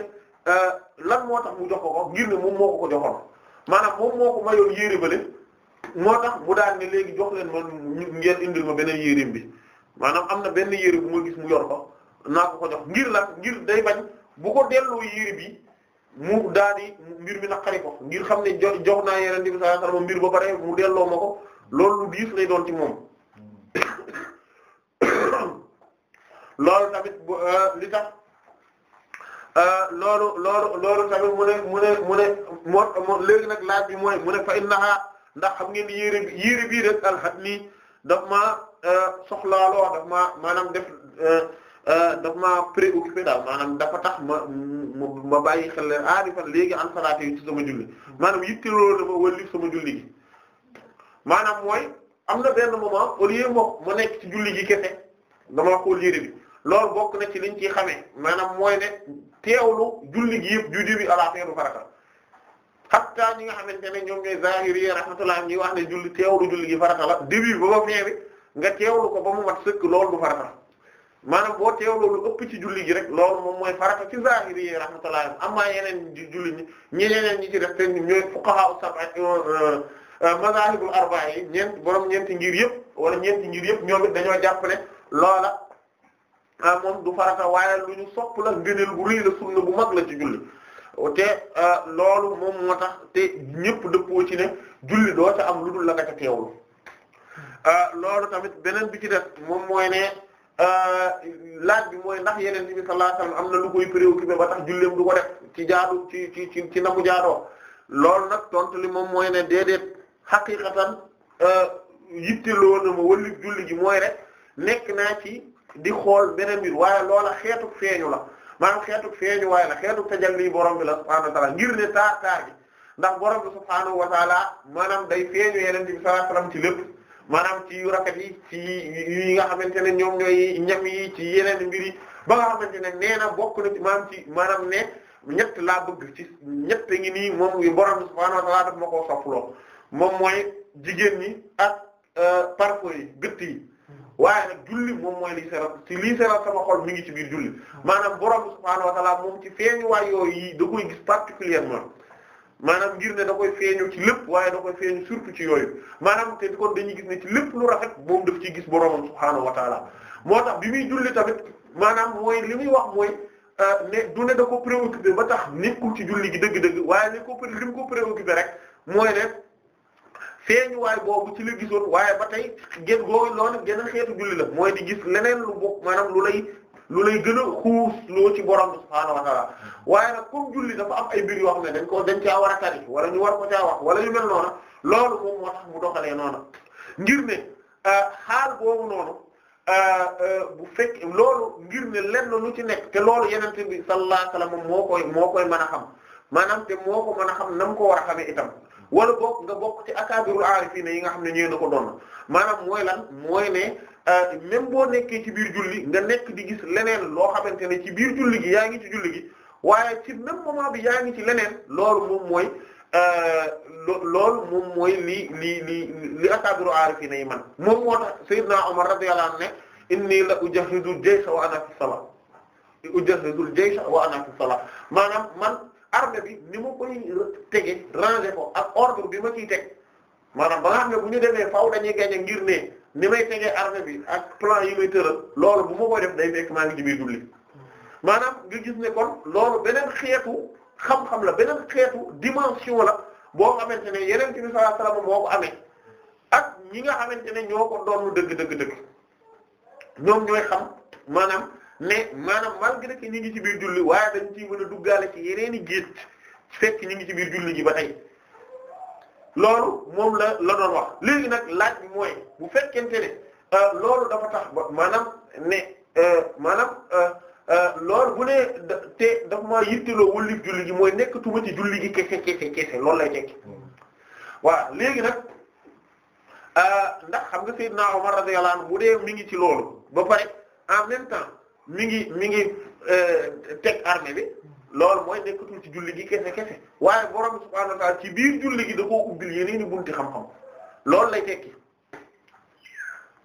lan moo tax mu jox ko ko ngir ne moom moo ko ko joxoon maanaam moom moo ko mayoon yére bële. moo tax bu daal ne léegi jox leen man ngeen indil ma beneen yéreem bi maanaam am na benn yére bu ma gis mu yor ko naa ko ko jox ngir la ngir day bañ bu ko delloo yére bi mu daal di mbir mi naqari ko ngir xam ne jo jox naa yeneen di saa salama mbir mu delloo ko loolu lu lay doon ci moom loolu tamit euh, li euh, loolu mu ne mu ne mu ne léegi nag laaj bi mooy mu ne fa innaha ndax xam ngeen yére yére bii def alxat nii daf ma euh, soxlaaloo daf maa maanaam def euh, euh, daf maa préoccupé daal maanaam dafa tax ma ma bàyyi xel leen aari ah, fan léegi an salaate yi ci sama julli maanaam yittiloo dama wëlli sama julli gi maanaam mooy am na benn moment au lieu moo nekk ci julli gi kese damaa xool yére bi loolu bokk na ci liñ ciy xame maanaam mooy ne teewlu julli gi yëpp ju début à la fin du xatta ñi nga xamante ne ñoom ñooy zahiri rahmatullah wax ne julli teewlu julli gi farata la début ba ba fin nga teewlu ko ba mu mat sëkk loolu du farata maanaam boo teewloo lu ëpp ci julli gi rek loolu moom mooy farata ci zahiri yi rahmatullah amma yeneen julli ñi ñi ñeneen ñi ñu def te ñooy fuqaha sab'a euh, euh, mazahibul arba'a yi ñeent borom ñeenti ngir yëpp wala ñeenti njiir yëpp ñoom dañoo jàpp ne loola ah, moom du farata waaye lu ñu sopp la ngëneel bu rëy la sunna bu mag la ci julli te euh, loolu moom moo tax te ñëpp dëppoo ci ne julli doo ca am lu dul la nga ca teewlu euh, loolu tamit beneen bi ci def moom mooy ne euh, laaj bi mooy ndax yeneen bi sallallahu am na lu koy préoccupé ba tax julleem du ko def ci jaadu ci ci ci ci namu loolu nag tontu li moom mooy ne déedéet xaqiqatan yitteloo na ma wëllu julli gi mooy rek nekk naa ci di xool beneen mbir waaye loola xeetu feeñu la maanaam xeetu feeñu waaye la xeetu tajalli borom bi la subhaanahu wa ngir ne taar taar gi ndax borom bi subhaanahu wa ta'aala day feeñu yeneen bi sallallahu alayhi ci lépp maanaam ci yu rafet yi ci yi nga xamante ne ñoom ñooy ñam yi ci yeneen mbir yi ba nga xamante ne nee na bokk na ci maanaam ne ñett laa bëgg ci ñett ngi nii moom borom bi subhaanahu wa ta'aala daf ma koo soppaloo moom mooy jigéen ñi ak euh, parfum yi gëtt yi. waaye nag julli moom mooy li seral ci lii seral sama xol mi ngi ci biir julli maanaam borom subhaanahu wa ta'ala moom ci feeñu waay yooyu yi da koy gis particulièrement maanaam ngir ne da koy feeñu ci lépp waaye da koy feeñu surtout ci yooyu maanaam te kon dañuy gis ne ci lépp lu rafet moom daf ciy gis boromam subhaanahu wa moo tax bi muy julli tamit maanaam mooy li muy wax mooy euh, ne du ne da ko préoccupé ba tax nekkul ci julli gi dëgg-dëgg waaye li ko li mu ko préoccupé rek mooy ne. feeñuwaay boobu ci la gisoon waaye ba tey gën googu loolu gën xeetu julli la mooy di gis leneen lu bokk maanaam lu lay lu lay gën a xuus loo ci borom subhaanahu wa ta'ala waaye nag comme dafa am ay mbir yoo xam ne dañ ko dañ caa war a tari wala ñu war ko caa wax wala ñu mel noona loolu moom moo mu doxalee noona ngir ne euh, xaal boobu noonu euh, euh, bu fekk loolu ngir ne lenn lu ci nekk te loolu yenente bi sallallahu alayhi wasallam moo koy moo koy mën a xam maanaam te moo ko mën a xam na ko war a xamee itam wala bokk nga bokk ci akaabirul aarifiin yi nga xam ne ñëw na ko doon maanaam mooy lan mooy ne euh, même boo nekkee ci biir julli nga nekk di gis leneen loo xamante ne ci biir julli gi yaa ngi ci julli gi waaye ci même moment bi yaa ngi ci leneen lool moom mooy euh, loolu mooy li li li li akaabirul aarifiin yi man moom moo tax Seydina Omar radiyallahu anhu ne inni la ujahidu jaysha wa ana fi salat ujahidu jaysha wa ana fi salat maanaam man. armée bi ni ma koy tege ranger ko ak ordre bi ma ciy teg maanaam ba nga xam ne bu ñu demee faaw dañuy gagner ngir ne ni may tegee armée bi ak plan yi may tëral loolu bu ma koy def day fekk maa ngi ci biir julli maanaam nga gis ne kon loolu beneen xeetu xam-xam la beneen xeetu dimension la boo xamante ne yeneen bi sallallahu alayhi wasallam moo ko amee ak ñi nga xamante ne ñoo ko doon dëgg dëgg dëgg ñoom ñooy xam maanaam. mais maanaam malgré que ñu ngi ci biir julli waaye dañ ciy mën a duggaale ci yeneen i gis fekk ñu ngi ci biir julli gi ba tey loolu moom la la doon wax léegi nag laaj bi mooy bu fekkente ne euh, loolu dafa tax maanaam ne euh, maanaam euh, loolu bu ne te dafa maa yittiloo wulif julli gi mooy nekkatuma ci julli gi kese kese kese loolu lay tekki waaw léegi nag ndax xam nga Seydina Omar radiyallahu anhu bu dee mi ngi ci loolu ba pare en même temps mi ngi mi ngi euh, teg armée bi loolu mooy nekkatul ci julli gi kese kese waaye borom subhaanahu wa ci biir julli gi da koo ubbil yeneen i bunti xam-xam loolu lay tekki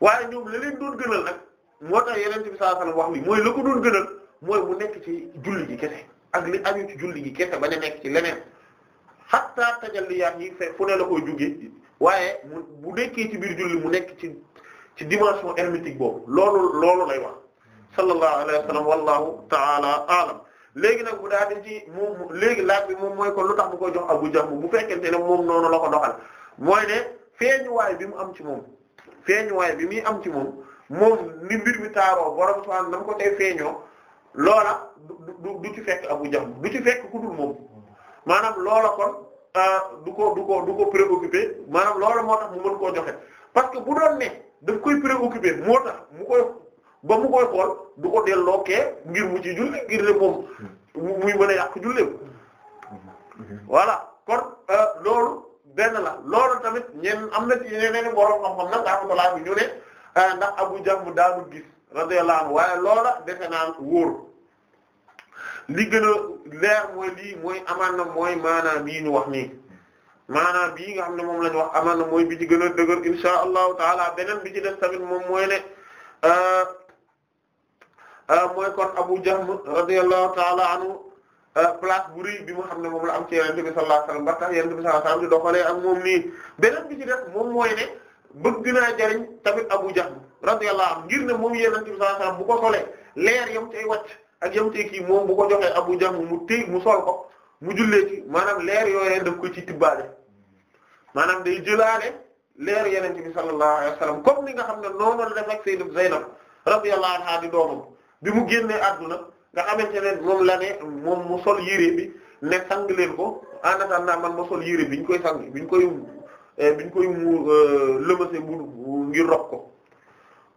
waaye ñoom la leen doon gënal nag moo tax yeneen bi sallallahu alayhi wasallam wax li mooy la ko doon gënal mooy mu nekk ci julli gi kese ak li aju ci julli gi kese bañ a nekk ci leneen hatta tajalliyaat yi fe fu ne la koy jógee waaye mu bu nekkee ci biir julli mu nekk ci ci dimension hermétique boobu loolu loolu lay wax. sallallahu alayhi wa sallam wallahu ta'ala a'lam léegi nag bu daal di ci moom léegi laaj bi moom mooy kon lu tax mu koy jox Abu Jahm bu fekkente ne moom noonu la ko doxal mooy ne feeñuwaay bi mu am ci moom feeñuwaay bi muy am ci moom moom ni mbir mi taaroo borom subhaanahu na mu ko tey feeñoo loola du du ci fekk Abu Jahm du ci fekk ku dul maanaam loola kon ah, du ko du ko du ko préoccupé maanaam loola moo tax mu mën koo joxe parce que bu doon ne daf koy préoccupé moo tax mu koy ba mu koy xool du ko delloo kee ngir mu ci julli ngir ne moom muy mën a yàq julleem voilà kon euh, loolu benn la loolu tamit ñenn am na ci ñeneen borom xam-xam nag rahmatullah bi ñu ne euh, ndax Abu Jahm daanu gis radiyallahu anhu waaye loola defe naan wóor li gën a leer mooy lii mooy amaan na mooy maanaam bii ñu wax nii maanaam bii nga xam ne moom la ñu wax amaan na mooy bi ci gën a dëgër insha allahu taala beneen bi ci def tamit moom mooy ne euh, Euh, mooy kon Abu Jahm radiyallahu ta'ala anhu euh, place bu rëy bi mu xam ne moom la am ci Yonent bi sallallahu alayhi wasallam ba tax Yonent bi ak moom nii beneen bi ci def moom mooy ne bëgg naa jariñ tamit Abu Jahm radiyallahu anhu ngir ne moom Yonent bi sallallahu alayhi wasallam bu ko solee leer yam cay wàcc ak yam cay kii moom bu ko joxe Abu Jahm mu téy mu sol ko mu jullee ci maanaam leer yooyee daf ko ci tibbaale maanaam day jëlaale leer Yonent bi sallallahu alayhi wasallam comme ni nga xam ne noonu la def ak Sayyidatu Zaynab bi mu génnee adduna nga xamante ne moom la ne moom mu sol yére bi ne sang leen ko en attendant man ma sol yére bi ñu koy sang bi ñu koy eh, bi ñu koy mu euh, lëmase mu ngir rob ko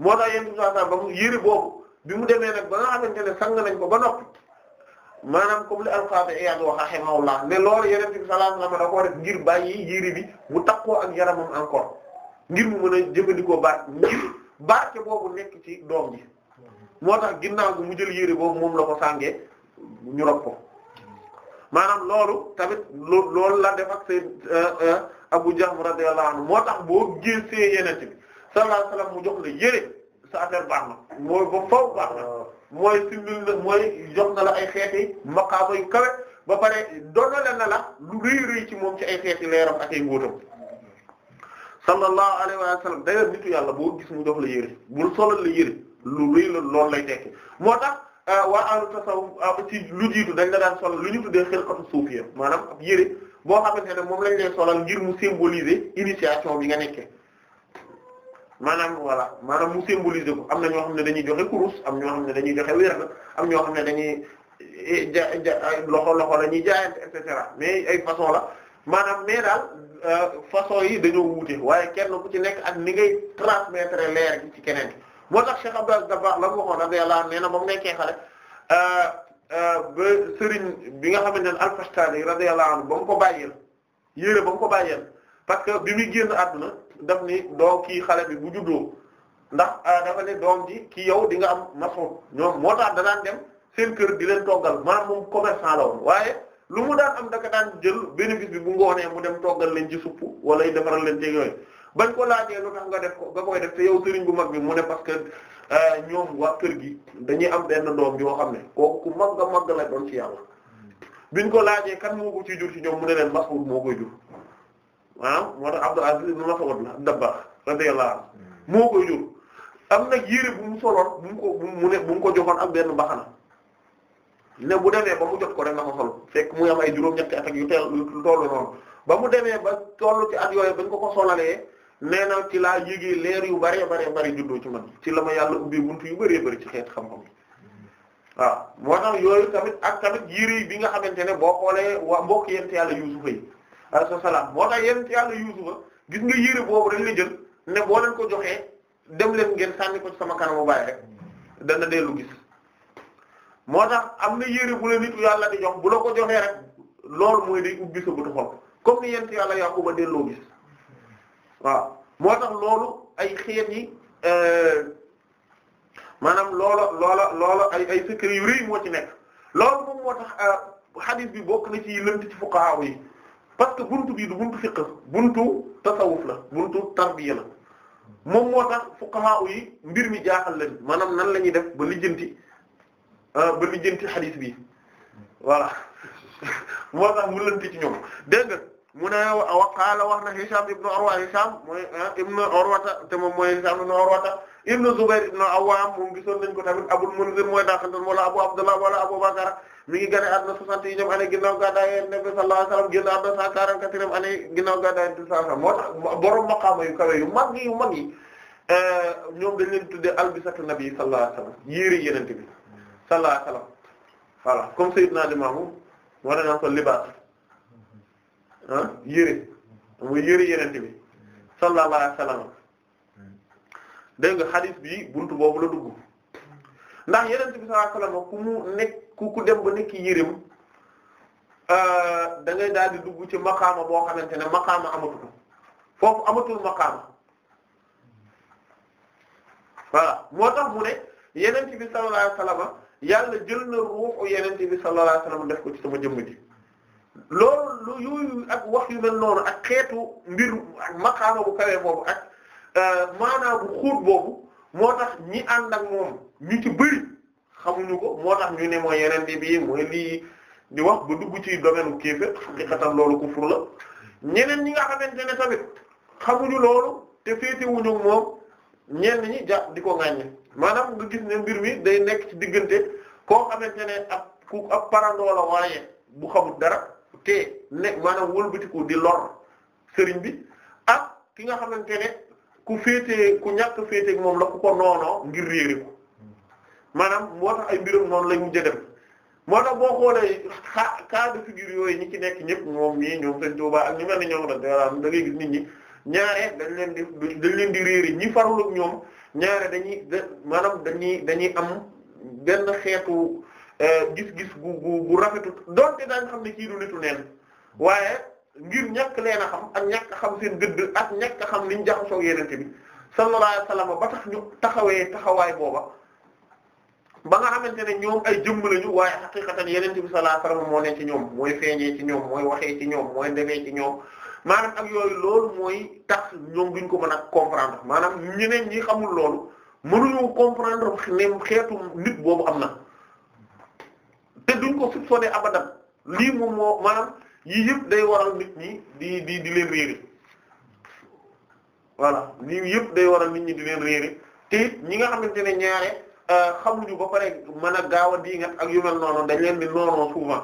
moo tax yenn situation ba mu yére boobu bi mu demee nag ba nga xamante ne sang nañ ko ba noppi maanaam comme li alxames Iyad wax rahimahullah ne loolu yeneen bi sallallahu alayhi wa sallam da koo def ngir bàyyi yére bi mu takkoo ak yaramam encore ngir mu mën a jëfandikoo baat ngir barke boobu nekk ci doom bi. moo tax ginnaaw bi mu jël yére boobu moom la ko sàngee ñu rob ko maanaam loolu tamit loolu la def ak seen euh, euh, Abu Jahm radiyallahu anhu moo tax boo gisee yeneen bi sallallahu mu jox la sa affaire baax na mooy ba faw baax na mooy simbil na mooy jox na la ay xeeti maqaama yu kawe ba pare donale na la lu rëy rëy ci moom ci ay xeeti leeram ak ay ngóotam sallallahu alayhi wa sallam d'ailleurs yàlla boo gis mu jox la yére bul solal la yére lu rëy la loolu lay tekki moo tax euh, waa ahlu tasawuf euh, ci lu jiitu dañ la daan solal lu ñu tuddee xilqatu suufiyya maanaam ab yére boo xamante ne moom lañ lay solal ngir mu symboliser initiation bi nga nekkee maanaam voilà maanaam mu symboliser ko am na ñoo xam ne dañuy joxe kurus am ñoo xam ne dañuy joxe wér am ñoo xam ne dañuy eh, ja loxo loxo la ñuy jaayante et cetera mais ay façon la maanaam mais daal euh, façon yi dañoo wuute waaye kenn ku ci nekk ak ni ngay transmettre leer gi ci keneen. moo tax Cheikh Abdou Dabakh la mu waxoon radiyallahu anhu nee na ba mu nekkee xale euh, euh, ba Serigne bi nga xamante ne al-Fastani radiyallahu anhu ba mu ko bàyyeel yére ba mu ko bàyyeel parce que bi muy génn adduna daf ni doo kii xale bi bu juddoo ndax euh, a ne doom ji ki yow di nga am maçon ñoom moo tax danaan dem seen kër di leen toggal maanaam moom commerçant la woon waaye lu mu daan am daka daan jël bénéfice bi bu ngoonee mu dem toggal leen ci suppu wala defaral leen ceeg yooyu bañ ko laajee lu tax nga def ko nga koy def te yow sëriñ bu mag bi mu ne parce que euh, ñoom waa kër gi dañuy am benn doom yoo xam ne kooku ku mag nga mag la doon ci yàlla biñ ko laajee kan moo ko ciy jur ci ñoom mu ne leen Mas'ud moo koy jur ah moo tax Abdul Aziz ibn la Dabbaax am nag yére bu mu soloon bu mu ko mu ne bu ko joxoon ak benn mbaxana ne bu demee ba mu jot ko rek na ko sol fekk muy am ay juróom-ñetti at yu teel yu tollu noonu ba mu demee ba tollu ci at yooyu bañ ko ko solalee nee na ci laa yégee leer yu bëree bëree bëri juddoo ci man ci la ma yàlla ubbi bunt yu bëree bëri ci xeet xam-xam waaw moo tax yooyu tamit ak tamit yiri bi nga xamante ne boo xoolee waa mbokk yent yàlla yuusufa yi alayhi salaam moo tax yent yàlla yuusufa gis nga yiri boobu dañ la jël ne boo leen ko joxee dem leen ngeen sànni ko ci sama kanamu bàyyi rek dana dellu gis moo tax am na yére bu la nitu yàlla di jox bu la ko joxee rek loolu mooy day ubbi sa bëtu xol comme yàlla Yaquba delloo gis waaw moo tax loolu ay xeet yi euh, maanaam loola loola loola ay ay secret yu rëy moo ci nekk loolu moom moo tax euh, hadith bi bokk na ci lënt ci fuqaha yi parce que buntu bii du buntu fiqh buntu tasawuf la buntu tarbiya la moom moo tax fuqaha yi mbir mi jaaxal leen maanaam nan la ñuy def ba lijjanti euh, ba lijjanti hadith bi voilà moo tax mu lënt ci ñoom dégg mu ne wa qaala wax na Hisham ibnu Urwa Hisham mooy ah, ibnu Urwata te moom mooy Hisham ibnu Urwata ibnu Zubayr ibnu Awwam moom gisoon nañ ko tamit Abul Munzir mooy daaxantan wala Abu Abdullah wala Abu Bakr mi ngi gane àdduna soixante yi ñoom année ginnaaw gàddaay Yonent bi sallallahu alayhi wasallam génn àdduna cent quarante-quatrième moo tax borom maqaama yu kawe yu mag yu mag yi eh, ñoom dañ leen tuddee albisatu nabi sallallahu alayhi wasallam yéeri Yonent bi sallallahu alayhi wasallam voilà comme Sayyidna Limaamu moo ne naan ko libaat ah yére muy yëre bi sallallahu alayhi wasallam dégg nga xadis bi bunt boobu la dugg ndax yenente bi sallallahu alayhi ku mu nekk ku ku dem ba nekk yëreem euh, dangay daal di dugg ci maqaama boo xamante ne maqaama amatu ko foofu amatul maqaama voilà moo tax mu ne yenente bi sallallahu alayhi wasallam yàlla jël na ruuxu yenente bi sallallahu alayhi wasallam def ko ci sama jëmm ji loolu lu yooyu ak wax yu mel noonu ak xeetu mbir ak maqaama bu kawee boobu ak euh, maanaam bu xóot boobu moo tax ñi ànd ak moom ñu ci bëri xamuñu ko moo tax ñu ne mooy yeneen bi bii mooy lii di wax ba dugg ci domaine bu kéefér loolu kufur la ñeneen ñi nga xamante ne tamit xamuñu loolu te féetewuñu moom ñenn ñi jàpp di ko ŋàññe maanaam nga gis ne mbir mi day nekk ci diggante koo xamante ne ab ku ab parandoo la waaye bu xamul dara te ne maanaam wëlbatiku di lor sëriñ bi ak ki nga xamante ne ku féetee ku ñàkk féetee moom la ku ko noonoo ngir réeri ko maanaam moo tax ay mbiram noonu lay mujj dem moo tax boo xoolee xa cas de figure yooyu ñi moom ñii ñoom seen Tuubaa ak ñu mel ne ñi ñaare dañ leen di dañ leen di réeri ñi farlu ak ñoom dañuy maanaam dañu dañuy am benn xeetu Euh, gis-gis gu bu gu rafetu donte daañ xam ne kii du nitu neen waaye ngir ñàkk leen a xam ak ñàkk xam seen gëdd ak ñàkk xam liñ jaxasoo yenente bi sallallahu alayhi wasallam ba ñu taxawee taxawaay booba ba nga xamante ne ñoom ay jëmm lañu waaye xaqiqatan yenente bi sallallahu alayhi wasallam moo ne ci ñoom mooy feeñee ci ñoom mooy waxee ci ñoom mooy demee ci ñoom maanaam ak yooyu loolu mooy tax ñoom duñ ko mën a comprendre maanaam ñeneen ñi xamul loolu mënuñu comprendre ne xeetu nit boobu am na te duñ ko soupçonné abadan lii moom moo maanaam yii yëpp day waral nit ñi di di di leen réeri voilà lii yëpp day waral nit ñi di leen réeri te ñi nga xamante ne ñaare euh, xamuñu ba pare mën a gaaw a dii diingat ak yu mel noonu dañ leen di noonoo souvent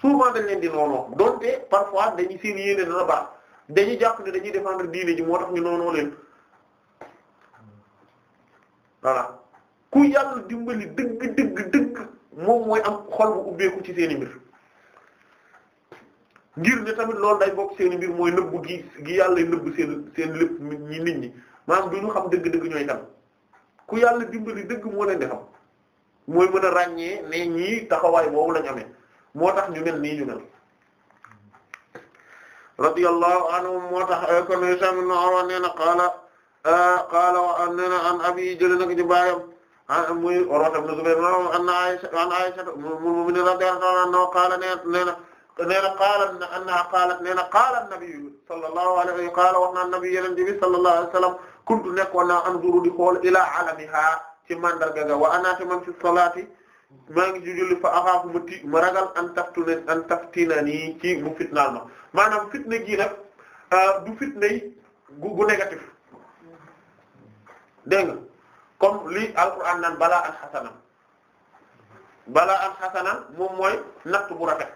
souvent dañ leen di noonoo donte parfois dañuy seen yéene dana baax dañuy jàpp ne dañuy défendre di ji moo tax ñu noonoo leen voilà ku yàlla dimbali dëgg dëgg dëgg moom mooy am xol bu ubbeeku ci seeni mbir ngir ne tamit lool day bokk seeni mbir mooy nëbb gi gi yàlla nëbb seen seen lépp ñi nit ñi maanaam du xam dëgg-dëgg ñooy tam ku yàlla dimbali dëgg moo leen di xam mooy mën a ràññee ne ñii taxawaay boobu lañ amee moo tax ñu mel nii ñu mel radiyallahu anhu moo tax eh, kon Hisham ibn Urwa nee qaala eh, qaala nee an abi jëli nag ci baayam ah muy Urwa ibn Zubayr anna Aisha anna Aisha mu'mina radiyallahu anha qaala nee na nee na qaala annahaa qaalat nee na qaala an-nabiyyu sallallahu alayhi wa qaala wax na an-nabiyyu yonent bi sallallahu alayhi wa sallam kuntu nekkoon naa anzuru di xool ilaa alamihaa ci mandarga ga wa ana man fi salaati maa ngi julli fa axaafu ma ti ma ragal an taftuna an taftinani ci mu fitnaal ma maanaam fitna gi nag ah, du fitna yi gu gu négatif dégg nga comme li alquran naan balaa an xasana balaa an xasana moom mooy natt bu rafet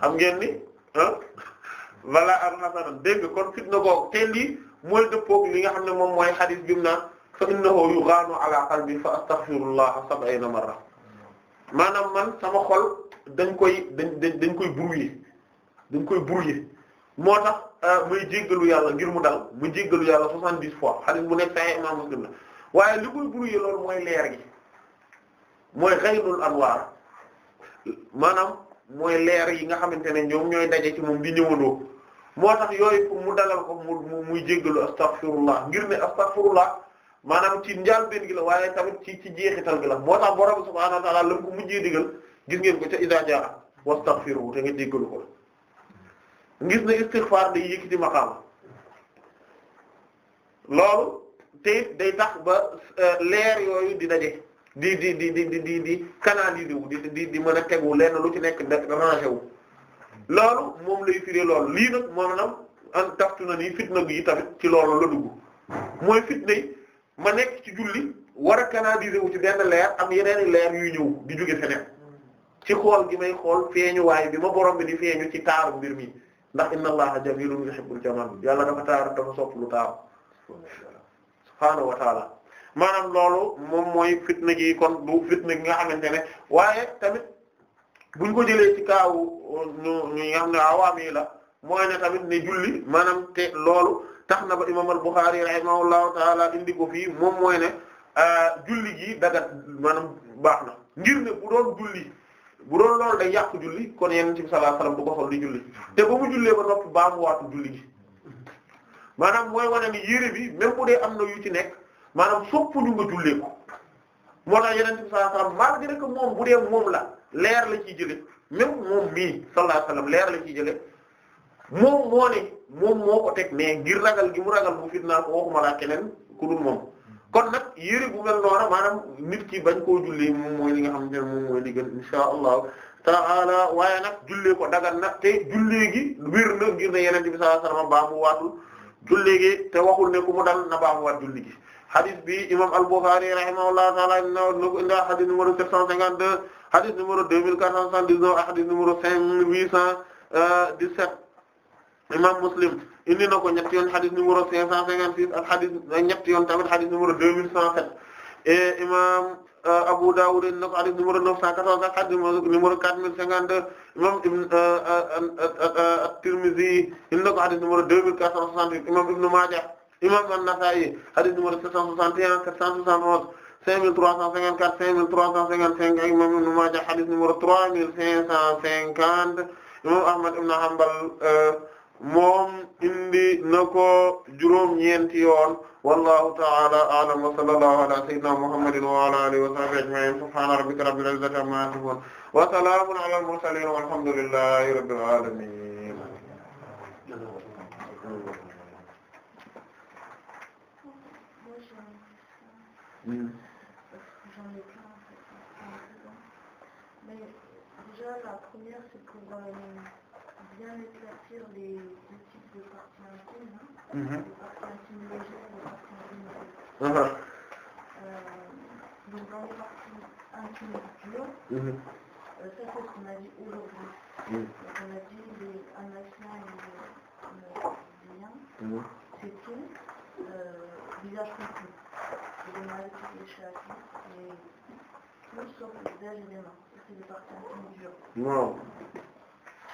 xam ngeen ni balaa an xasana dégg kon fitna googu te lii mooy dëppoog li nga xam ne moom mooy xadis bi mu naan fa innahu yughaanu ala qalbi fa astaghfirullah sab'ina marra maanaam man sama xol dañ koy dañ dañ dañ koy brouillé dañ koy brouillé moo tax euh, muy jigalu yàlla ngir mu dal mu jéggalu yàlla soixante-dix fois xadis bu nekk Sahih Imam Muslim la waaye li koy brouillé loolu mooy leer gi mooy xayrul anwaar maanaam mooy leer yi nga xamante ne ñoom ñooy daje ci moom di ñëwandoo moo tax yooyu pour mu dalal ko mu muy jéggalu astaghfirullah ngir ne astaghfirullah maanaam ci njaal benn gi la waaye tamit ci ci jeexital gi la moo tax borom subhaanahu wa ta'ala la mu ko mujjee digal gis ngeen ko ca iza jaa wastaghfiru te nga jéggalu ko ngis ne istighfar day yëkkati maqaama loolu te day tax ba euh, leer yooyu di daje di di di di di di canaliser wu di di di mën a tegu leer na lu ci nekk rangé wu loolu moom lay firé loolu lii nag moom maanaam an taftu na nii fitna bi tamit ci loolu la dugg mooy fitna yi ma nekk ci julli war a canaliser wu ci benn leer am yeneen leer yuy ñëw di jóge feneen ci xool gi may xool feeñuwaay bi ma borom bi di feeñu ci taaru mbir mi ndax inna allaha jamilun yuhibbul jamal yàlla dafa taaru dafa sopp lu taaru subhaanahu wa taala maanaam loolu moom mooy fitna gi kon du fitna gi nga xamante ne waaye tamit buñ ko jëlee ci kaawu uh, ñu ñu nga xam ne awaam yi la mooy ne tamit ne julli maanaam te loolu tax na ba imam al-Bukhari rahimahullahu taala indi ko fii moom mooy ne uh, julli gi dagat maanaam baax na ngir ne bu doon julli bu doon loolu day yàq julli kon yeneen ci sallallahu alayhi du ko sol di julli te ba mu jullee ba noppi baamuwaatu julli gi maanaam mooy wane ni yére bi même bu dee am na yu ci nekk maanaam soppu ñu nga jullee ko moo tax yeneen bi sallallahu alayhi wasallam malgré moom bu dee moom la leer la ciy jële même moom mii sallallahu alayhi leer la ci jële moom moo ne moom moo ko ne ngir ragal gi mu ragal bu fitnaa ko waxuma laa keneen ku dul moom kon nag yére bu mel maanaam nit ki bañ koo jullee moom mooy li nga xam ne moom mooy insha allahu taala waaye nag jullee ko dagan na te jullee gi wér na ngir ne yeneen bi sallallahu alayhi mu waatul julli gi te waxul ne ku mu dal na baaxuwaat julli gi hadith bi imam al-Bukhari rahimahullah ta'ala na ko indi hadith numéro 752 hadith numéro 2479 ak hadith numéro 5817 euh, imam Muslim indi na ko ñetti yoon hadith numéro 556 ak a ñetti yoon tamit hadith numéro 2107 et imam Euh, Abu Dawud indi na ko hadith numéro 914 ak hadith numéro 4052 imam Ibn euh, euh, At-Tirmidhi indi na ko hadith numéro 2468 imam Ibn Majah imam An-Nasa'i hadith numéro 761 771 5354 5355 ak imam Ibn Majah hadith numéro 3550 imam Ahmad ibn Hanbal moom indi na ko juróom-ñeenti yoon wallahu ta'ala a'lam wa sallallahu ala sayyidina muhammadin wa ala alihi wa sahbihi ajma'in subhana rabbika rabbil izzati amma yasifun wa salamun ala al mursalin walhamdulillahi rabbil alamin hmm. déjà la première c'est pour euh, bien éclaircir les deux types de particules, hein, mm-hmm. les particules légères et les particules lourdes. Uh-huh. Mhm. donc dans les particules pures, mm-hmm. euh, ça c'est ce qu'on a dit aujourd'hui. Mm. Donc on a dit les anactions et les liens, mm. c'est tout, euh, visage compris. Et les maladies et châssis, et tout sauf le visage et les mains. C'est les parties intimes dures. Wow.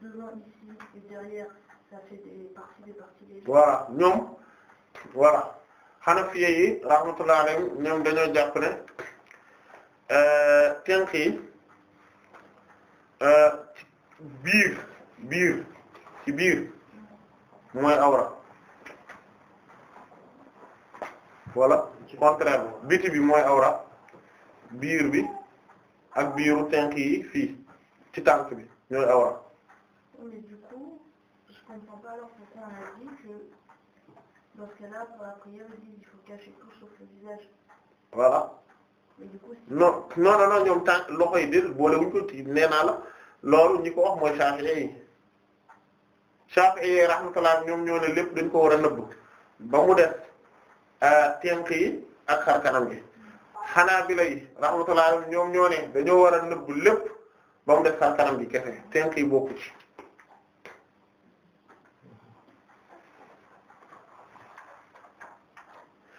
devant ici et derrière ça fait ñoom yi rahmatullah alayhim ñoom dañoo jàpp ne euh, yi euh, biir biir ci biir mooy awra wala contraire biti bi mooy awra biir bi ak biiru tenk yi fii ci tànk bi ñooy awra Oh, mais du coup, je ñoom tànk loxo yi déedéet boolewuñ ko ci nee naa la loolu ñi ko mooy Shafi'i yi Shafi'i yi rahmatullah ñoom ñoo ne lépp dañ ko war a nëbb ba mu def euh, tenk ak xar kanam gi Hanabila yi rahmatullah ñoom ñoo dañoo war a nëbb lépp ba mu def xar kanam gi kese tenk yi bokku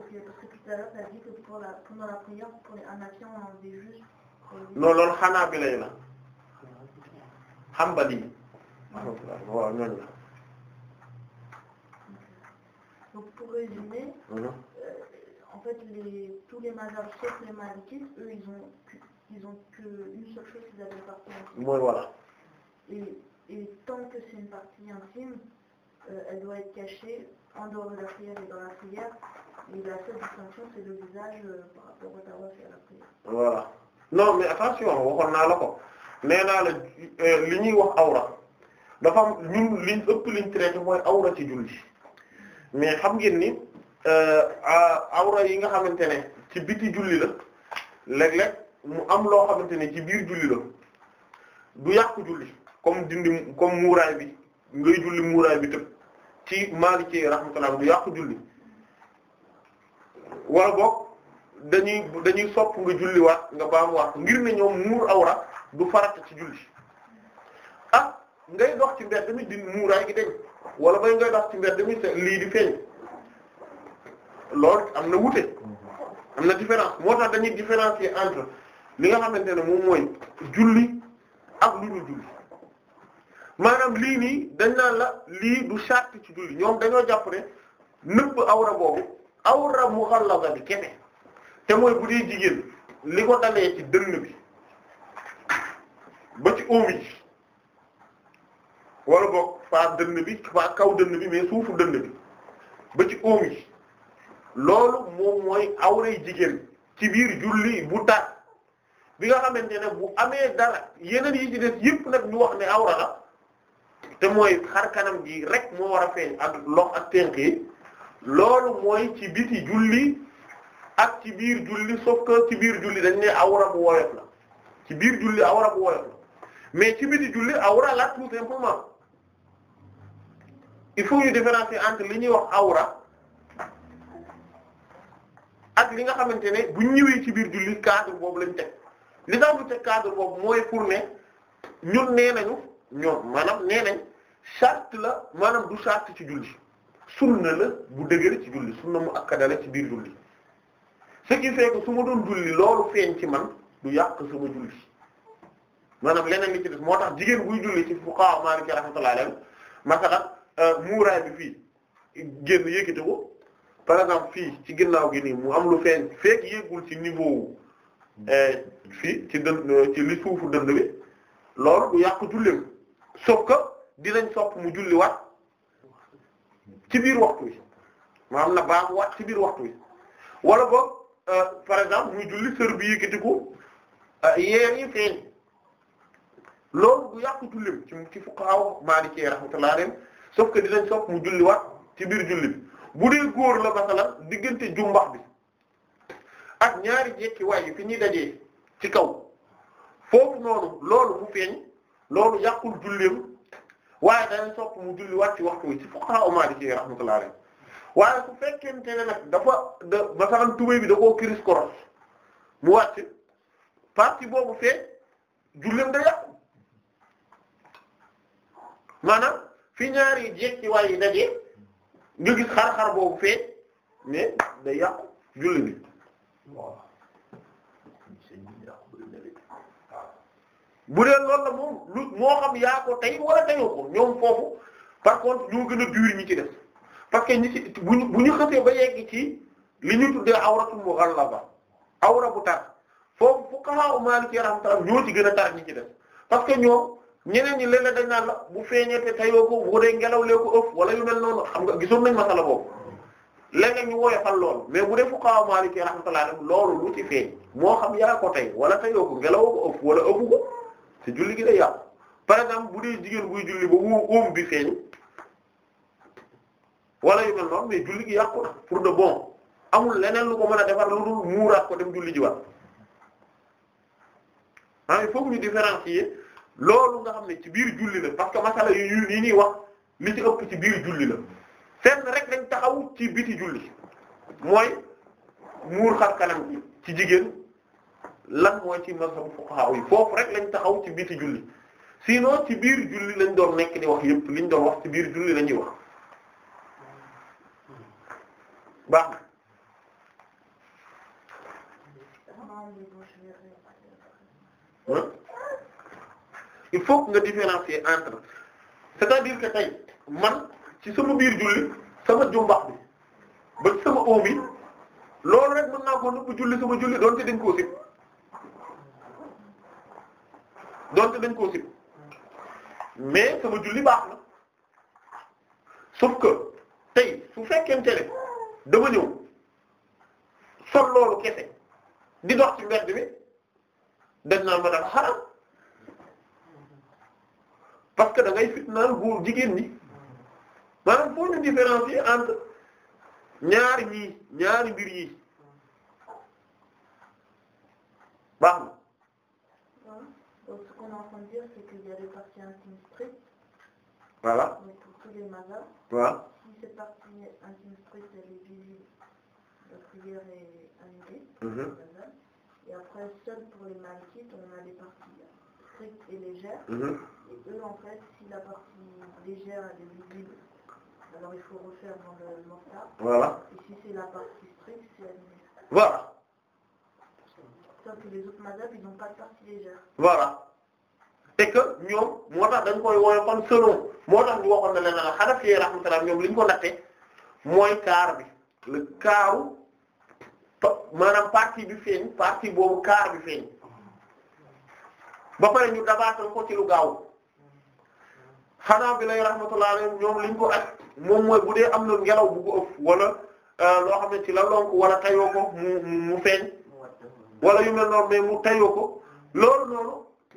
pour que parce que tout à dit pour la la prière pour les Hanafi on enlevait juste. non loolu Hanabila lay donc pour résumer. Mhm. Euh, en fait tous les mazhabs sauf les malikites eux ils ont ils ont seule chose qu'ils appellent partie intime. mooy voilà. et tant que c'est une partie intime euh, elle doit être cachée. en dehors de la prière et waxoon naa la ko nee naa la euh, li ñuy wax awra dafa am ñun liñ ëpp liñ traité mooy awra ci julli mais xam ngeen ni euh, awra yi nga xamante ne ci biti julli la léeg-léeg mu am loo xamante ne ci biir julli la du yàqu julli comme dindi comme muuraay bi ngay julli muuraay bi tëb. ci Maliki yi rahmatullah du yàqu julli wala boog dañuy dañuy sopp nga julli waat nga baam waat ngir ne ñoom muur awra du farata ci julli ah ngay dox ci mbedd mi di muuraay gi deñ wala bay ngay dox ci mbedd mi lii di feeñ loolu am na wute am na différence moo tax dañuy différencier entre li nga xamante ne moom mooy julli ak lu dul julli maanaam lii nii dañ naan la lii du charte ci julli ñoom dañoo jàpp ne nëbb awra boobu awra mughallaba bi kene te mooy bu dee jigéen li ko dalee ci dënn bi ba ci óomi dënn bi faa kaw dënn bi mais ci óomi ji loolu moom mooy awray jigéen ci biir julli bu tar bi nga xamante ne bu amee dara yeneen yi ci def yëpp nag ñu wax ne awra la te mooy xar kanam gi rek moo war a feeñ ak lox ak tenk yi loolu mooy ci biti julli ak ci biir julli sauf que ci biir julli dañ ne awra bu woyof la ci biir julli awra bu woyof la mais ci biti julli awra la tout simplement il faut ñu différencier entre li ñuy wax awra ak li nga xamante ne bu ñëwee ci biir julli cadre boobu lañ teg li tax bu teg cadre boobu mooy pour ne ñun nee nañu ñoom maanaam nee nañ charte la maanaam du charte ci julli sunna la bu dëgër ci julli sunna mu akkadala ci biir julli ce qui fait que su ma doon julli loolu feeñ ci man du yàq sama julli maanaam leneen li ci des moo tax jigéen buy julli ci fuqaha Maliki rahmatullahi alayhi masala euh, muuraay bi fii génn yëkkati ko par exemple fii ci ginnaaw gi nii mu am lu feeñ fekk yéegul ci niveau euh, fii ci dënd ci li suufu dënd bi loolu du yàq julleem sauf dinañ sopp mu julli wat ci biir waxtu wi maanaam na baax wat ci biir waxtu wi wala boog euh, par exemple muy julli sër bi yëkkatiku euh, yéen yi feeñ loolu bu yàqu jullim ci ci fuqaha Maliki rahmatullah alayhim sauf que dinañ sopp mu julli wat ci biir julli bi bu dee góor la masalan diggante jumbax bi ak ñaari jekki waay yi fi ñuy dajee ci kaw foofu noonu loolu mu feeñ loolu yàqul julleem waaye danañ sopp mu julli wàcc waxtu wi ci fuqaha Maalik yi rahmatullahi alayhi waaye su fekkente ne nag dafa da masalan bi da koo kiris koros mu wàcc partie boobu fee julleem da yàqu maanaam fi ñaari jeeg ci waay yi dajee nga gis xar boobu fee mais da yàqu julli bi bu dee loolu la moom lu moo xam yaa ko tey wala teyoo ko ñoom foofu par contre ñoo gën a dur ci def parce que ñi ci bu ñu bu ñu xasee ba yegg ci li ñu tuddee awratu mughallaba awra bu tar foofu fuqaha Maliki rahmatullah ñoo ci gën a tar ñi ci def parce que ñoom ñeneen ñi léeg-léeg dañ naan la bu te teyoo ko bu ngelaw lee ko ëpp wala yu mel noonu xam gisoon nañ masala boobu léeg-léeg ñu woyofal loolu mais bu dee fuqaha Maliki rahmatullah loolu lu ci feeñ moo xam yaa ko tey wala teyoo ko ngelaw ko ëpp wala ëpp ko. ci julli gi day yàqu par exemple bu dee jigéen buy julli ba wóo óom bi feeñ wala yu mel noonu julli gi yàqu na pour de bon amul leneen lu ko mën a defar lu dul muuraat ko dem julli ji waat ah il faut que ñu loolu nga xam ne ci biir julli la parce que masala yu yi ñuy wax li ci ëpp ci biir julli la fenn rek dañ taxaw ci biti julli mooy muur xar kanam ci jigéen lan mooy ci mazhabu foofu rek lañ taxaw ci biti julli sinon ci biir julli lañ doon nekk di wax yëpp liñ doon wax ci biir julli lañuy wax baax na il faut que nga différencier entre c'est-à-dire man ci sama biir julli sama jumbax bi ba ci sama oom yi loolu rek mën naa ko nëbb julli sama julli doon te dañ sit donte dañ koo sib mais sama julli baax na sauf que tey su fekkente ne dama ñëw sol loolu kese di dox ci mbedd mi dañ naa xaram parce que da ngay fitnaal góor jigéen ñi maanaam foo ñu différencier entre ñaari mbir yi baax na Donc ce qu'on entend dire, c'est qu'il y a les parties intimes Voilà. pour tous les mazas. Voilà. Si cette partie intime stricte, est visible, la prière est annulée. Et après, seul pour les malikites, on a des parties strictes et légères. Mhm. Et eux, en si la partie légère, est visible, il faut refaire dans le mental. Voilà. Et si c'est la partie stricte, c'est annulé. Voilà. que les autres de partie légère. voilà c'est que ñoom moo tax dañ koy woowe kon selon moo tax ñu waxoon na leen la xanaa ñoom li ko natte mooy kaar bi le kaaru maanaam partie bi feeñ partie boobu kaar bi feeñ ba pare ñu dabaatal ko ci lu gaaw xanaa bi lay rahmatullah alayhim ñoom liñ ko ak moom mooy bu dee am na ngelaw bu ko ëpp euh, loo xam ne ci la lonk wala tayoo mu mu feeñ wala yu mel noonu mu tayoo ko loolu noonu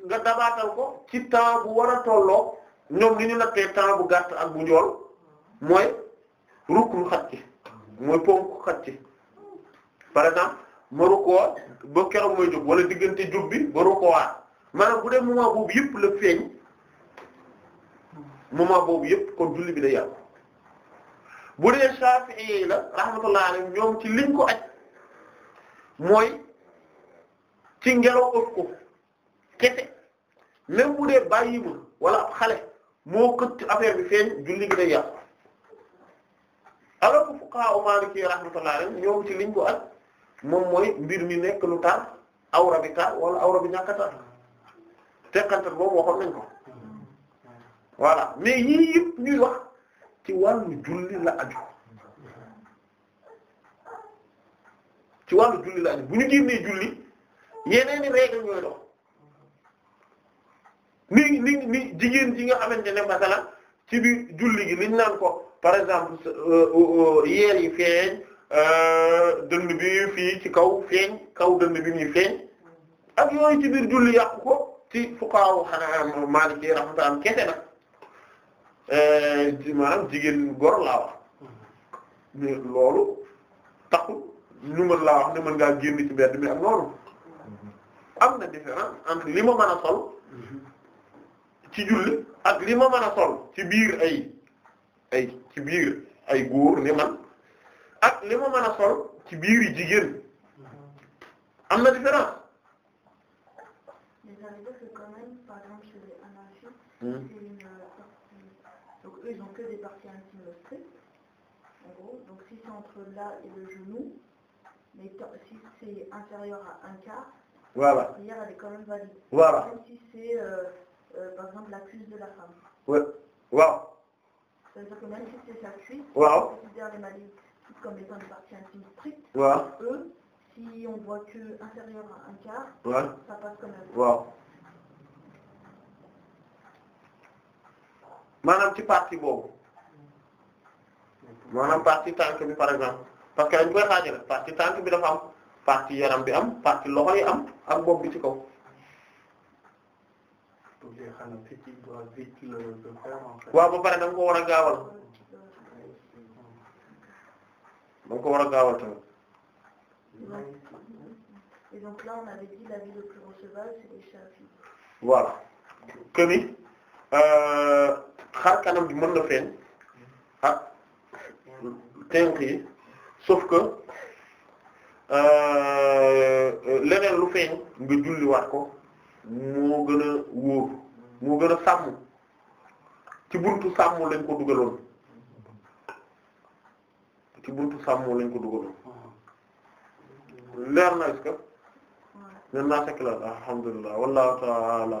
nga dabaatal ko ci temps bu war a tolloo ñoom ni ñu nattee temps bu gàtt ak bu njool mooy rukku xat ci mooy ponk xat ci par exemple ma rukkoo ba keroog mooy jóg wala diggante jóg bi ba rukkoowaat maanaam bu dee moment boobu yëpp la feeñ moment boobu yëpp kon julli bi da yàqu bu dee Shafi'i la rahmatullah alayhi ñoom ci liñ ko aj mooy ci ngelaw ëpp ko kese bu dee bàyyi ma wala ab xale moo këtt affaire bi feeñ julli gi day yàqu alors que fuqaha Maliki rahmatullah alayhi ñoom ci liñ ko moom mooy mbir mi nekk lu taar awra bi taar wala awra bi ñàkk a boobu waxoon nañ ko voilà mais yii ñuy wax ci wàllu julli la aju ci wàllu julli la aju bu ñu génnee julli yeneen i ñooy dox ni ni ni jigéen ji nga xamante ne masalan ci biir julli gi liñ naan ko par exemple euh, euh, yeel yi feeñ euh, dënd bi fii ci kaw feeñ kaw dënd bi ñuy feeñ ak yooyu ci biir julli yàqu ko ci fuqaaw xanaa Maalik rahmatullah am kese nag jigéen góor laa wax mais loolu taxul ñu mën laa wax ne mën ngaa génn ci mbedd mi ak noonu am na différence entre li ma mën a sol ci ak li ma mën a sol ci biir ay ay ci biir ay góor ni ak li ma mën a sol ci biir jigéen am na différence. Hmm. Euh, donc eux ils ont que des parties intimes strict en gros donc si c'est entre là et le genou mais si c'est inférieur à un quart Voilà. C'est-à-dire elle est quand même valide. Voilà. Même si c'est, euh, euh, par exemple, la cuisse de la femme. Ouais. Waaw. C'est-à-dire que même si c'est sa cuisse, waaw. on considère les maladies toutes comme étant des parties intimes strictes. Waaw. Eux, si on voit que inférieur à un quart, ouais. ça passe quand même. Waaw. maanaam ci partie boobu maanaam partie tànk bi par exemple parce que dañ koy xaajale partie tànk bi dafa am partie yaram bi am partie loxo yi am ak bopp bi ci kaw. waaw ba pare da ko war a gaawal da ko war a gaawal tamit. et donc là on kanam bi mën na feeñ ak ah, tenk yi que. Euh, leneen lu feeñ nga julliwaat ko moo gën a wóor moo gën a sàmm ci buntu sàmm lañ ko dugaloon ci buntu sàmm lañ ko dugaloon leer na est-ce que nen alhamdulillah wallahu ta'ala